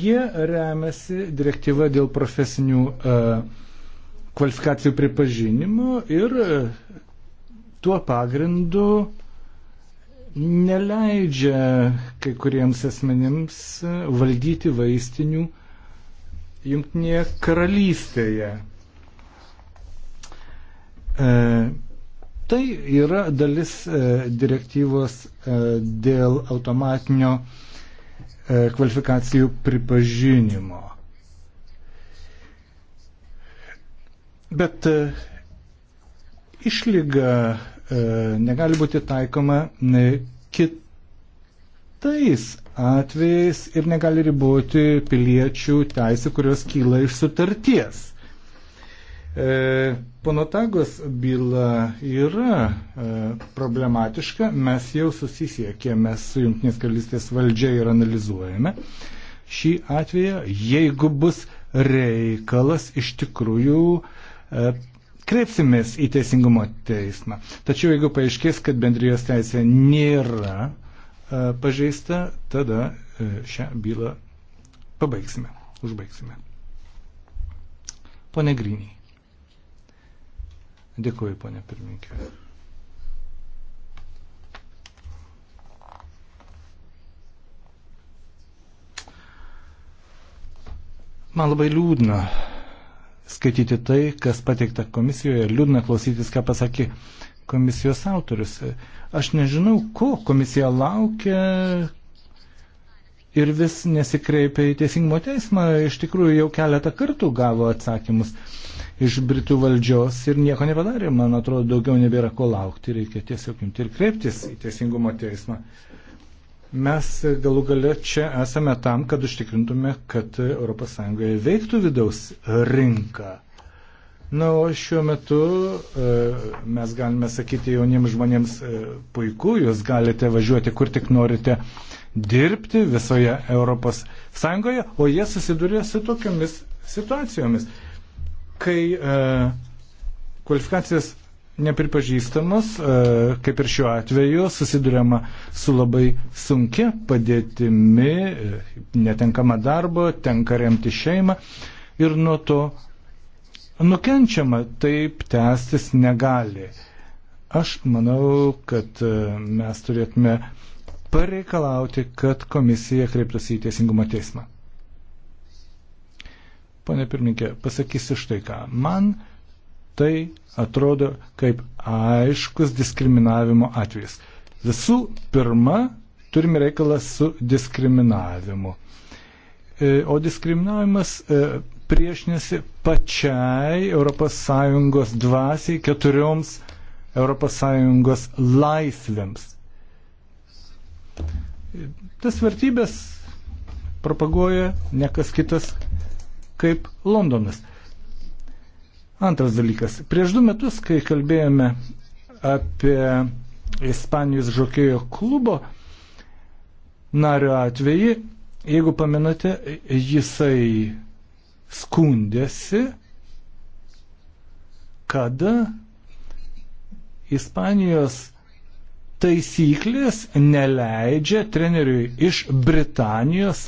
Jie remiasi direktyva dėl profesinių e, kvalifikacijų pripažinimo ir e, tuo pagrindu neleidžia kai kuriems asmenims valdyti vaistinių Junktinėje karalystėje. E, tai yra dalis e, direktyvos e, dėl automatinio e, kvalifikacijų pripažinimo. Bet e, išlyga e, negali būti taikoma e, kitais atvejais ir negali riboti piliečių teisų, kurios kyla iš sutarties. E, Ponotagos byla yra e, problematiška, mes jau susisiekėme su Junktinės karalystės valdžia ir analizuojame šį atvejį, jeigu bus reikalas iš tikrųjų e, kreipsimės į Teisingumo teismą. Tačiau jeigu paaiškės, kad bendrijos teisė nėra E, pažeista, tada e, šią bylą pabaigsime, užbaigsime. Pone Griniai. Dėkuoju, ponė pirmininkė. Man labai liūdna skaityti tai, kas pateikta komisijoje, liūdna klausytis, ką pasakė komisijos autorius. Aš nežinau, ko komisija laukia ir vis nesikreipia į Teisingumo teismą. Iš tikrųjų, jau keletą kartų gavo atsakymus iš Britų valdžios ir nieko nepadarė. Man atrodo, daugiau nebėra ko laukti. Reikia tiesiog imti ir kreiptis į Teisingumo teismą. Mes galų gale čia esame tam, kad užtikrintume, kad ES veiktų vidaus rinką. Na, o šiuo metu e, mes galime sakyti jauniems žmonėms e, puiku, jūs galite važiuoti kur tik norite dirbti visoje Europos Sąjungoje, o jie susiduria su tokiamis situacijomis, kai e, kvalifikacijos nepripažįstamos, kaip ir šiuo atveju, susidurėma su labai sunkia padėtimi, netenkama darbo, tenka remti šeimą ir nuo to nukenčiama, taip tęstis negali. Aš manau, kad e, mes turėtume pareikalauti, kad komisija kreiptųsi į Teisingumo teismą. Pone pirmininkė, pasakysiu štai ką. Man tai atrodo kaip aiškus diskriminavimo atvejis. Visų pirma, turime reikalą su diskriminavimu. E, o diskriminavimas e, priešinasi pačiai ES dvasiai keturioms ES laisvėms. Tas vertybės propaguoja nekas kitas kaip Londonas. Antras dalykas. Prieš du metus, kai kalbėjome apie Ispanijos žokėjo klubo nario atvejį, jeigu pamenate, jisai skundėsi, kad Ispanijos taisyklės neleidžia treneriui iš Britanijos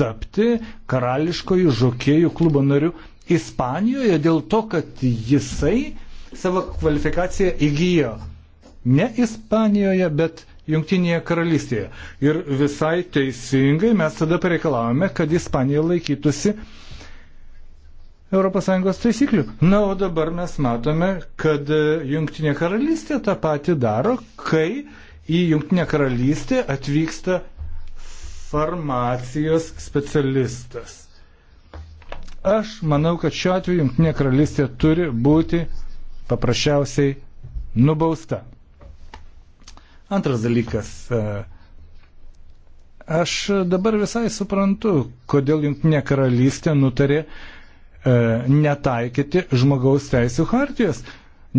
tapti karališkojų žokėjų klubo nariu Ispanijoje dėl to, kad jisai savo kvalifikaciją įgyjo ne Ispanijoje, bet Junktinėje karalystėje. Ir visai teisingai mes tada pareikalavome, kad Ispanija laikytųsi uh, ES taisyklių. Na, o dabar mes matome, kad e, Junktinė karalystė tą patį daro, kai į Junktinę karalystę atvyksta farmacijos specialistas. Aš manau, kad šiuo atveju Junktinė karalystė turi būti paprasčiausiai nubausta. Antras dalykas. E, aš dabar visai suprantu, kodėl Junktinė karalystė nutarė uh, E, netaikyti žmogaus teisų hartijos,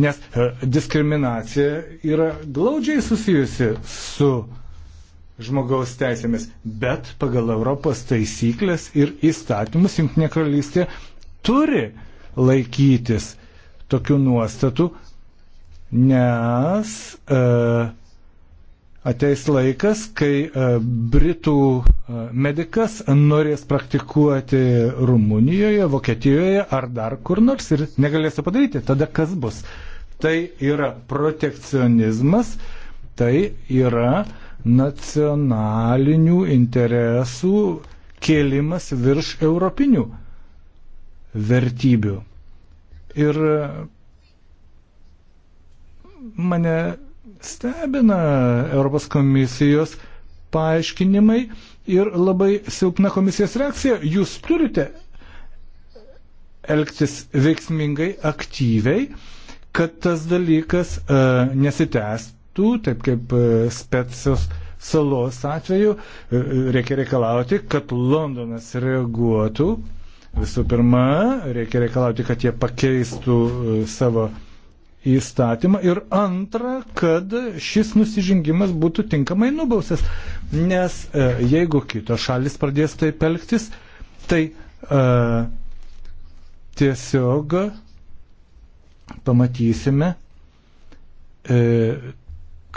nes e, diskriminacija yra glaudžiai susijusi su žmogaus teisėmis, bet pagal Europos taisyklės ir įstatymus Junktinė karalystė turi laikytis tokių nuostatų, nes uh, e, ateis laikas, kai e, Britų e, medikas norės praktikuoti Rumunijoje, Vokietijoje ar dar kur nors ir negalės to padaryti. Tada kas bus? Tai yra protekcionizmas, tai yra nacionalinių interesų kėlimas virš europinių vertybių. Ir e, mane Stebina Europos komisijos paaiškinimai ir labai silpna komisijos reakcija. Jūs turite elgtis veiksmingai, aktyviai, kad tas dalykas e, nesitęstų, taip kaip e, specijos salos atveju, e, reikia reikalauti, kad Londonas reaguotų. Visų pirma, reikia reikalauti, kad jie pakeistų e, savo įstatymą ir antra, kad šis nusižengimas būtų tinkamai nubausęs. Nes e, jeigu kitos šalis pradės taip elgtis, tai e, tiesiog pamatysime, e,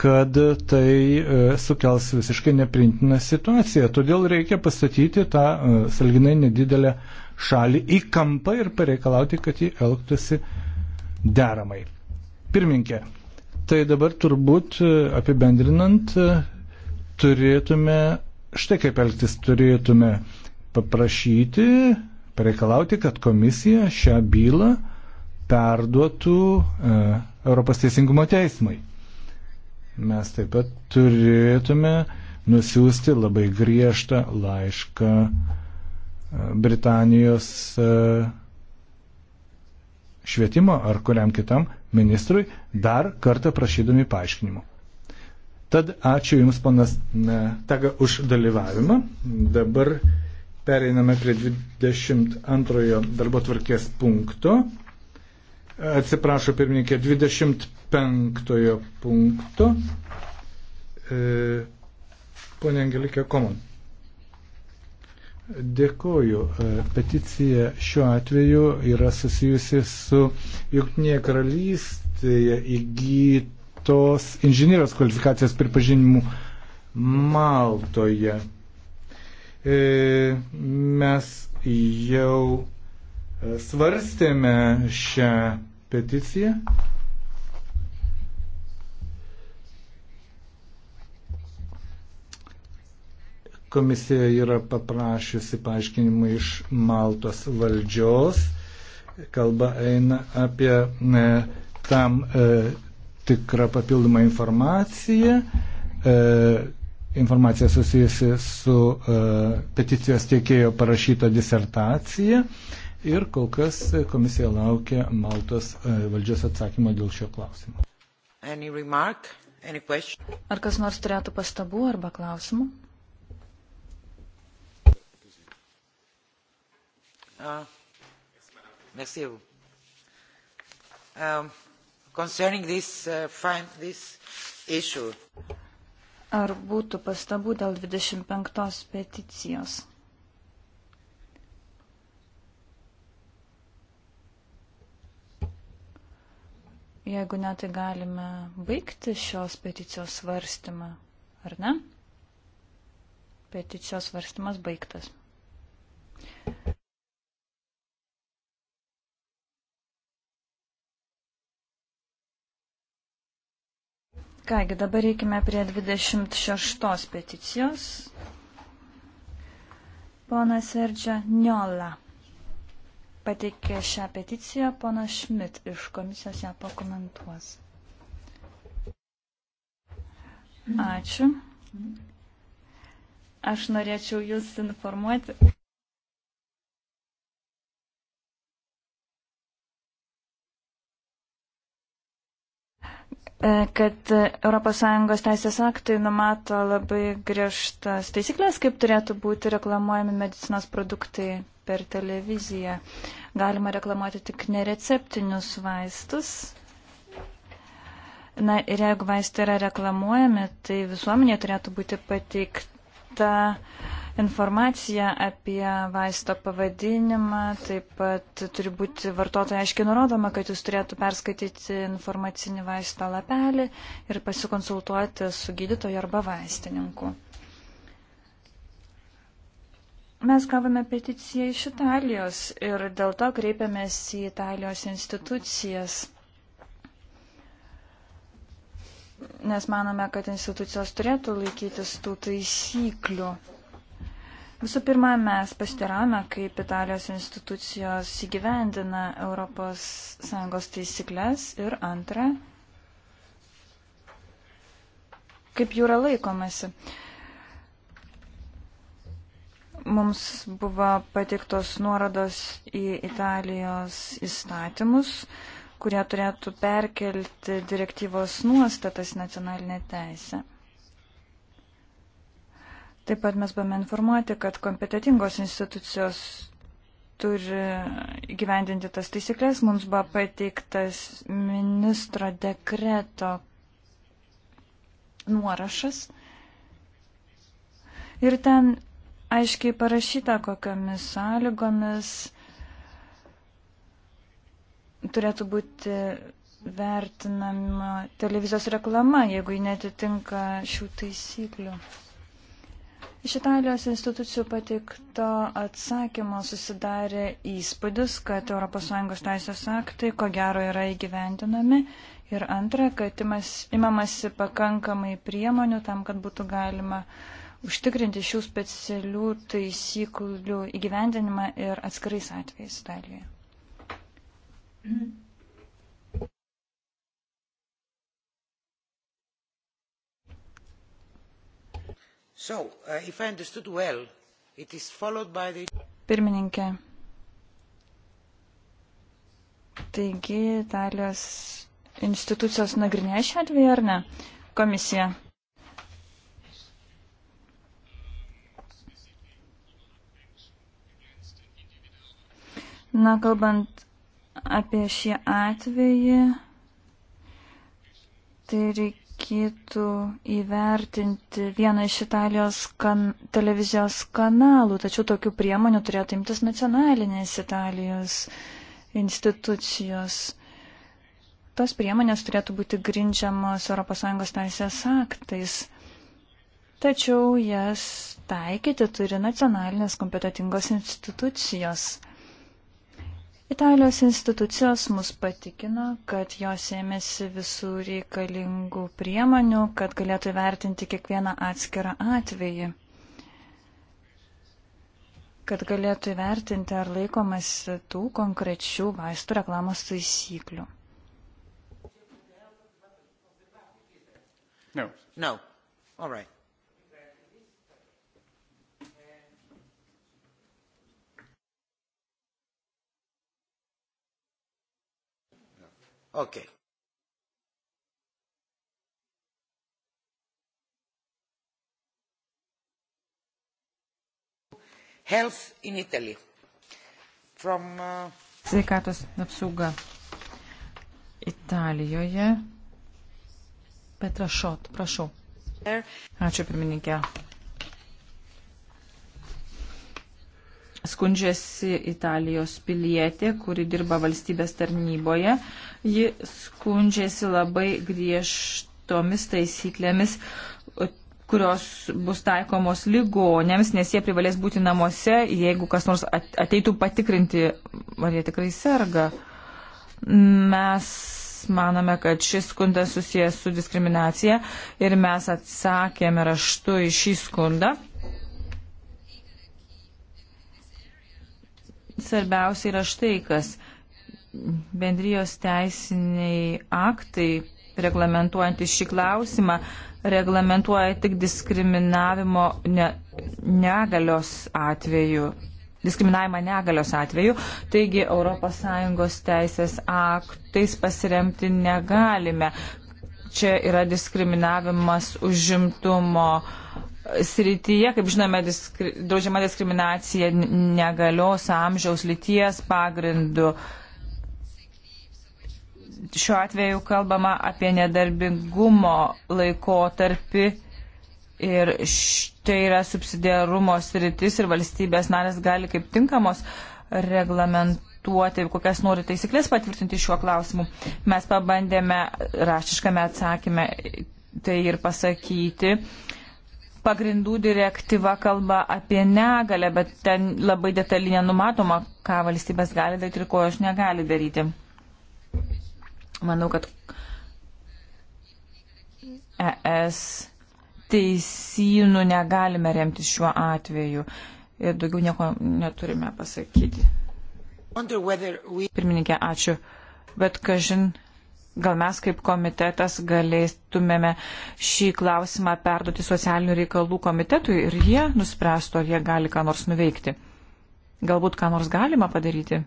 kad tai e, sukels visiškai neprintiną situaciją. Todėl reikia pastatyti tą e, salginai nedidelę šalį į kampą ir pareikalauti, kad ji elgtųsi deramai. Pirminkė, tai dabar turbūt e, apibendrinant e, turėtume štai kaip elgtis, turėtume paprašyti, pareikalauti, kad komisija šią bylą perduotų e, Europos Teisingumo teismui. Mes taip pat turėtume nusiųsti labai griežtą laišką e, Britanijos e, švietimo ar kuriam kitam ministrui dar kartą prašydami paaiškinimų. Tad ačiū Jums, panas Taga, už dalyvavimą. Dabar pereiname prie 22 darbo tvarkės punkto. Atsiprašau, pirmininkė, 25 punkto. E, Pone Angelikė Komon. Dėkoju. E, peticija šiuo atveju yra susijusi su Junktinėje karalystėje įgytos inžinierijos kvalifikacijos pripažinimu Maltoje. E, mes jau e, svarstėme šią peticiją. Komisija yra paprašiusi paaiškinimų iš Maltos valdžios. Kalba eina apie ne, tam e, tikrą papildomą informaciją. E, informacija susijusi su e, peticijos tiekėjo parašyta disertacija. Ir kol kas komisija laukia Maltos e, valdžios atsakymo dėl šio klausimo. Any remark, any question? Ar kas nors turėtų pastabų arba klausimų? Uh, merci à vous. Um, concerning this, uh, fine, this issue. Ar būtų pastabų dėl 25 peticijos? Jeigu ne, tai galime baigti šios peticijos svarstymą, ar ne? Peticijos svarstymas baigtas. Kągi, dabar reikime prie 26 peticijos. Pona Serdžia Niola pateikė šią peticiją, pona Šmit iš komisijos ją pakomentuos. Ačiū. Aš norėčiau Jūs informuoti. E, kad ES teisės aktai numato labai griežtas taisyklės, kaip turėtų būti reklamuojami medicinos produktai per televiziją. Galima reklamuoti tik nereceptinius vaistus. Na ir jeigu vaistai yra reklamuojami, tai visuomenė turėtų būti pateikta informacija apie vaisto pavadinimą, taip pat turi būti vartotojai aiškiai nurodoma, kad jis turėtų perskaityti informacinį vaisto lapelį ir pasikonsultuoti su gydytoju arba vaistininku. Mes gavome peticiją iš Italijos ir dėl to kreipėmės į Italijos institucijas nes manome, kad institucijos turėtų laikytis tų taisyklių. Visų pirma, mes pasitirame, kaip Italijos institucijos įgyvendina ES taisyklės ir antra, kaip jų yra laikomasi. Mums buvo patiktos nuorodos į Italijos įstatymus, kurie turėtų perkelti direktyvos nuostatas nacionalinę teisę. Taip pat mes buvome informuoti, kad kompetitingos institucijos turi gyvendinti tas taisyklės. Mums buvo pateiktas ministro dekreto nuorašas. Ir ten aiškiai parašyta, kokiamis sąlygomis turėtų būti vertinama televizijos reklama, jeigu ji netitinka šių taisyklių. Iš Italijos institucijų pateikto atsakymo susidarė įspūdis, kad ES teisės aktai ko gero yra įgyvendinami ir antra, kad imas, imamasi pakankamai priemonių tam, kad būtų galima užtikrinti šių specialių taisyklių įgyvendinimą ir atskirais atvejais Italijoje. Mm. So, uh, well, the... Pirmininkė. Taigi, Italijos institucijos nagrinėja šią atvejį ar ne? Komisija. Na, kalbant apie šį atvejį, tai reik, reikėtų įvertinti vieną iš Italijos kan televizijos kanalų, tačiau tokių priemonių turėtų imtis nacionalinės Italijos institucijos. Tos priemonės turėtų būti grindžiamos ES teisės aktais, tačiau jas taikyti turi nacionalinės kompetitingos institucijos. Italijos institucijos mus patikino, kad jos ėmėsi visų reikalingų priemonių, kad galėtų vertinti kiekvieną atskirą atvejį kad galėtų įvertinti, ar laikomas tų konkrečių vaistų reklamos taisyklių. No. No. All right. Okay. Health in Italy. From, uh... Sveikatos apsauga Italijoje. Petra Šot, prašau. Ačiū pirmininkė. skundžiasi Italijos pilietė, kuri dirba valstybės tarnyboje. Ji skundžiasi labai griežtomis taisyklėmis, kurios bus taikomos ligonėms, nes jie privalės būti namuose, jeigu kas nors ateitų patikrinti, ar jie tikrai serga. Mes manome, kad šis skundas susijęs su diskriminacija ir mes atsakėme raštu į šį skundą. Svarbiausia yra štai kas. Bendrijos teisiniai aktai reglamentuojantys šį klausimą reglamentuoja tik diskriminavimo ne, negalios atveju. Diskriminavimą negalios atveju, taigi ES teisės aktais pasiremti negalime. Čia yra diskriminavimas užimtumo srityje, kaip žinome, diskri, draudžiama diskriminacija negalios amžiaus lyties pagrindu. Šiuo atveju kalbama apie nedarbingumo laikotarpį ir tai yra subsidiarumo sritis ir valstybės narės gali kaip tinkamos reglamentuoti, kokias nori taisyklės patvirtinti šiuo klausimu. Mes pabandėme raštiškame atsakymę tai ir pasakyti. Uh, pagrindų direktyva kalba apie negalę, bet ten labai detaliai nenumatoma, ką valstybės gali daryti ir ko aš negali daryti. Manau, kad ES teisynų negalime remti šiuo atveju ir daugiau nieko neturime pasakyti. Pirmininkė, ačiū. Bet kažin, Gal mes kaip komitetas galėtumėme šį klausimą perduoti socialinių reikalų komitetui ir jie nuspręstų, ar jie gali ką nors nuveikti. Galbūt ką nors galima padaryti.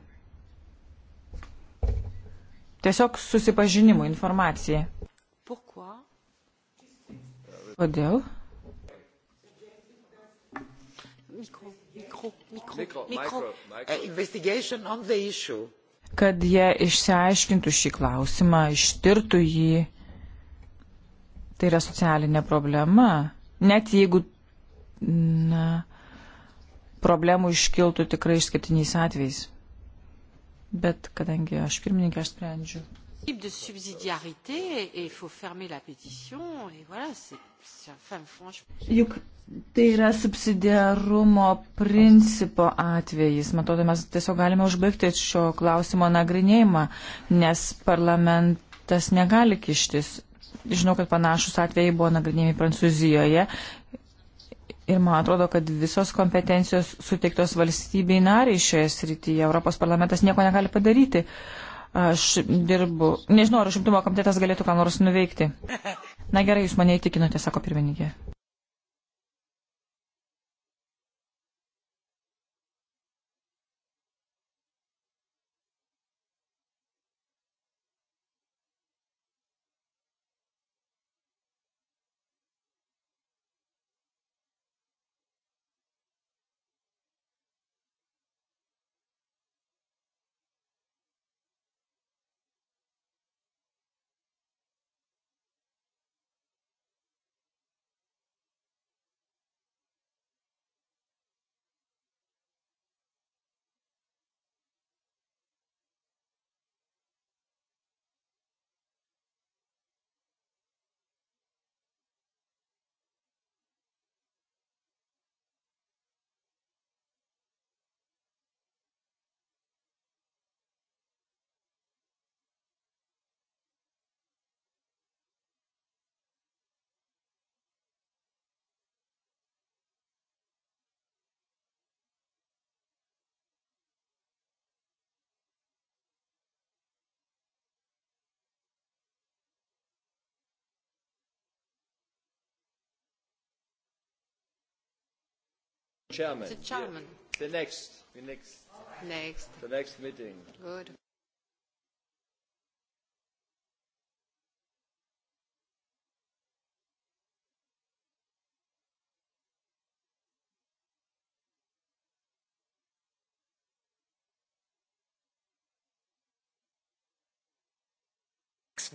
Tiesiog susipažinimų informacija. Pourquoi? Kodėl? Mikro, mikro, mikro. mikro. mikro. Uh, investigation on the issue kad jie išsiaiškintų šį klausimą, ištirtų jį. Tai yra socialinė problema. Net jeigu na, problemų iškiltų tikrai išskirtiniais atvejais. Bet kadangi aš pirmininkė, aš sprendžiu principe de subsidiarité et il faut fermer la pétition et voilà, c'est, c'est enfin, franchement. Juk tai yra subsidiarumo principo atvejis. Matau, mes tiesiog galime užbaigti šio klausimo nagrinėjimą, nes parlamentas negali kištis. Žinau, kad panašus atvejai buvo nagrinėjami Prancūzijoje Ir man atrodo, kad visos kompetencijos suteiktos valstybei nariai šioje srityje. Europos parlamentas nieko negali padaryti aš dirbu. Nežinau, ar užimtumo komitetas galėtų ką nors nuveikti. Na gerai, jūs mane įtikinote, sako pirmininkė. Chairman. The chairman. Yeah. The next. The next. Next. The next meeting. Good.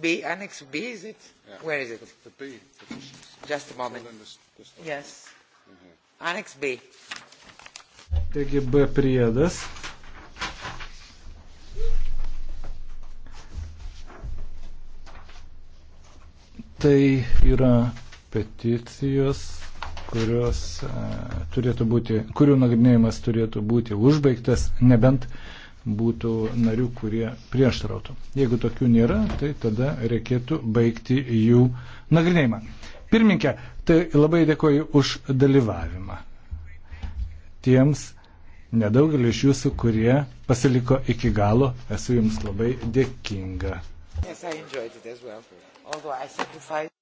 B, Annex B, is it? Yeah. Where is it? The B. Just a moment. Yes. Aneks B. Taigi B priedas. Tai yra peticijos, kurios e, turėtų būti, kurių nagrinėjimas turėtų būti užbaigtas, nebent būtų narių, kurie prieštarautų. Jeigu tokių nėra, tai tada reikėtų baigti jų nagrinėjimą. Pirminkė, tai labai dėkoju už dalyvavimą. Tiems nedaugelis iš jūsų, kurie pasiliko iki galo, esu jums labai dėkinga. Yes,